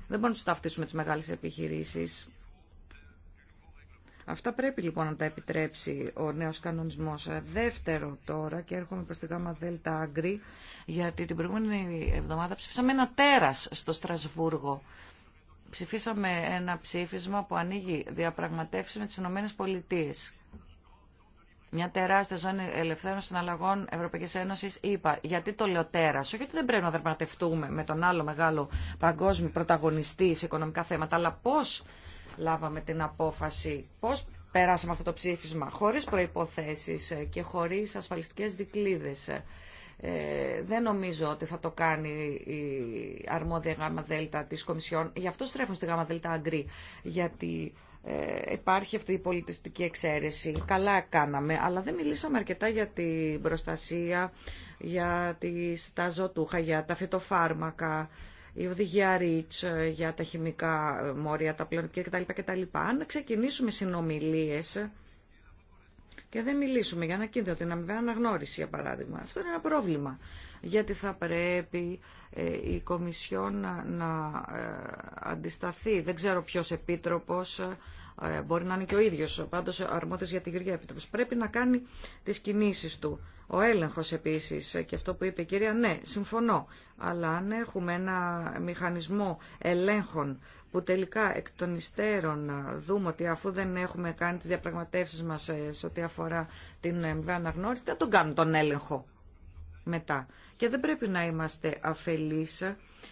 Δεν μπορούμε να του ταυτίσουμε τις μεγάλες επιχειρήσεις. Αυτά πρέπει λοιπόν να τα επιτρέψει ο νέος κανονισμός. Δεύτερο τώρα, και έρχομαι προς τη γάμα Δέλτα Άγκρη, γιατί την προηγούμενη εβδομάδα ψήφισαμε ένα τέρας στο Στρασβούργο. Ψηφίσαμε ένα ψήφισμα που ανοίγει διαπραγματεύσεις με τις ΗΠΑ. Μια τεράστια ζώνη ελευθέρων συναλλαγών Ευρωπαϊκή Ένωση, είπα. Γιατί το λέω τέρα, όχι ότι δεν πρέπει να δερματευτούμε με τον άλλο μεγάλο παγκόσμιο πρωταγωνιστή σε οικονομικά θέματα, αλλά πώ λάβαμε την απόφαση. Πώς περάσαμε αυτό το ψήφισμα, χωρίς προϋποθέσεις και χωρίς ασφαλιστικές δικλίδες. Ε, δεν νομίζω ότι θα το κάνει η αρμόδια γάμα δέλτα της Κομισιόν. Γι' αυτό στρέφω στη γάμα δέλτα αγκρή, γιατί ε, υπάρχει αυτή η πολιτιστική εξαίρεση. Καλά κάναμε, αλλά δεν μιλήσαμε αρκετά για την προστασία, για τα ζωτούχα, για τα φυτοφάρμακα, η οδηγία REACH ε, για τα χημικά ε, μόρια, τα πλανητικά κτλ, κτλ. Αν ξεκινήσουμε συνομιλίες και δεν μιλήσουμε για ένα κίνδυνο, την αμοιβαία αναγνώριση για παράδειγμα, αυτό είναι ένα πρόβλημα. Γιατί θα πρέπει ε, η Κομισιόν να, να αντισταθεί. Δεν ξέρω ποιος επίτροπος, μπορεί να είναι και ο ίδιος, πάντως αρμόδιος για τη Γεωργία Επίτροπο. Πρέπει να κάνει τι κινήσει του ο έλεγχο επίση, και αυτό που είπε η κυρία, ναι, συμφωνώ. Αλλά αν έχουμε ένα μηχανισμό ελέγχων που τελικά εκ των υστέρων δούμε ότι αφού δεν έχουμε κάνει τι διαπραγματεύσει μα ε, σε ό,τι αφορά την ΕΜΒΕ αναγνώριση, δεν τον κάνουν τον έλεγχο μετά. Και δεν πρέπει να είμαστε αφελείς.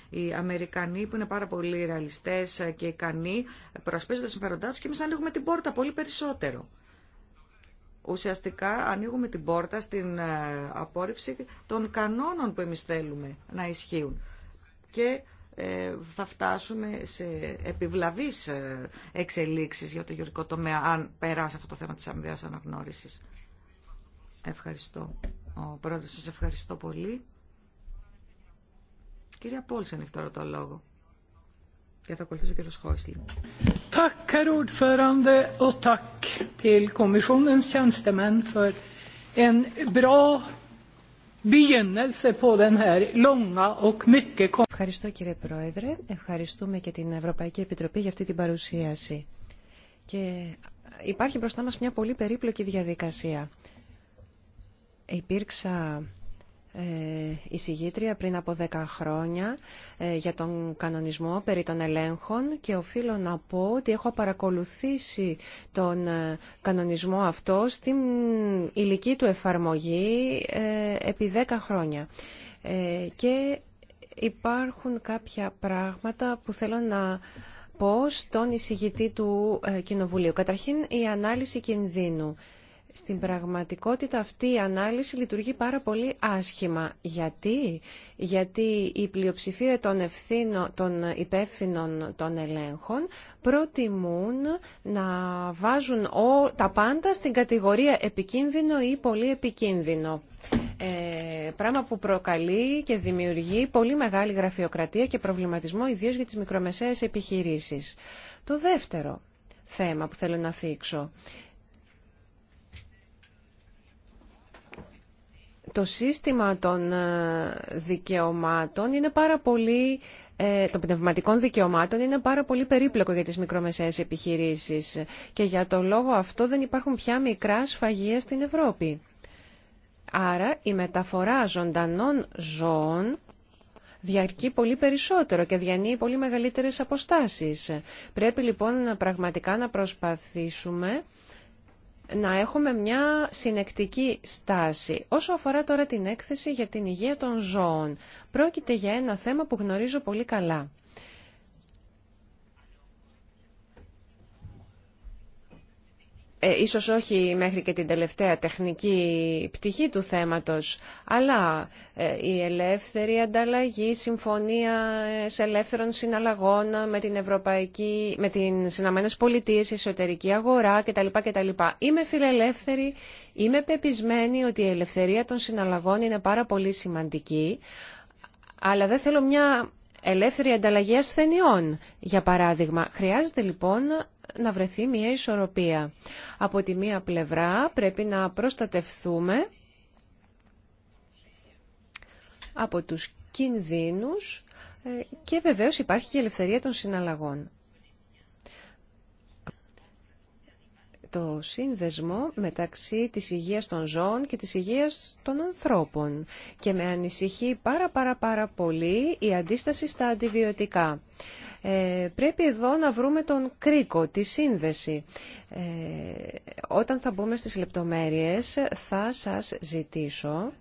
Οι Αμερικανοί που είναι πάρα πολύ ρεαλιστές και ικανοί προσπίζονται συμφέροντά τους και εμείς ανοίγουμε την πόρτα πολύ περισσότερο ουσιαστικά ανοίγουμε την πόρτα στην ε, απόρριψη των κανόνων που εμείς θέλουμε να ισχύουν. Και ε, θα φτάσουμε σε επιβλαβείς ε, εξελίξεις για το γεωργικό τομέα αν περάσει αυτό το θέμα της αμοιβαίας αναγνώρισης. Ευχαριστώ. Ο πρόεδρος σας ευχαριστώ πολύ. Κυρία Πόλσεν έχει τώρα το λόγο θα Ευχαριστώ κύριε Πρόεδρε. Ευχαριστούμε και την Ευρωπαϊκή Επιτροπή για αυτή την παρουσίαση. Και υπάρχει μπροστά μας μια πολύ περίπλοκη διαδικασία. Ε, εισηγήτρια πριν από 10 χρόνια ε, για τον κανονισμό περί των ελέγχων και οφείλω να πω ότι έχω παρακολουθήσει τον ε, κανονισμό αυτό στην ηλική του εφαρμογή επί 10 χρόνια. Και υπάρχουν κάποια πράγματα που θέλω να πω στον εισηγητή του Κοινοβουλίου. Καταρχήν η ανάλυση κινδύνου. Στην πραγματικότητα αυτή η ανάλυση λειτουργεί πάρα πολύ άσχημα. Γιατί? Γιατί η πλειοψηφία των, των υπεύθυνων των ελέγχων προτιμούν να βάζουν ό, τα πάντα στην κατηγορία επικίνδυνο ή πολύ επικίνδυνο. Ε, πράγμα που προκαλεί και δημιουργεί πολύ μεγάλη γραφειοκρατία και προβληματισμό ιδίως για τις μικρομεσαίες επιχειρήσεις. Το δεύτερο θέμα που θέλω να θίξω Το σύστημα των ε, δικαιωμάτων είναι πάρα πολύ ε, των πνευματικών δικαιωμάτων είναι πάρα πολύ περίπλοκο για τις μικρομεσαίες επιχειρήσεις και για το λόγο αυτό δεν υπάρχουν πια μικρά σφαγεία στην Ευρώπη. Άρα η μεταφορά ζωντανών ζώων διαρκεί πολύ περισσότερο και διανύει πολύ μεγαλύτερες αποστάσεις. Πρέπει λοιπόν πραγματικά να προσπαθήσουμε να έχουμε μια συνεκτική στάση. Όσο αφορά τώρα την έκθεση για την υγεία των ζώων, πρόκειται για ένα θέμα που γνωρίζω πολύ καλά. ε, ίσως όχι μέχρι και την τελευταία τεχνική πτυχή του θέματος, αλλά ε, η ελεύθερη ανταλλαγή, συμφωνία ε, σε ελεύθερων συναλλαγών με την Ευρωπαϊκή, με την Συναμένες Πολιτείες, εσωτερική αγορά κτλ. κτλ. Είμαι φιλελεύθερη, είμαι πεπισμένη ότι η ελευθερία των συναλλαγών είναι πάρα πολύ σημαντική, αλλά δεν θέλω μια ελεύθερη ανταλλαγή ασθενειών, για παράδειγμα. Χρειάζεται λοιπόν να βρεθεί μια ισορροπία. Από τη μία πλευρά πρέπει να προστατευθούμε από τους κινδύνους ε, και βεβαίως υπάρχει και η ελευθερία των συναλλαγών. το σύνδεσμο μεταξύ της υγείας των ζώων και της υγείας των ανθρώπων και με ανησυχεί πάρα πάρα πάρα πολύ η αντίσταση στα αντιβιωτικά. Ε, πρέπει εδώ να βρούμε τον κρίκο, τη σύνδεση. Ε, όταν θα μπούμε στις λεπτομέρειες θα σας ζητήσω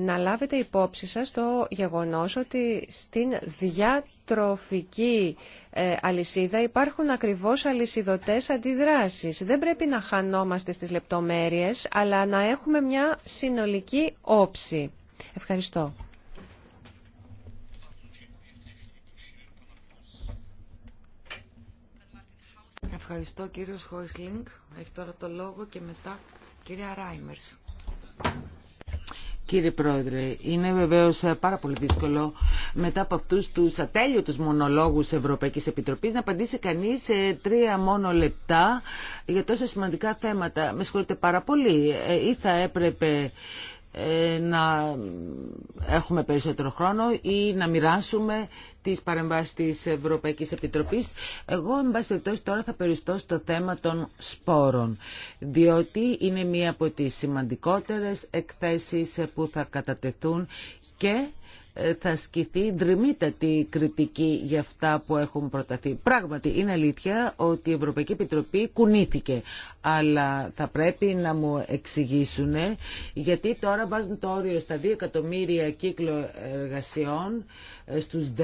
να λάβετε υπόψη σας το γεγονός ότι στην διατροφική ε, αλυσίδα υπάρχουν ακριβώς αλυσιδωτές αντιδράσεις. Δεν πρέπει να χανόμαστε στις λεπτομέρειες, αλλά να έχουμε μια συνολική όψη. Ευχαριστώ. Ευχαριστώ κύριος Χόισλινγκ. Έχει τώρα το λόγο και μετά κυρία Ράιμερς. Κύριε Πρόεδρε, είναι βεβαίω ε, πάρα πολύ δύσκολο μετά από αυτού του ατέλειωτου μονολόγου Ευρωπαϊκή Επιτροπή να απαντήσει κανεί σε τρία μόνο λεπτά για τόσο σημαντικά θέματα. Με συγχωρείτε πάρα πολύ. Ε, ή θα έπρεπε ε, να έχουμε περισσότερο χρόνο ή να μοιράσουμε τις παρεμβάσεις της Ευρωπαϊκής Επιτροπής. Εγώ, εν περιπτώσει, τώρα θα περιστώ στο θέμα των σπόρων, διότι είναι μία από τις σημαντικότερες εκθέσεις που θα κατατεθούν και θα σκηθεί δρυμύτατη κριτική για αυτά που έχουν προταθεί. Πράγματι, είναι αλήθεια ότι η Ευρωπαϊκή Επιτροπή κουνήθηκε, αλλά θα πρέπει να μου εξηγήσουν γιατί τώρα βάζουν το όριο στα 2 εκατομμύρια κύκλο εργασιών ε, στους 10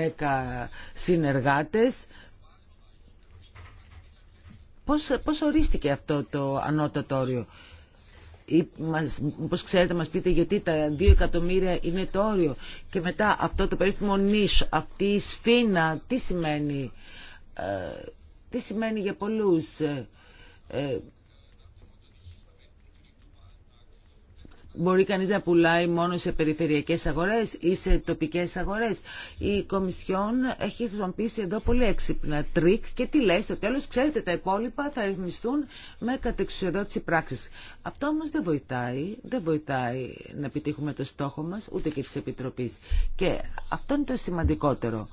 συνεργάτες. Πώς, πώς ορίστηκε αυτό το ανώτατο όριο. Ή μας, ξέρετε μας πείτε γιατί τα 2 εκατομμύρια είναι το όριο και μετά αυτό το περίφημο νίσο, αυτή η σφήνα, τι σημαίνει, ε, τι σημαίνει για πολλούς. Ε, ε, Μπορεί κανείς να πουλάει μόνο σε περιφερειακές αγορές ή σε τοπικές αγορές. Η Κομισιόν έχει χρησιμοποιήσει εδώ πολύ έξυπνα τρίκ και τι λέει στο τέλος, ξέρετε τα υπόλοιπα θα ρυθμιστούν με κατεξουσιοδότηση πράξης. Αυτό όμως δεν βοηθάει, δεν βοηθάει να επιτύχουμε το στόχο μας ούτε και της Επιτροπής. Και αυτό είναι το σημαντικότερο.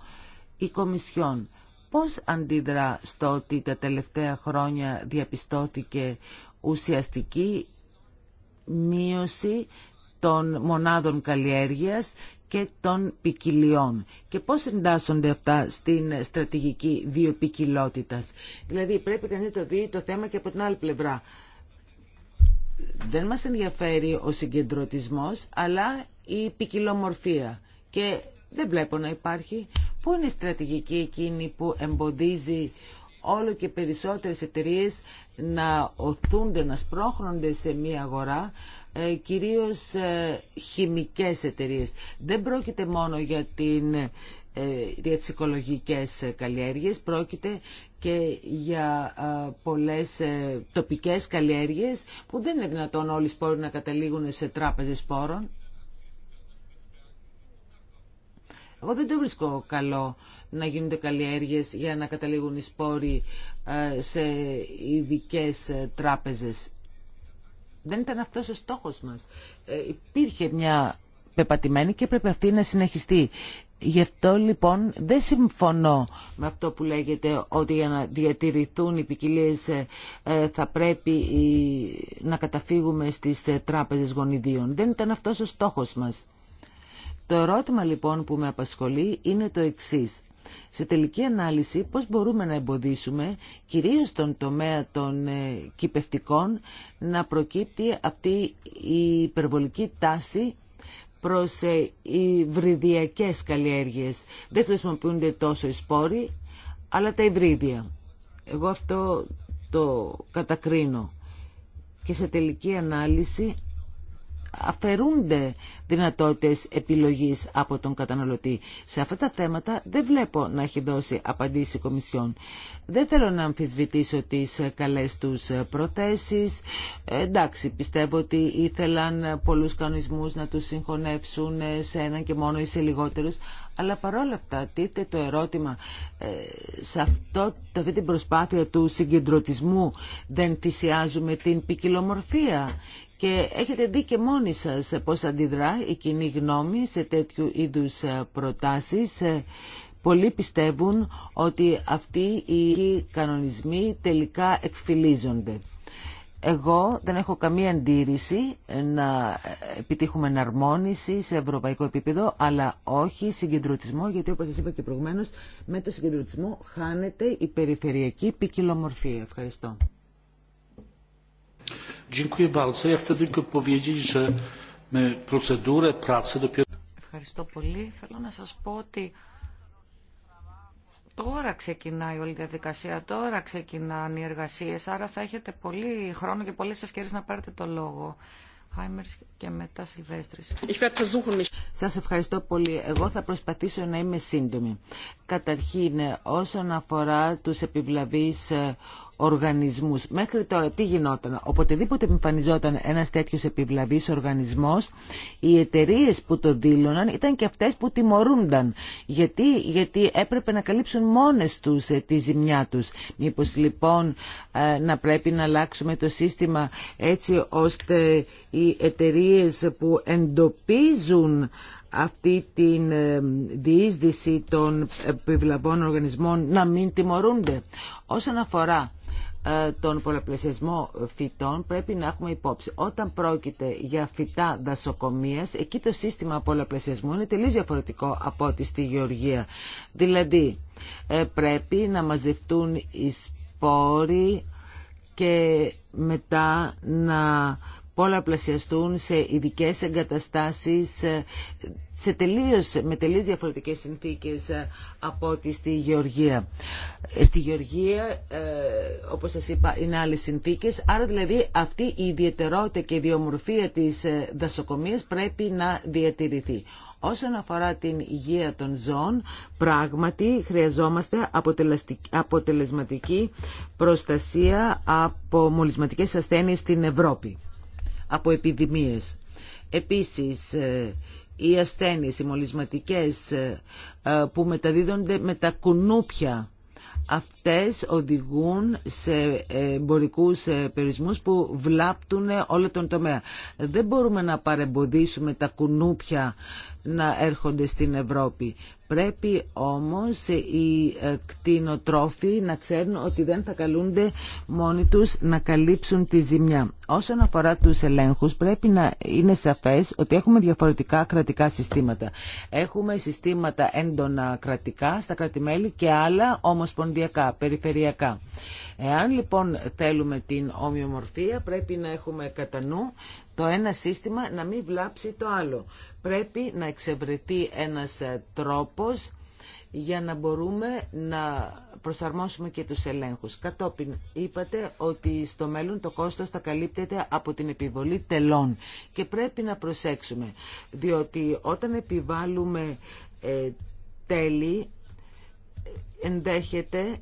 Η Κομισιόν πώς αντιδρά στο ότι τα τελευταία χρόνια διαπιστώθηκε ουσιαστική μείωση των μονάδων καλλιέργειας και των ποικιλιών. Και πώς εντάσσονται αυτά στην στρατηγική βιοπικιλότητας. Δηλαδή πρέπει κανείς να το δει το θέμα και από την άλλη πλευρά. Δεν μας ενδιαφέρει ο συγκεντρωτισμός, αλλά η ποικιλομορφία. Και δεν βλέπω να υπάρχει. Πού είναι η στρατηγική εκείνη που εμποδίζει όλο και περισσότερες εταιρείες να οθούνται, να σπρώχνονται σε μία αγορά, ε, κυρίως ε, χημικές εταιρείες. Δεν πρόκειται μόνο για, την, ε, για τις οικολογικές καλλιέργειες, πρόκειται και για πολλές τοπικές καλλιέργειες που δεν είναι δυνατόν όλοι οι σπόροι να καταλήγουν σε τράπεζες σπόρων. Εγώ δεν το βρίσκω καλό να γίνονται καλλιέργειες για να καταλήγουν οι σπόροι ε, σε ειδικέ ε, τράπεζες. Δεν ήταν αυτός ο στόχος μας. Ε, υπήρχε μια πεπατημένη και πρέπει αυτή να συνεχιστεί. Γι' αυτό λοιπόν δεν συμφωνώ με αυτό που λέγεται ότι για να διατηρηθούν οι ποικιλίε θα πρέπει να καταφύγουμε στις τράπεζες γονιδίων. Δεν ήταν αυτός ο στόχος μας. Το ερώτημα λοιπόν που με απασχολεί είναι το εξής. Σε τελική ανάλυση πώς μπορούμε να εμποδίσουμε κυρίως τον τομέα των ε, κυπευτικών να προκύπτει αυτή η υπερβολική τάση προς ε, βρυδιακές καλλιέργειες. Δεν χρησιμοποιούνται τόσο οι σπόροι αλλά τα υβρίδια. Εγώ αυτό το κατακρίνω. Και σε τελική ανάλυση αφαιρούνται δυνατότητες επιλογής από τον καταναλωτή. Σε αυτά τα θέματα δεν βλέπω να έχει δώσει απαντήσει η Κομισιόν. Δεν θέλω να αμφισβητήσω τις καλές τους προθέσεις. εντάξει, πιστεύω ότι ήθελαν πολλούς κανονισμούς να τους συγχωνεύσουν σε έναν και μόνο ή σε λιγότερους. Αλλά παρόλα αυτά τίτε το ερώτημα ε, σε αυτό, αυτή την προσπάθεια του συγκεντρωτισμού δεν θυσιάζουμε την ποικιλομορφία και έχετε δει και μόνοι σας πώς αντιδρά η κοινή γνώμη σε τέτοιου είδους ε, προτάσεις. Ε, πολλοί πιστεύουν ότι αυτοί οι κανονισμοί τελικά εκφυλίζονται. Εγώ δεν έχω καμία αντίρρηση να επιτύχουμε εναρμόνιση σε ευρωπαϊκό επίπεδο, αλλά όχι συγκεντρωτισμό, γιατί όπως σας είπα και προηγουμένως, με το συγκεντρωτισμό χάνεται η περιφερειακή ποικιλομορφία. Ευχαριστώ. Ευχαριστώ πολύ. Θέλω να σας πω ότι Τώρα ξεκινάει όλη η διαδικασία, τώρα ξεκινάνε οι εργασίες, άρα θα έχετε πολύ χρόνο και πολλές ευκαιρίες να πάρετε το λόγο. Και μετά Σας ευχαριστώ πολύ. Εγώ θα προσπαθήσω να είμαι σύντομη. Καταρχήν, ε, όσον αφορά τους επιβλαβείς ε, οργανισμούς. Μέχρι τώρα τι γινόταν. Οποτεδήποτε εμφανιζόταν ένας τέτοιο επιβλαβής οργανισμός, οι εταιρείε που το δήλωναν ήταν και αυτές που τιμωρούνταν. Γιατί, γιατί έπρεπε να καλύψουν μόνες τους ε, τη ζημιά του. Μήπως λοιπόν ε, να πρέπει να αλλάξουμε το σύστημα έτσι ώστε οι εταιρείε που εντοπίζουν αυτή την ε, διείσδυση των επιβλαβών οργανισμών να μην τιμωρούνται. Όσον αφορά ε, τον πολλαπλασιασμό φυτών πρέπει να έχουμε υπόψη. Όταν πρόκειται για φυτά δασοκομείας, εκεί το σύστημα πολλαπλασιασμού είναι τελείως διαφορετικό από ό,τι στη Γεωργία. Δηλαδή, ε, πρέπει να μαζευτούν οι σπόροι και μετά να πολλαπλασιαστούν σε ειδικέ εγκαταστάσεις ε, σε τελείως, με τελείως διαφορετικές συνθήκες ε, από ό,τι στη Γεωργία. Ε, στη Γεωργία, όπως σας είπα, είναι άλλες συνθήκες, άρα δηλαδή αυτή η ιδιαιτερότητα και η διομορφία της δασοκομεία πρέπει να διατηρηθεί. Όσον αφορά την υγεία των ζώων, πράγματι χρειαζόμαστε αποτελεσματική προστασία από μολυσματικές ασθένειες στην Ευρώπη από επιδημίες. Επίσης, ε, οι ασθένειες, οι μολυσματικές ε, ε, που μεταδίδονται με τα κουνούπια αυτές οδηγούν σε εμπορικούς περισμούς που βλάπτουν όλο τον τομέα. Δεν μπορούμε να παρεμποδίσουμε τα κουνούπια να έρχονται στην Ευρώπη. Πρέπει όμως οι ε, κτηνοτρόφοι να ξέρουν ότι δεν θα καλούνται μόνοι τους να καλύψουν τη ζημιά. Όσον αφορά τους ελέγχους πρέπει να είναι σαφές ότι έχουμε διαφορετικά κρατικά συστήματα. Έχουμε συστήματα έντονα κρατικά στα κρατημέλη και άλλα ομοσπονδιακά, περιφερειακά. Εάν λοιπόν θέλουμε την ομοιομορφία πρέπει να έχουμε κατά νου το ένα σύστημα να μην βλάψει το άλλο. Πρέπει να εξευρεθεί ένας ε, τρόπος για να μπορούμε να προσαρμόσουμε και τους ελέγχους. Κατόπιν είπατε ότι στο μέλλον το κόστος θα καλύπτεται από την επιβολή τελών και πρέπει να προσέξουμε, διότι όταν επιβάλλουμε ε, τέλη ε, ενδέχεται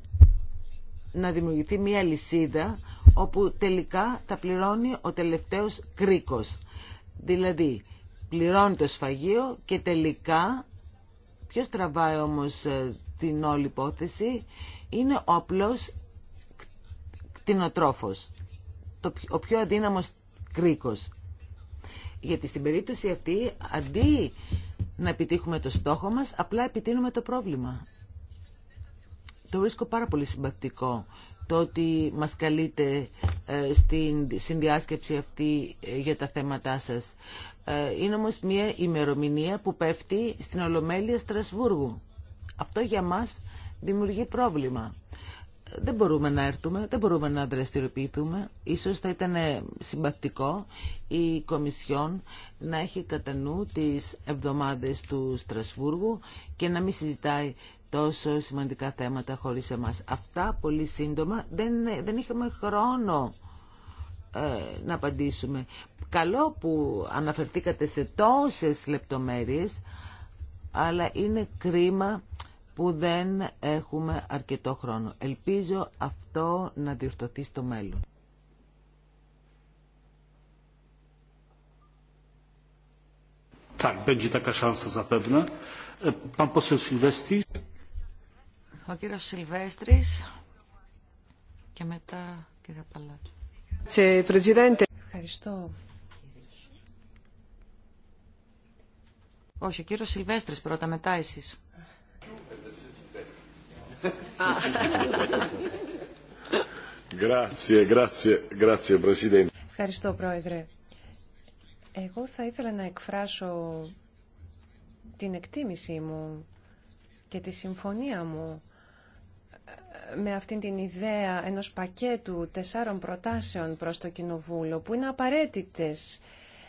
να δημιουργηθεί μια λυσίδα όπου τελικά θα πληρώνει ο τελευταίος κρίκος. Δηλαδή, πληρώνει το σφαγείο και τελικά, ποιος τραβάει όμως ε, την όλη υπόθεση, είναι ο απλός κτηνοτρόφος, ο πιο αδύναμος κρίκος. Γιατί στην περίπτωση αυτή, αντί να επιτύχουμε το στόχο μας, απλά επιτείνουμε το πρόβλημα. Το βρίσκω πάρα πολύ συμπαθητικό το ότι μας καλείτε ε, στην συνδιάσκεψη αυτή ε, για τα θέματά σας. Ε, είναι όμως μια ημερομηνία που πέφτει στην Ολομέλεια Στρασβούργου. Αυτό για μας δημιουργεί πρόβλημα. Δεν μπορούμε να έρθουμε, δεν μπορούμε να δραστηριοποιηθούμε. Ίσως θα ήταν συμπαθητικό η Κομισιόν να έχει κατά νου τις εβδομάδες του Στρασβούργου και να μην συζητάει τόσο σημαντικά θέματα χωρίς εμάς. Αυτά πολύ σύντομα. Δεν, δεν είχαμε χρόνο ε, να απαντήσουμε. Καλό που αναφερθήκατε σε τόσες λεπτομέρειες, αλλά είναι κρίμα που δεν έχουμε αρκετό χρόνο. Ελπίζω αυτό να διορθωθεί στο μέλλον. będzie taka szansa zapewne. E, ο κύριος Σιλβέστρης και μετά κύριε Παλάτσο. Ευχαριστώ. Όχι, ο κύριος Σιλβέστρης πρώτα, μετά εσείς. Ευχαριστώ, Πρόεδρε. Εγώ θα ήθελα να εκφράσω την εκτίμησή μου και τη συμφωνία μου με αυτήν την ιδέα ενός πακέτου τεσσάρων προτάσεων προς το Κοινοβούλιο που είναι απαραίτητες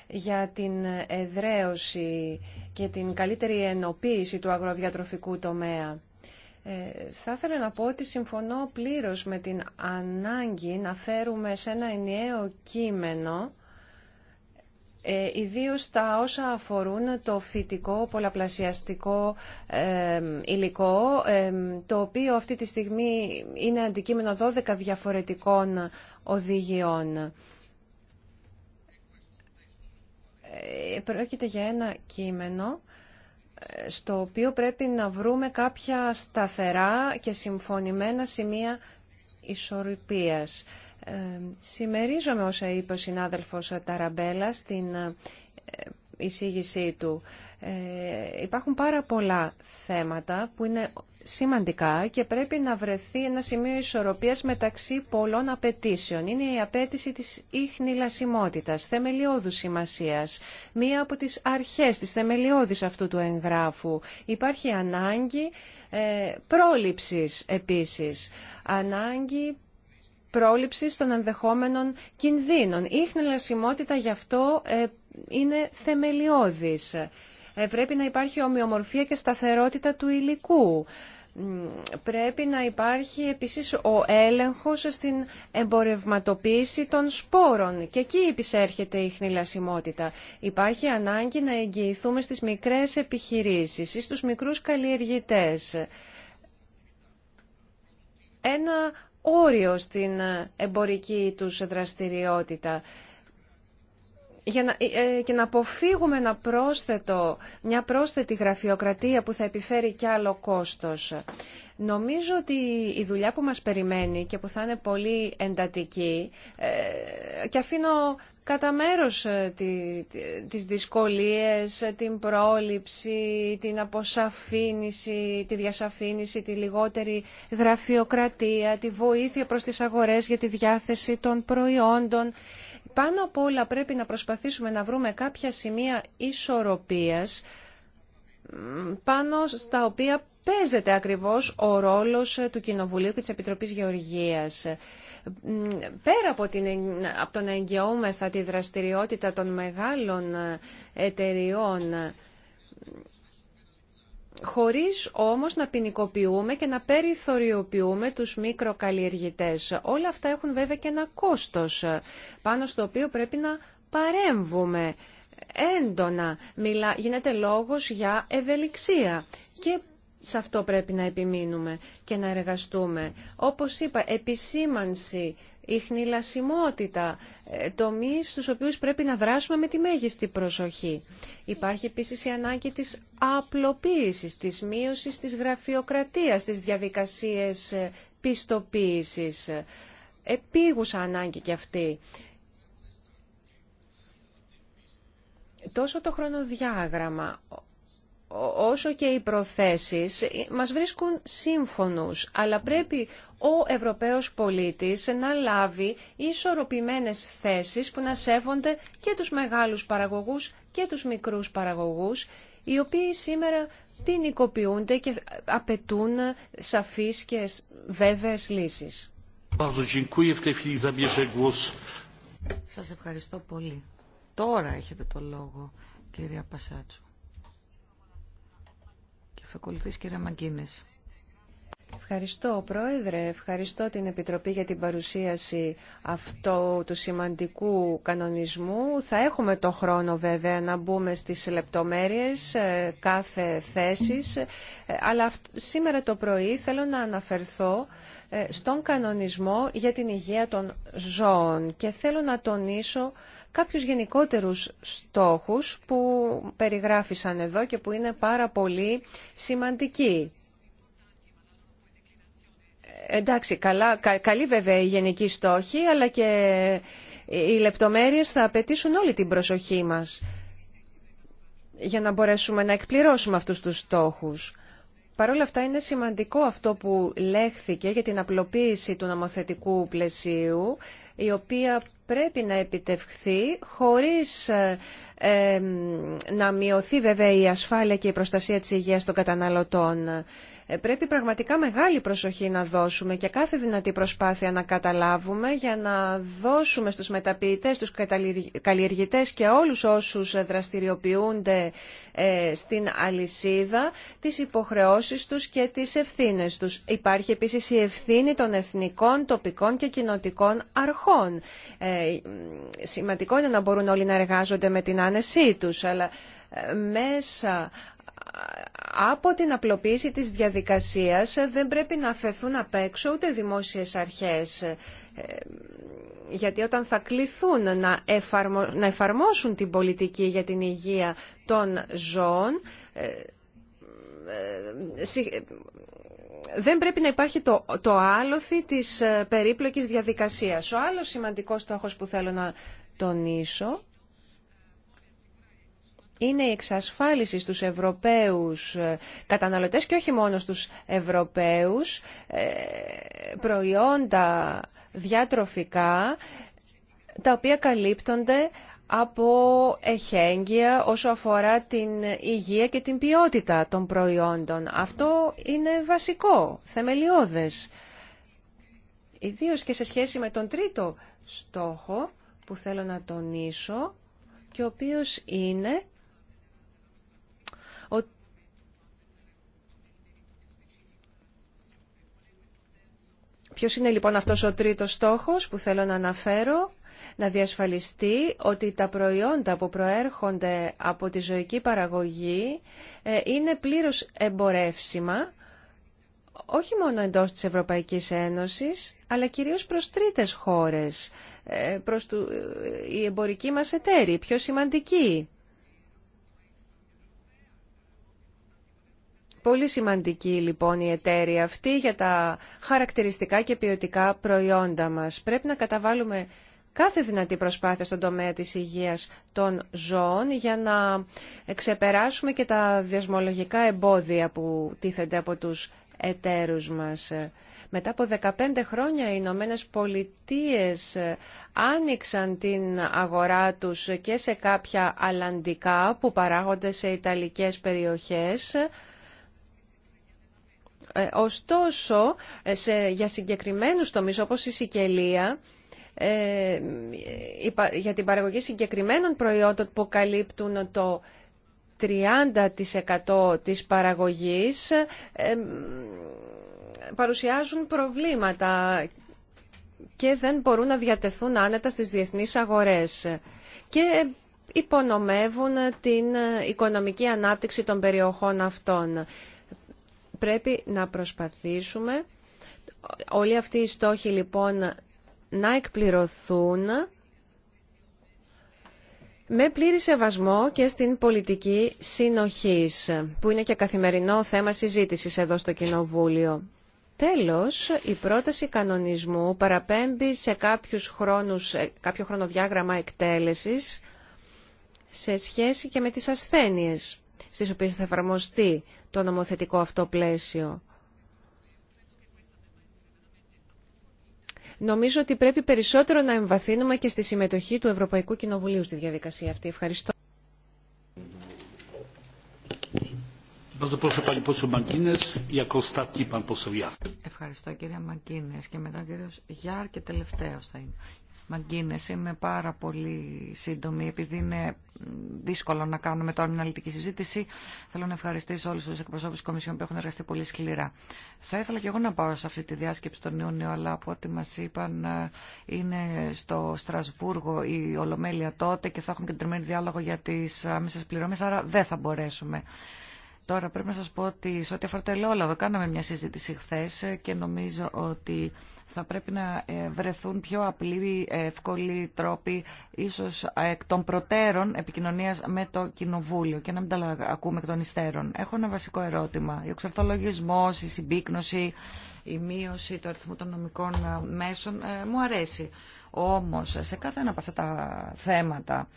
για την εδραίωση και την καλύτερη ενοποίηση του αγροδιατροφικού τομέα. Ε, θα ήθελα να πω ότι συμφωνώ πλήρως με την ανάγκη να φέρουμε σε ένα ενιαίο κείμενο ε, ιδίως τα όσα αφορούν το φυτικό πολλαπλασιαστικό ε, υλικό, το οποίο αυτή τη στιγμή είναι αντικείμενο 12 διαφορετικών οδηγιών. Ε, πρόκειται για ένα κείμενο ε, στο οποίο πρέπει να βρούμε κάποια σταθερά και συμφωνημένα σημεία ισορροπίας. Ε, συμμερίζομαι όσα είπε ο συνάδελφος Ταραμπέλα στην ε, εισήγησή του. Ε, υπάρχουν πάρα πολλά θέματα που είναι σημαντικά και πρέπει να βρεθεί ένα σημείο ισορροπίας μεταξύ πολλών απαιτήσεων. Είναι η απέτηση της λασιμότητας, θεμελιώδους σημασίας, μία από τις αρχές της θεμελιώδης αυτού του εγγράφου. Υπάρχει ανάγκη ε, πρόληψης επίσης, ανάγκη Πρόληψη των ενδεχόμενων κινδύνων. Η χνηλασιμότητα γι' αυτό ε, είναι θεμελιώδης. Ε, πρέπει να υπάρχει ομοιομορφία και σταθερότητα του υλικού. Πρέπει να υπάρχει επίσης ο έλεγχος στην εμπορευματοποίηση των σπόρων και εκεί επισέρχεται η χνηλασιμότητα. Υπάρχει ανάγκη να εγγυηθούμε στις μικρές επιχειρήσεις ή στους μικρούς καλλιεργητές. Ένα όριο στην ε, εμπορική τους δραστηριότητα για να, ε, ε, και να αποφύγουμε ένα πρόσθετο, μια πρόσθετη γραφειοκρατία που θα επιφέρει κι άλλο κόστος. Νομίζω ότι η δουλειά που μας περιμένει και που θα είναι πολύ εντατική ε, και αφήνω κατά μέρος τη, τις δυσκολίες, την πρόληψη, την αποσαφήνιση, τη διασαφήνιση, τη λιγότερη γραφειοκρατία, τη βοήθεια προς τις αγορές για τη διάθεση των προϊόντων πάνω από όλα πρέπει να προσπαθήσουμε να βρούμε κάποια σημεία ισορροπίας πάνω στα οποία παίζεται ακριβώς ο ρόλος ε, του Κοινοβουλίου και της Επιτροπής Γεωργίας. Ε, πέρα από, την, ε, από το να εγγυόμεθα τη δραστηριότητα των μεγάλων εταιριών χωρίς όμως να ποινικοποιούμε και να περιθωριοποιούμε τους μικροκαλλιεργητές. Όλα αυτά έχουν βέβαια και ένα κόστος, πάνω στο οποίο πρέπει να παρέμβουμε έντονα. Μιλά, γίνεται λόγος για ευελιξία και σε αυτό πρέπει να επιμείνουμε και να εργαστούμε. Όπως είπα, επισήμανση η χνηλασιμότητα, ε, τομείς στους οποίους πρέπει να δράσουμε με τη μέγιστη προσοχή. Υπάρχει επίσης η ανάγκη της απλοποίησης, της μείωσης της γραφειοκρατίας, της διαδικασίες ε, πιστοποίησης. Ε, επίγουσα ανάγκη και αυτή. Τόσο το χρονοδιάγραμμα όσο και οι προθέσεις ε, μας βρίσκουν σύμφωνους, αλλά πρέπει ο Ευρωπαίος πολίτης να λάβει ισορροπημένες θέσεις που να σέβονται και τους μεγάλους παραγωγούς και τους μικρούς παραγωγούς, οι οποίοι σήμερα ποινικοποιούνται και απαιτούν σαφείς και βέβαιες λύσεις. Σας ευχαριστώ πολύ. Τώρα έχετε το λόγο, κυρία Πασάτσου. Θα ακολουθήσει Ευχαριστώ Πρόεδρε, ευχαριστώ την Επιτροπή για την παρουσίαση αυτού του σημαντικού κανονισμού. Θα έχουμε το χρόνο βέβαια να μπούμε στις λεπτομέρειες ε, κάθε θέσης, ε, αλλά σήμερα το πρωί θέλω να αναφερθώ ε, στον κανονισμό για την υγεία των ζώων και θέλω να τονίσω κάποιους γενικότερους στόχους που περιγράφησαν εδώ και που είναι πάρα πολύ σημαντικοί. Εντάξει, καλά, καλή βέβαια η γενική στόχη, αλλά και οι λεπτομέρειες θα απαιτήσουν όλη την προσοχή μας για να μπορέσουμε να εκπληρώσουμε αυτούς τους στόχους. Παρ' όλα αυτά είναι σημαντικό αυτό που λέχθηκε για την απλοποίηση του νομοθετικού πλαισίου η οποία πρέπει να επιτευχθεί χωρίς ε, να μειωθεί βέβαια η ασφάλεια και η προστασία της υγείας των καταναλωτών. Ε, πρέπει πραγματικά μεγάλη προσοχή να δώσουμε και κάθε δυνατή προσπάθεια να καταλάβουμε για να δώσουμε στους μεταποιητές, στους καλλιεργητές και όλους όσους δραστηριοποιούνται ε, στην αλυσίδα τις υποχρεώσεις τους και τις ευθύνες τους. Υπάρχει επίσης η ευθύνη των εθνικών, τοπικών και κοινοτικών αρχών. Ε, σημαντικό είναι να μπορούν όλοι να εργάζονται με την άνεσή τους, αλλά μέσα από την απλοποίηση της διαδικασίας δεν πρέπει να αφαιθούν απ' έξω ούτε δημόσιες αρχές. Ε, γιατί όταν θα κληθούν να, εφαρμόσουν την πολιτική για την υγεία των ζώων, ε, ε, δεν πρέπει να υπάρχει το, το άλοθη της περίπλοκης διαδικασίας. Ο άλλος σημαντικός στόχος που θέλω να τονίσω είναι η εξασφάλιση στους Ευρωπαίους ε, καταναλωτές και όχι μόνο στους Ευρωπαίους ε, προϊόντα διατροφικά τα οποία καλύπτονται από εχέγγυα όσο αφορά την υγεία και την ποιότητα των προϊόντων. Αυτό είναι βασικό, θεμελιώδες. Ιδίως και σε σχέση με τον τρίτο στόχο που θέλω να τονίσω και ο οποίος είναι Ποιος είναι λοιπόν αυτός ο τρίτος στόχος που θέλω να αναφέρω να διασφαλιστεί ότι τα προϊόντα που προέρχονται από τη ζωική παραγωγή ε, είναι πλήρως εμπορεύσιμα, όχι μόνο εντός της Ευρωπαϊκής Ένωσης, αλλά κυρίως προς τρίτες χώρες, ε, προς του, οι ε, εμπορικοί μας εταίροι, πιο σημαντική. Πολύ σημαντική λοιπόν η εταίρεια αυτή για τα χαρακτηριστικά και ποιοτικά προϊόντα μας. Πρέπει να καταβάλουμε κάθε δυνατή προσπάθεια στον τομέα της υγείας των ζώων για να ξεπεράσουμε και τα διασμολογικά εμπόδια που τίθενται από τους εταίρους μας. Μετά από 15 χρόνια οι Ηνωμένε Πολιτείε άνοιξαν την αγορά τους και σε κάποια αλλαντικά που παράγονται σε Ιταλικές περιοχές ε, ωστόσο, ε, σε, για συγκεκριμένους τομείς όπως η Σικελία, ε, για την παραγωγή συγκεκριμένων προϊόντων που καλύπτουν το 30% της παραγωγής, παρουσιάζουν προβλήματα και δεν μπορούν να διατεθούν άνετα στις διεθνείς αγορές. Και υπονομεύουν την οικονομική ανάπτυξη των περιοχών αυτών πρέπει να προσπαθήσουμε όλοι αυτοί οι στόχοι λοιπόν να εκπληρωθούν με πλήρη σεβασμό και στην πολιτική συνοχής, που είναι και καθημερινό θέμα συζήτησης εδώ στο Κοινοβούλιο. Τέλος, η πρόταση κανονισμού παραπέμπει σε κάποιους χρόνους, ε, κάποιο χρονοδιάγραμμα εκτέλεσης σε σχέση και με τις ασθένειες στις οποίες θα εφαρμοστεί το νομοθετικό αυτό πλαίσιο. Νομίζω ότι πρέπει περισσότερο να εμβαθύνουμε και στη συμμετοχή του Ευρωπαϊκού Κοινοβουλίου στη διαδικασία αυτή. Ευχαριστώ. Ευχαριστώ κύριε και μετά κύριος Γιάρ και τελευταίος θα είναι. Μαγκίνεση Είμαι πάρα πολύ σύντομη, επειδή είναι δύσκολο να κάνουμε τώρα μια αναλυτική συζήτηση. Θέλω να ευχαριστήσω όλους τους εκπροσώπους της Κομισιόν που έχουν εργαστεί πολύ σκληρά. Θα ήθελα και εγώ να πάω σε αυτή τη διάσκεψη τον Ιούνιο, αλλά από ό,τι μας είπαν ε, είναι στο Στρασβούργο η Ολομέλεια τότε και θα έχουμε και διάλογο για τις άμεσες πληρώμες, άρα δεν θα μπορέσουμε. Τώρα πρέπει να σας πω ότι σε ό,τι αφορά το ελαιόλαδο κάναμε μια συζήτηση χθε και νομίζω ότι θα πρέπει να ε, βρεθούν πιο απλοί, εύκολοι τρόποι, ίσως ε, εκ των προτέρων επικοινωνίας με το Κοινοβούλιο και να μην τα ακούμε εκ των υστέρων. Έχω ένα βασικό ερώτημα. Ο εξορθολογισμός, η συμπίκνωση, η μείωση του αριθμού των νομικών ε, μέσων μου αρέσει. Όμως, σε κάθε ένα από αυτά τα θέματα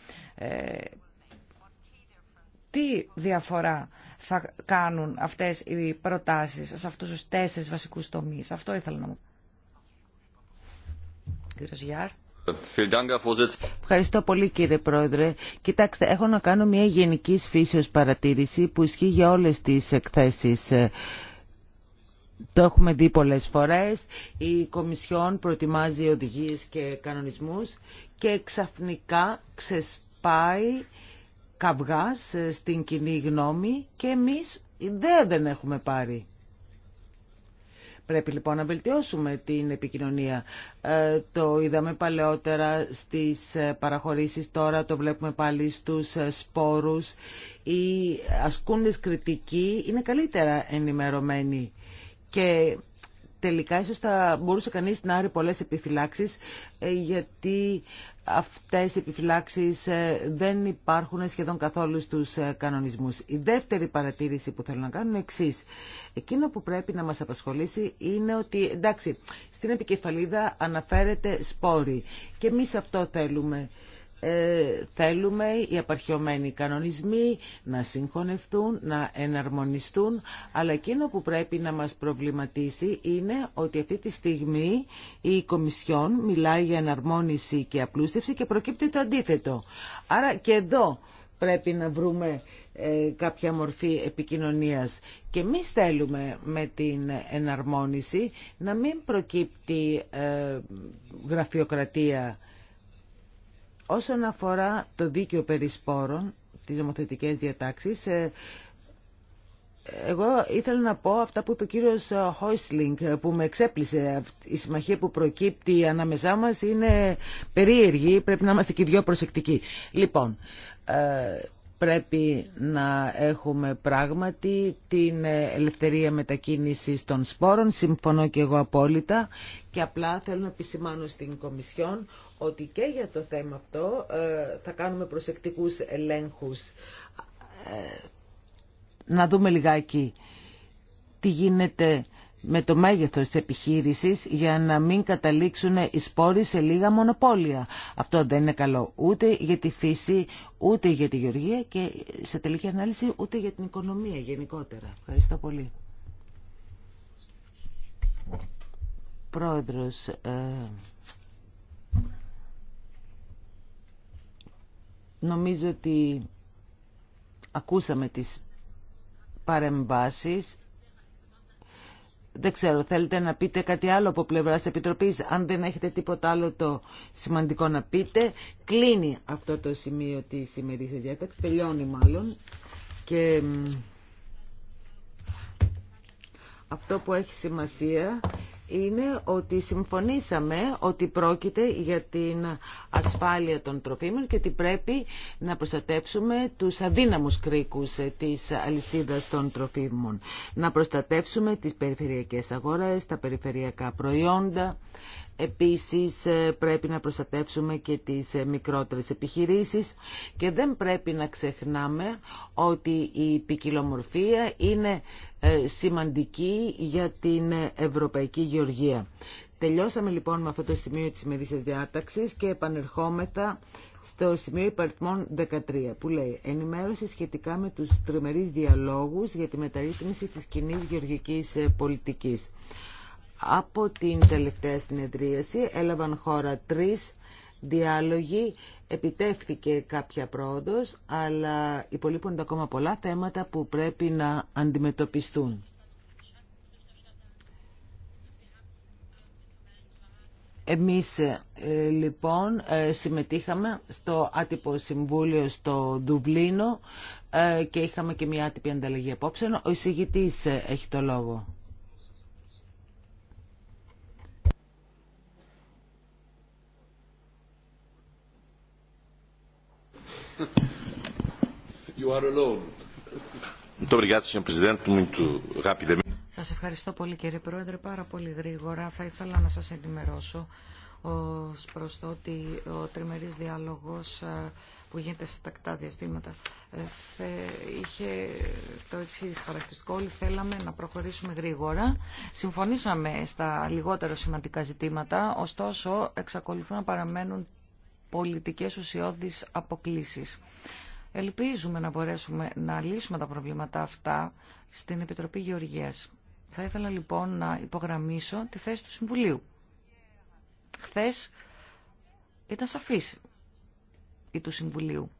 τι διαφορά θα κάνουν αυτές οι προτάσεις σε αυτούς τους τέσσερις βασικούς τομείς. Αυτό ήθελα να μου Ευχαριστώ πολύ κύριε Πρόεδρε. Κοιτάξτε, έχω να κάνω μια γενική φύσεως παρατήρηση που ισχύει για όλες τις εκθέσεις. Το έχουμε δει πολλές φορές. Η Κομισιόν προετοιμάζει οδηγίες και κανονισμούς και ξαφνικά ξεσπάει καβγάς στην κοινή γνώμη και εμείς ιδέα δεν έχουμε πάρει. Πρέπει λοιπόν να βελτιώσουμε την επικοινωνία. Ε, το είδαμε παλαιότερα στις ε, παραχωρήσεις, τώρα το βλέπουμε πάλι στους ε, σπόρους. Οι ασκούντες κριτικοί είναι καλύτερα ενημερωμένοι και τελικά ίσως θα μπορούσε κανείς να άρει πολλές επιφυλάξεις ε, γιατί αυτές οι επιφυλάξεις ε, δεν υπάρχουν σχεδόν καθόλου στους ε, κανονισμούς. Η δεύτερη παρατήρηση που θέλω να κάνω είναι εξή. Εκείνο που πρέπει να μας απασχολήσει είναι ότι, εντάξει, στην επικεφαλίδα αναφέρεται σπόροι και εμεί αυτό θέλουμε. Ε, θέλουμε οι απαρχιωμένοι κανονισμοί να συγχωνευτούν, να εναρμονιστούν, αλλά εκείνο που πρέπει να μας προβληματίσει είναι ότι αυτή τη στιγμή η Κομισιόν μιλάει για εναρμόνιση και απλούστευση και προκύπτει το αντίθετο. Άρα και εδώ πρέπει να βρούμε ε, κάποια μορφή επικοινωνίας. Και εμεί θέλουμε με την εναρμόνιση να μην προκύπτει ε, γραφειοκρατία Όσον αφορά το δίκαιο περί σπόρων, τις νομοθετικές διατάξεις, ε, εγώ ήθελα να πω αυτά που είπε ο κύριος Χόισλινγκ που με εξέπλησε. Η συμμαχία που προκύπτει ανάμεσά μας είναι περίεργη, πρέπει να είμαστε και δυο προσεκτικοί. Λοιπόν, ε, πρέπει να έχουμε πράγματι την ελευθερία μετακίνησης των σπόρων, συμφωνώ και εγώ απόλυτα και απλά θέλω να επισημάνω στην Κομισιόν ότι και για το θέμα αυτό ε, θα κάνουμε προσεκτικούς ελέγχους. Ε, να δούμε λιγάκι τι γίνεται με το μέγεθος της επιχείρησης για να μην καταλήξουν οι σπόροι σε λίγα μονοπόλια. Αυτό δεν είναι καλό ούτε για τη φύση, ούτε για τη γεωργία και σε τελική ανάλυση ούτε για την οικονομία γενικότερα. Ευχαριστώ πολύ. Πρόεδρος, ε, Νομίζω ότι ακούσαμε τις παρεμβάσεις. Δεν ξέρω, θέλετε να πείτε κάτι άλλο από πλευρά της Επιτροπής. Αν δεν έχετε τίποτα άλλο το σημαντικό να πείτε, κλείνει αυτό το σημείο τη σημερινή διάταξης, τελειώνει μάλλον. Και αυτό που έχει σημασία είναι ότι συμφωνήσαμε ότι πρόκειται για την ασφάλεια των τροφίμων και ότι πρέπει να προστατεύσουμε τους αδύναμους κρίκους ε, της αλυσίδας των τροφίμων. Να προστατεύσουμε τις περιφερειακές αγορές, τα περιφερειακά προϊόντα, Επίσης ε, πρέπει να προστατεύσουμε και τις ε, μικρότερες επιχειρήσεις και δεν πρέπει να ξεχνάμε ότι η ποικιλομορφία είναι ε, σημαντική για την Ευρωπαϊκή Γεωργία. Τελειώσαμε λοιπόν με αυτό το σημείο της ημερήσιας διάταξης και επανερχόμεθα στο σημείο υπαριθμών 13 που λέει «Ενημέρωση σχετικά με τους τριμερείς διαλόγους για τη μεταρρύθμιση της κοινή γεωργικής πολιτικής». Από την τελευταία συνεδρίαση έλαβαν χώρα τρεις διάλογοι, επιτεύχθηκε κάποια πρόοδος, αλλά υπολείπονται ακόμα πολλά θέματα που πρέπει να αντιμετωπιστούν. Εμείς ε, λοιπόν ε, συμμετείχαμε στο άτυπο συμβούλιο στο Δουβλίνο ε, και είχαμε και μια άτυπη ανταλλαγή απόψε. Ο εισηγητής έχει το λόγο. Σας ευχαριστώ πολύ κύριε Πρόεδρε, πάρα πολύ γρήγορα. Θα ήθελα να σας ενημερώσω ως προς το ότι ο τριμερής διάλογος ε, που γίνεται σε τακτά διαστήματα ε, είχε το εξή χαρακτηριστικό. Όλοι θέλαμε να προχωρήσουμε γρήγορα. Συμφωνήσαμε στα λιγότερο σημαντικά ζητήματα, ωστόσο εξακολουθούν να παραμένουν πολιτικές ουσιώδεις αποκλήσεις. Ελπίζουμε να μπορέσουμε να λύσουμε τα προβλήματα αυτά στην Επιτροπή Γεωργίας. Θα ήθελα λοιπόν να υπογραμμίσω τη θέση του Συμβουλίου. Χθες ήταν σαφής η του Συμβουλίου.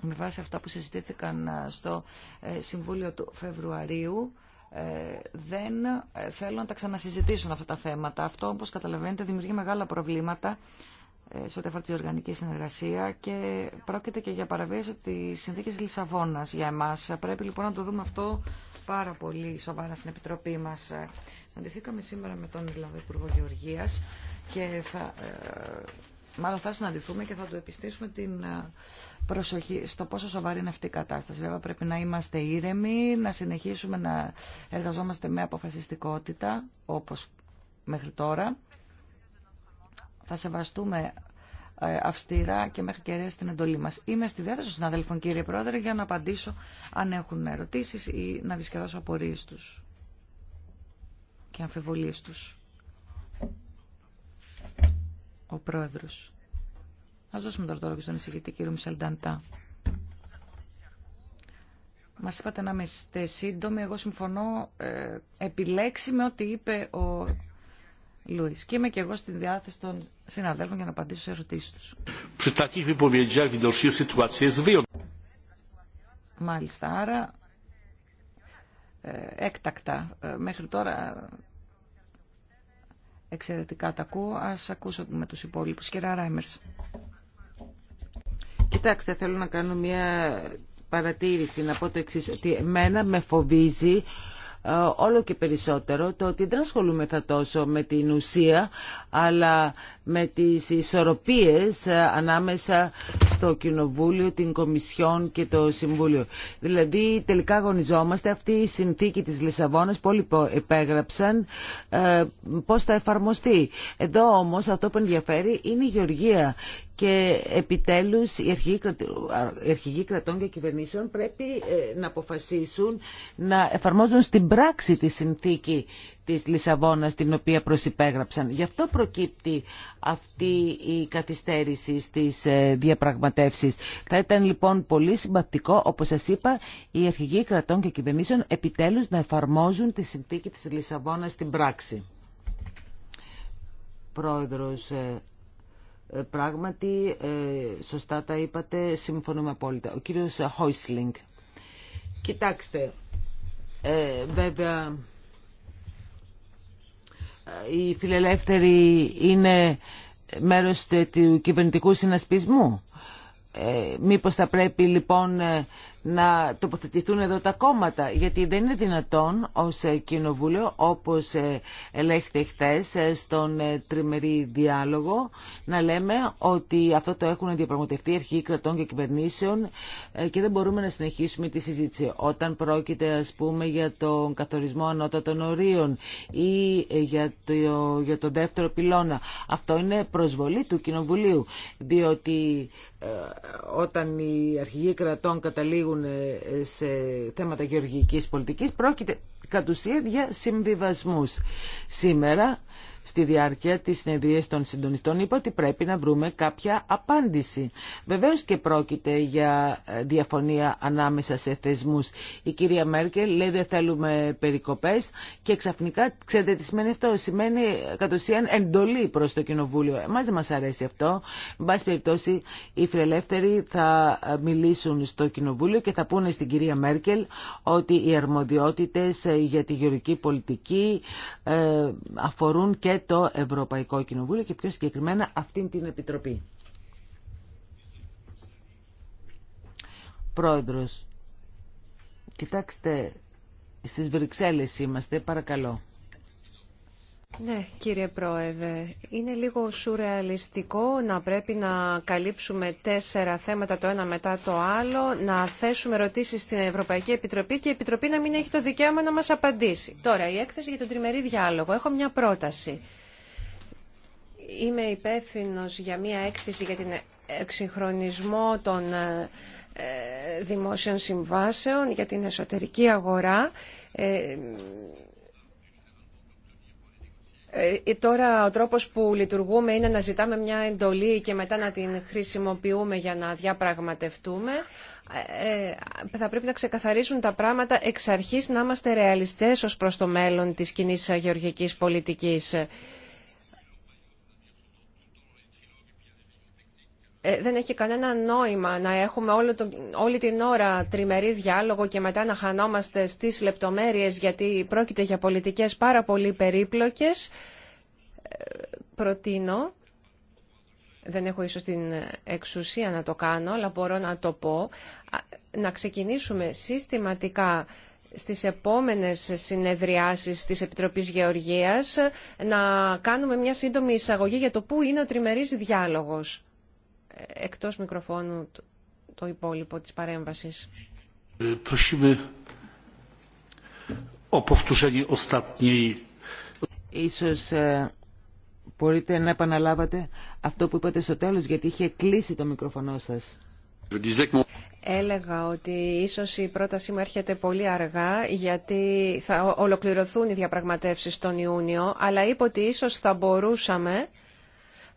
Με βάση αυτά που συζητήθηκαν ε, στο ε, Συμβούλιο του Φεβρουαρίου, ε, δεν ε, θέλουν να τα ξανασυζητήσουν αυτά τα θέματα. Αυτό, όπως καταλαβαίνετε, δημιουργεί μεγάλα προβλήματα ε, σε ό,τι αφορά τη οργανική συνεργασία και πρόκειται και για παραβίαση τη συνθήκη Λισαβόνα για εμά. Πρέπει λοιπόν να το δούμε αυτό πάρα πολύ σοβαρά στην Επιτροπή μα. Συναντηθήκαμε σήμερα με τον Ιρλανδό Υπουργό Γεωργία και θα μάλλον θα συναντηθούμε και θα του επιστήσουμε την ε, προσοχή στο πόσο σοβαρή είναι αυτή η κατάσταση. Βέβαια πρέπει να είμαστε ήρεμοι, να συνεχίσουμε να εργαζόμαστε με αποφασιστικότητα, όπως μέχρι τώρα. Θα σεβαστούμε ε, αυστηρά και μέχρι και την εντολή μας. Είμαι στη διάθεση των συναδέλφων, κύριε Πρόεδρε, για να απαντήσω αν έχουν ερωτήσεις ή να δισκεδάσω απορίες τους και αμφιβολίες τους ο Πρόεδρος. Ας δώσουμε τώρα το λόγο στον εισηγητή κύριο Μισελ Νταντά. Μας είπατε να είστε σύντομοι. Εγώ συμφωνώ ε, επιλέξει με ό,τι είπε ο Λουίς. Και είμαι και εγώ στη διάθεση των συναδέλφων για να απαντήσω σε ερωτήσεις τους. Μάλιστα, άρα ε, έκτακτα. Ε, μέχρι τώρα Εξαιρετικά τα ακούω. α ακούσω με τους υπόλοιπους. Κύριε Ράιμερ. Κοιτάξτε, θέλω να κάνω μια παρατήρηση, να πω το εξής, ότι εμένα με φοβίζει ε, όλο και περισσότερο το ότι δεν θα τόσο με την ουσία αλλά με τις ισορροπίες ε, ανάμεσα στο Κοινοβούλιο, την Κομισιόν και το Συμβούλιο. Δηλαδή τελικά αγωνιζόμαστε αυτή η συνθήκη της Λισαβόνας που όλοι επέγραψαν ε, πώς θα εφαρμοστεί. Εδώ όμως αυτό που ενδιαφέρει είναι η γεωργία και επιτέλους οι αρχηγοί κρατών και κυβερνήσεων πρέπει ε, να αποφασίσουν να εφαρμόζουν στην πράξη τη συνθήκη της Λισαβόνας την οποία προσυπέγραψαν. Γι' αυτό προκύπτει αυτή η καθυστέρηση στις ε, διαπραγματεύσεις. Θα ήταν λοιπόν πολύ συμπαθητικό, όπως σας είπα, οι αρχηγοί κρατών και κυβερνήσεων επιτέλους να εφαρμόζουν τη συνθήκη της Λισαβόνας στην πράξη. Πρόεδρος, ε, ε, πράγματι, σωστά τα είπατε, συμφωνούμε απόλυτα. Ο κύριος Χόισλινγκ. Κοιτάξτε, ε, βέβαια οι φιλελεύθεροι είναι μέρος του κυβερνητικού συνασπισμού. Ε, μήπως θα πρέπει λοιπόν ε, να τοποθετηθούν εδώ τα κόμματα γιατί δεν είναι δυνατόν ως ε, κοινοβούλιο όπως ε, ελέγχεται χθες ε, στον τριμερή διάλογο να λέμε ότι αυτό το έχουν διαπραγματευτεί αρχή κρατών και κυβερνήσεων και δεν μπορούμε να συνεχίσουμε τη συζήτηση όταν πρόκειται ας πούμε για τον καθορισμό ανώτατων ορίων ή για το, για το δεύτερο πυλώνα αυτό είναι προσβολή του κοινοβουλίου διότι όταν οι αρχηγοί κρατών καταλήγουν καταλήγουν ε, σε θέματα γεωργικής πολιτικής. Πρόκειται κατ' ουσίαν για συμβιβασμούς. Σήμερα στη διάρκεια της συνεδρίας των συντονιστών είπε ότι πρέπει να βρούμε κάποια απάντηση. Βεβαίως και πρόκειται για ε, διαφωνία ανάμεσα σε θεσμούς. Η κυρία Μέρκελ λέει δεν θέλουμε περικοπές και ξαφνικά ξέρετε τι σημαίνει αυτό. Σημαίνει κατ' ουσίαν εντολή προς το Κοινοβούλιο. Εμάς δεν μας αρέσει αυτό. Εν πάση περιπτώσει οι φιλελεύθεροι θα ε, μιλήσουν στο Κοινοβούλιο και θα πούνε στην κυρία Μέρκελ ότι οι αρμοδιότητες ε, για τη γεωρική πολιτική αφορούν και και το Ευρωπαϊκό Κοινοβούλιο και πιο συγκεκριμένα αυτήν την Επιτροπή. Πρόεδρος, κοιτάξτε, στις Βρυξέλλες είμαστε, παρακαλώ. Ναι, κύριε Πρόεδρε, είναι λίγο σουρεαλιστικό να πρέπει να καλύψουμε τέσσερα θέματα το ένα μετά το άλλο, να θέσουμε ερωτήσεις στην Ευρωπαϊκή Επιτροπή και η Επιτροπή να μην έχει το δικαίωμα να μας απαντήσει. Τώρα, η έκθεση για τον τριμερή διάλογο. Έχω μια πρόταση. Είμαι υπεύθυνο για μια έκθεση για την εξυγχρονισμό των ε, δημόσιων συμβάσεων για την εσωτερική αγορά ε, ε, ε, τώρα ο τρόπος που λειτουργούμε είναι να ζητάμε μια εντολή και μετά να την χρησιμοποιούμε για να διαπραγματευτούμε. Ε, ε, θα πρέπει να ξεκαθαρίσουν τα πράγματα εξ αρχής να είμαστε ρεαλιστές ως προς το μέλλον της κοινής γεωργικής πολιτικής. Ε, δεν έχει κανένα νόημα να έχουμε όλη την ώρα τριμερή διάλογο και μετά να χανόμαστε στις λεπτομέρειες γιατί πρόκειται για πολιτικές πάρα πολύ περίπλοκες. Ε, προτείνω, δεν έχω ίσως την εξουσία να το κάνω, αλλά μπορώ να το πω, να ξεκινήσουμε συστηματικά στις επόμενες συνεδριάσεις της Επιτροπής Γεωργίας να κάνουμε μια σύντομη εισαγωγή για το πού είναι ο τριμερής διάλογος εκτός μικροφώνου το υπόλοιπο της παρέμβασης. Ε, ίσως ε, μπορείτε να επαναλάβατε αυτό που είπατε στο τέλος, γιατί είχε κλείσει το μικροφωνό σας. Έλεγα ότι ίσως η πρότασή μου έρχεται πολύ αργά γιατί θα ολοκληρωθούν οι διαπραγματεύσεις τον Ιούνιο αλλά είπε ότι ίσως θα μπορούσαμε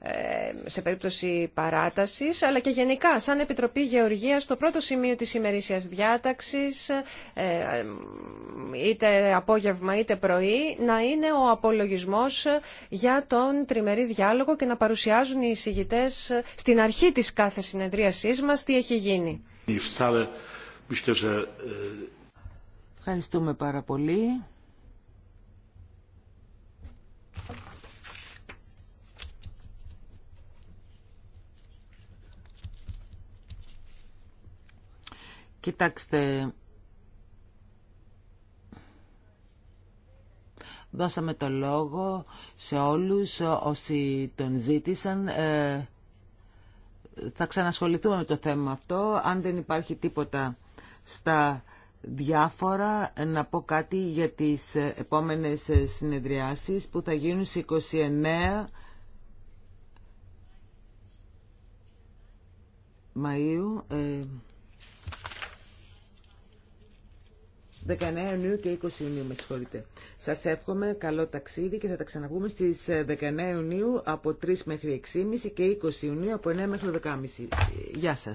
ε, σε περίπτωση παράτασης, αλλά και γενικά σαν Επιτροπή Γεωργίας το πρώτο σημείο της ημερήσιας διάταξης, ε, είτε απόγευμα είτε πρωί, να είναι ο απολογισμός για τον τριμερή διάλογο και να παρουσιάζουν οι εισηγητές στην αρχή της κάθε συνεδρίασής μας τι έχει γίνει. Ε, Ευχαριστούμε πάρα πολύ. Κοιτάξτε, δώσαμε το λόγο σε όλους όσοι τον ζήτησαν. Ε, θα ξανασχοληθούμε με το θέμα αυτό. Αν δεν υπάρχει τίποτα στα διάφορα, να πω κάτι για τις επόμενες συνεδριάσεις που θα γίνουν στις 29 Μαΐου. Ε, 19 Ιουνίου και 20 Ιουνίου, με συγχωρείτε. Σας εύχομαι καλό ταξίδι και θα τα ξαναπούμε στι 19 ε, Ιουνίου από 3 μέχρι 6.30 και 20 Ιουνίου από 9 μέχρι 12.30. Γεια σα.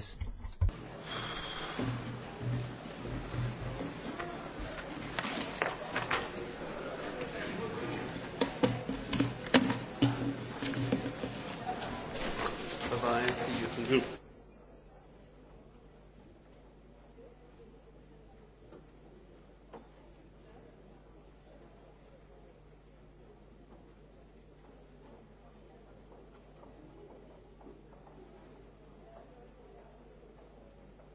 bye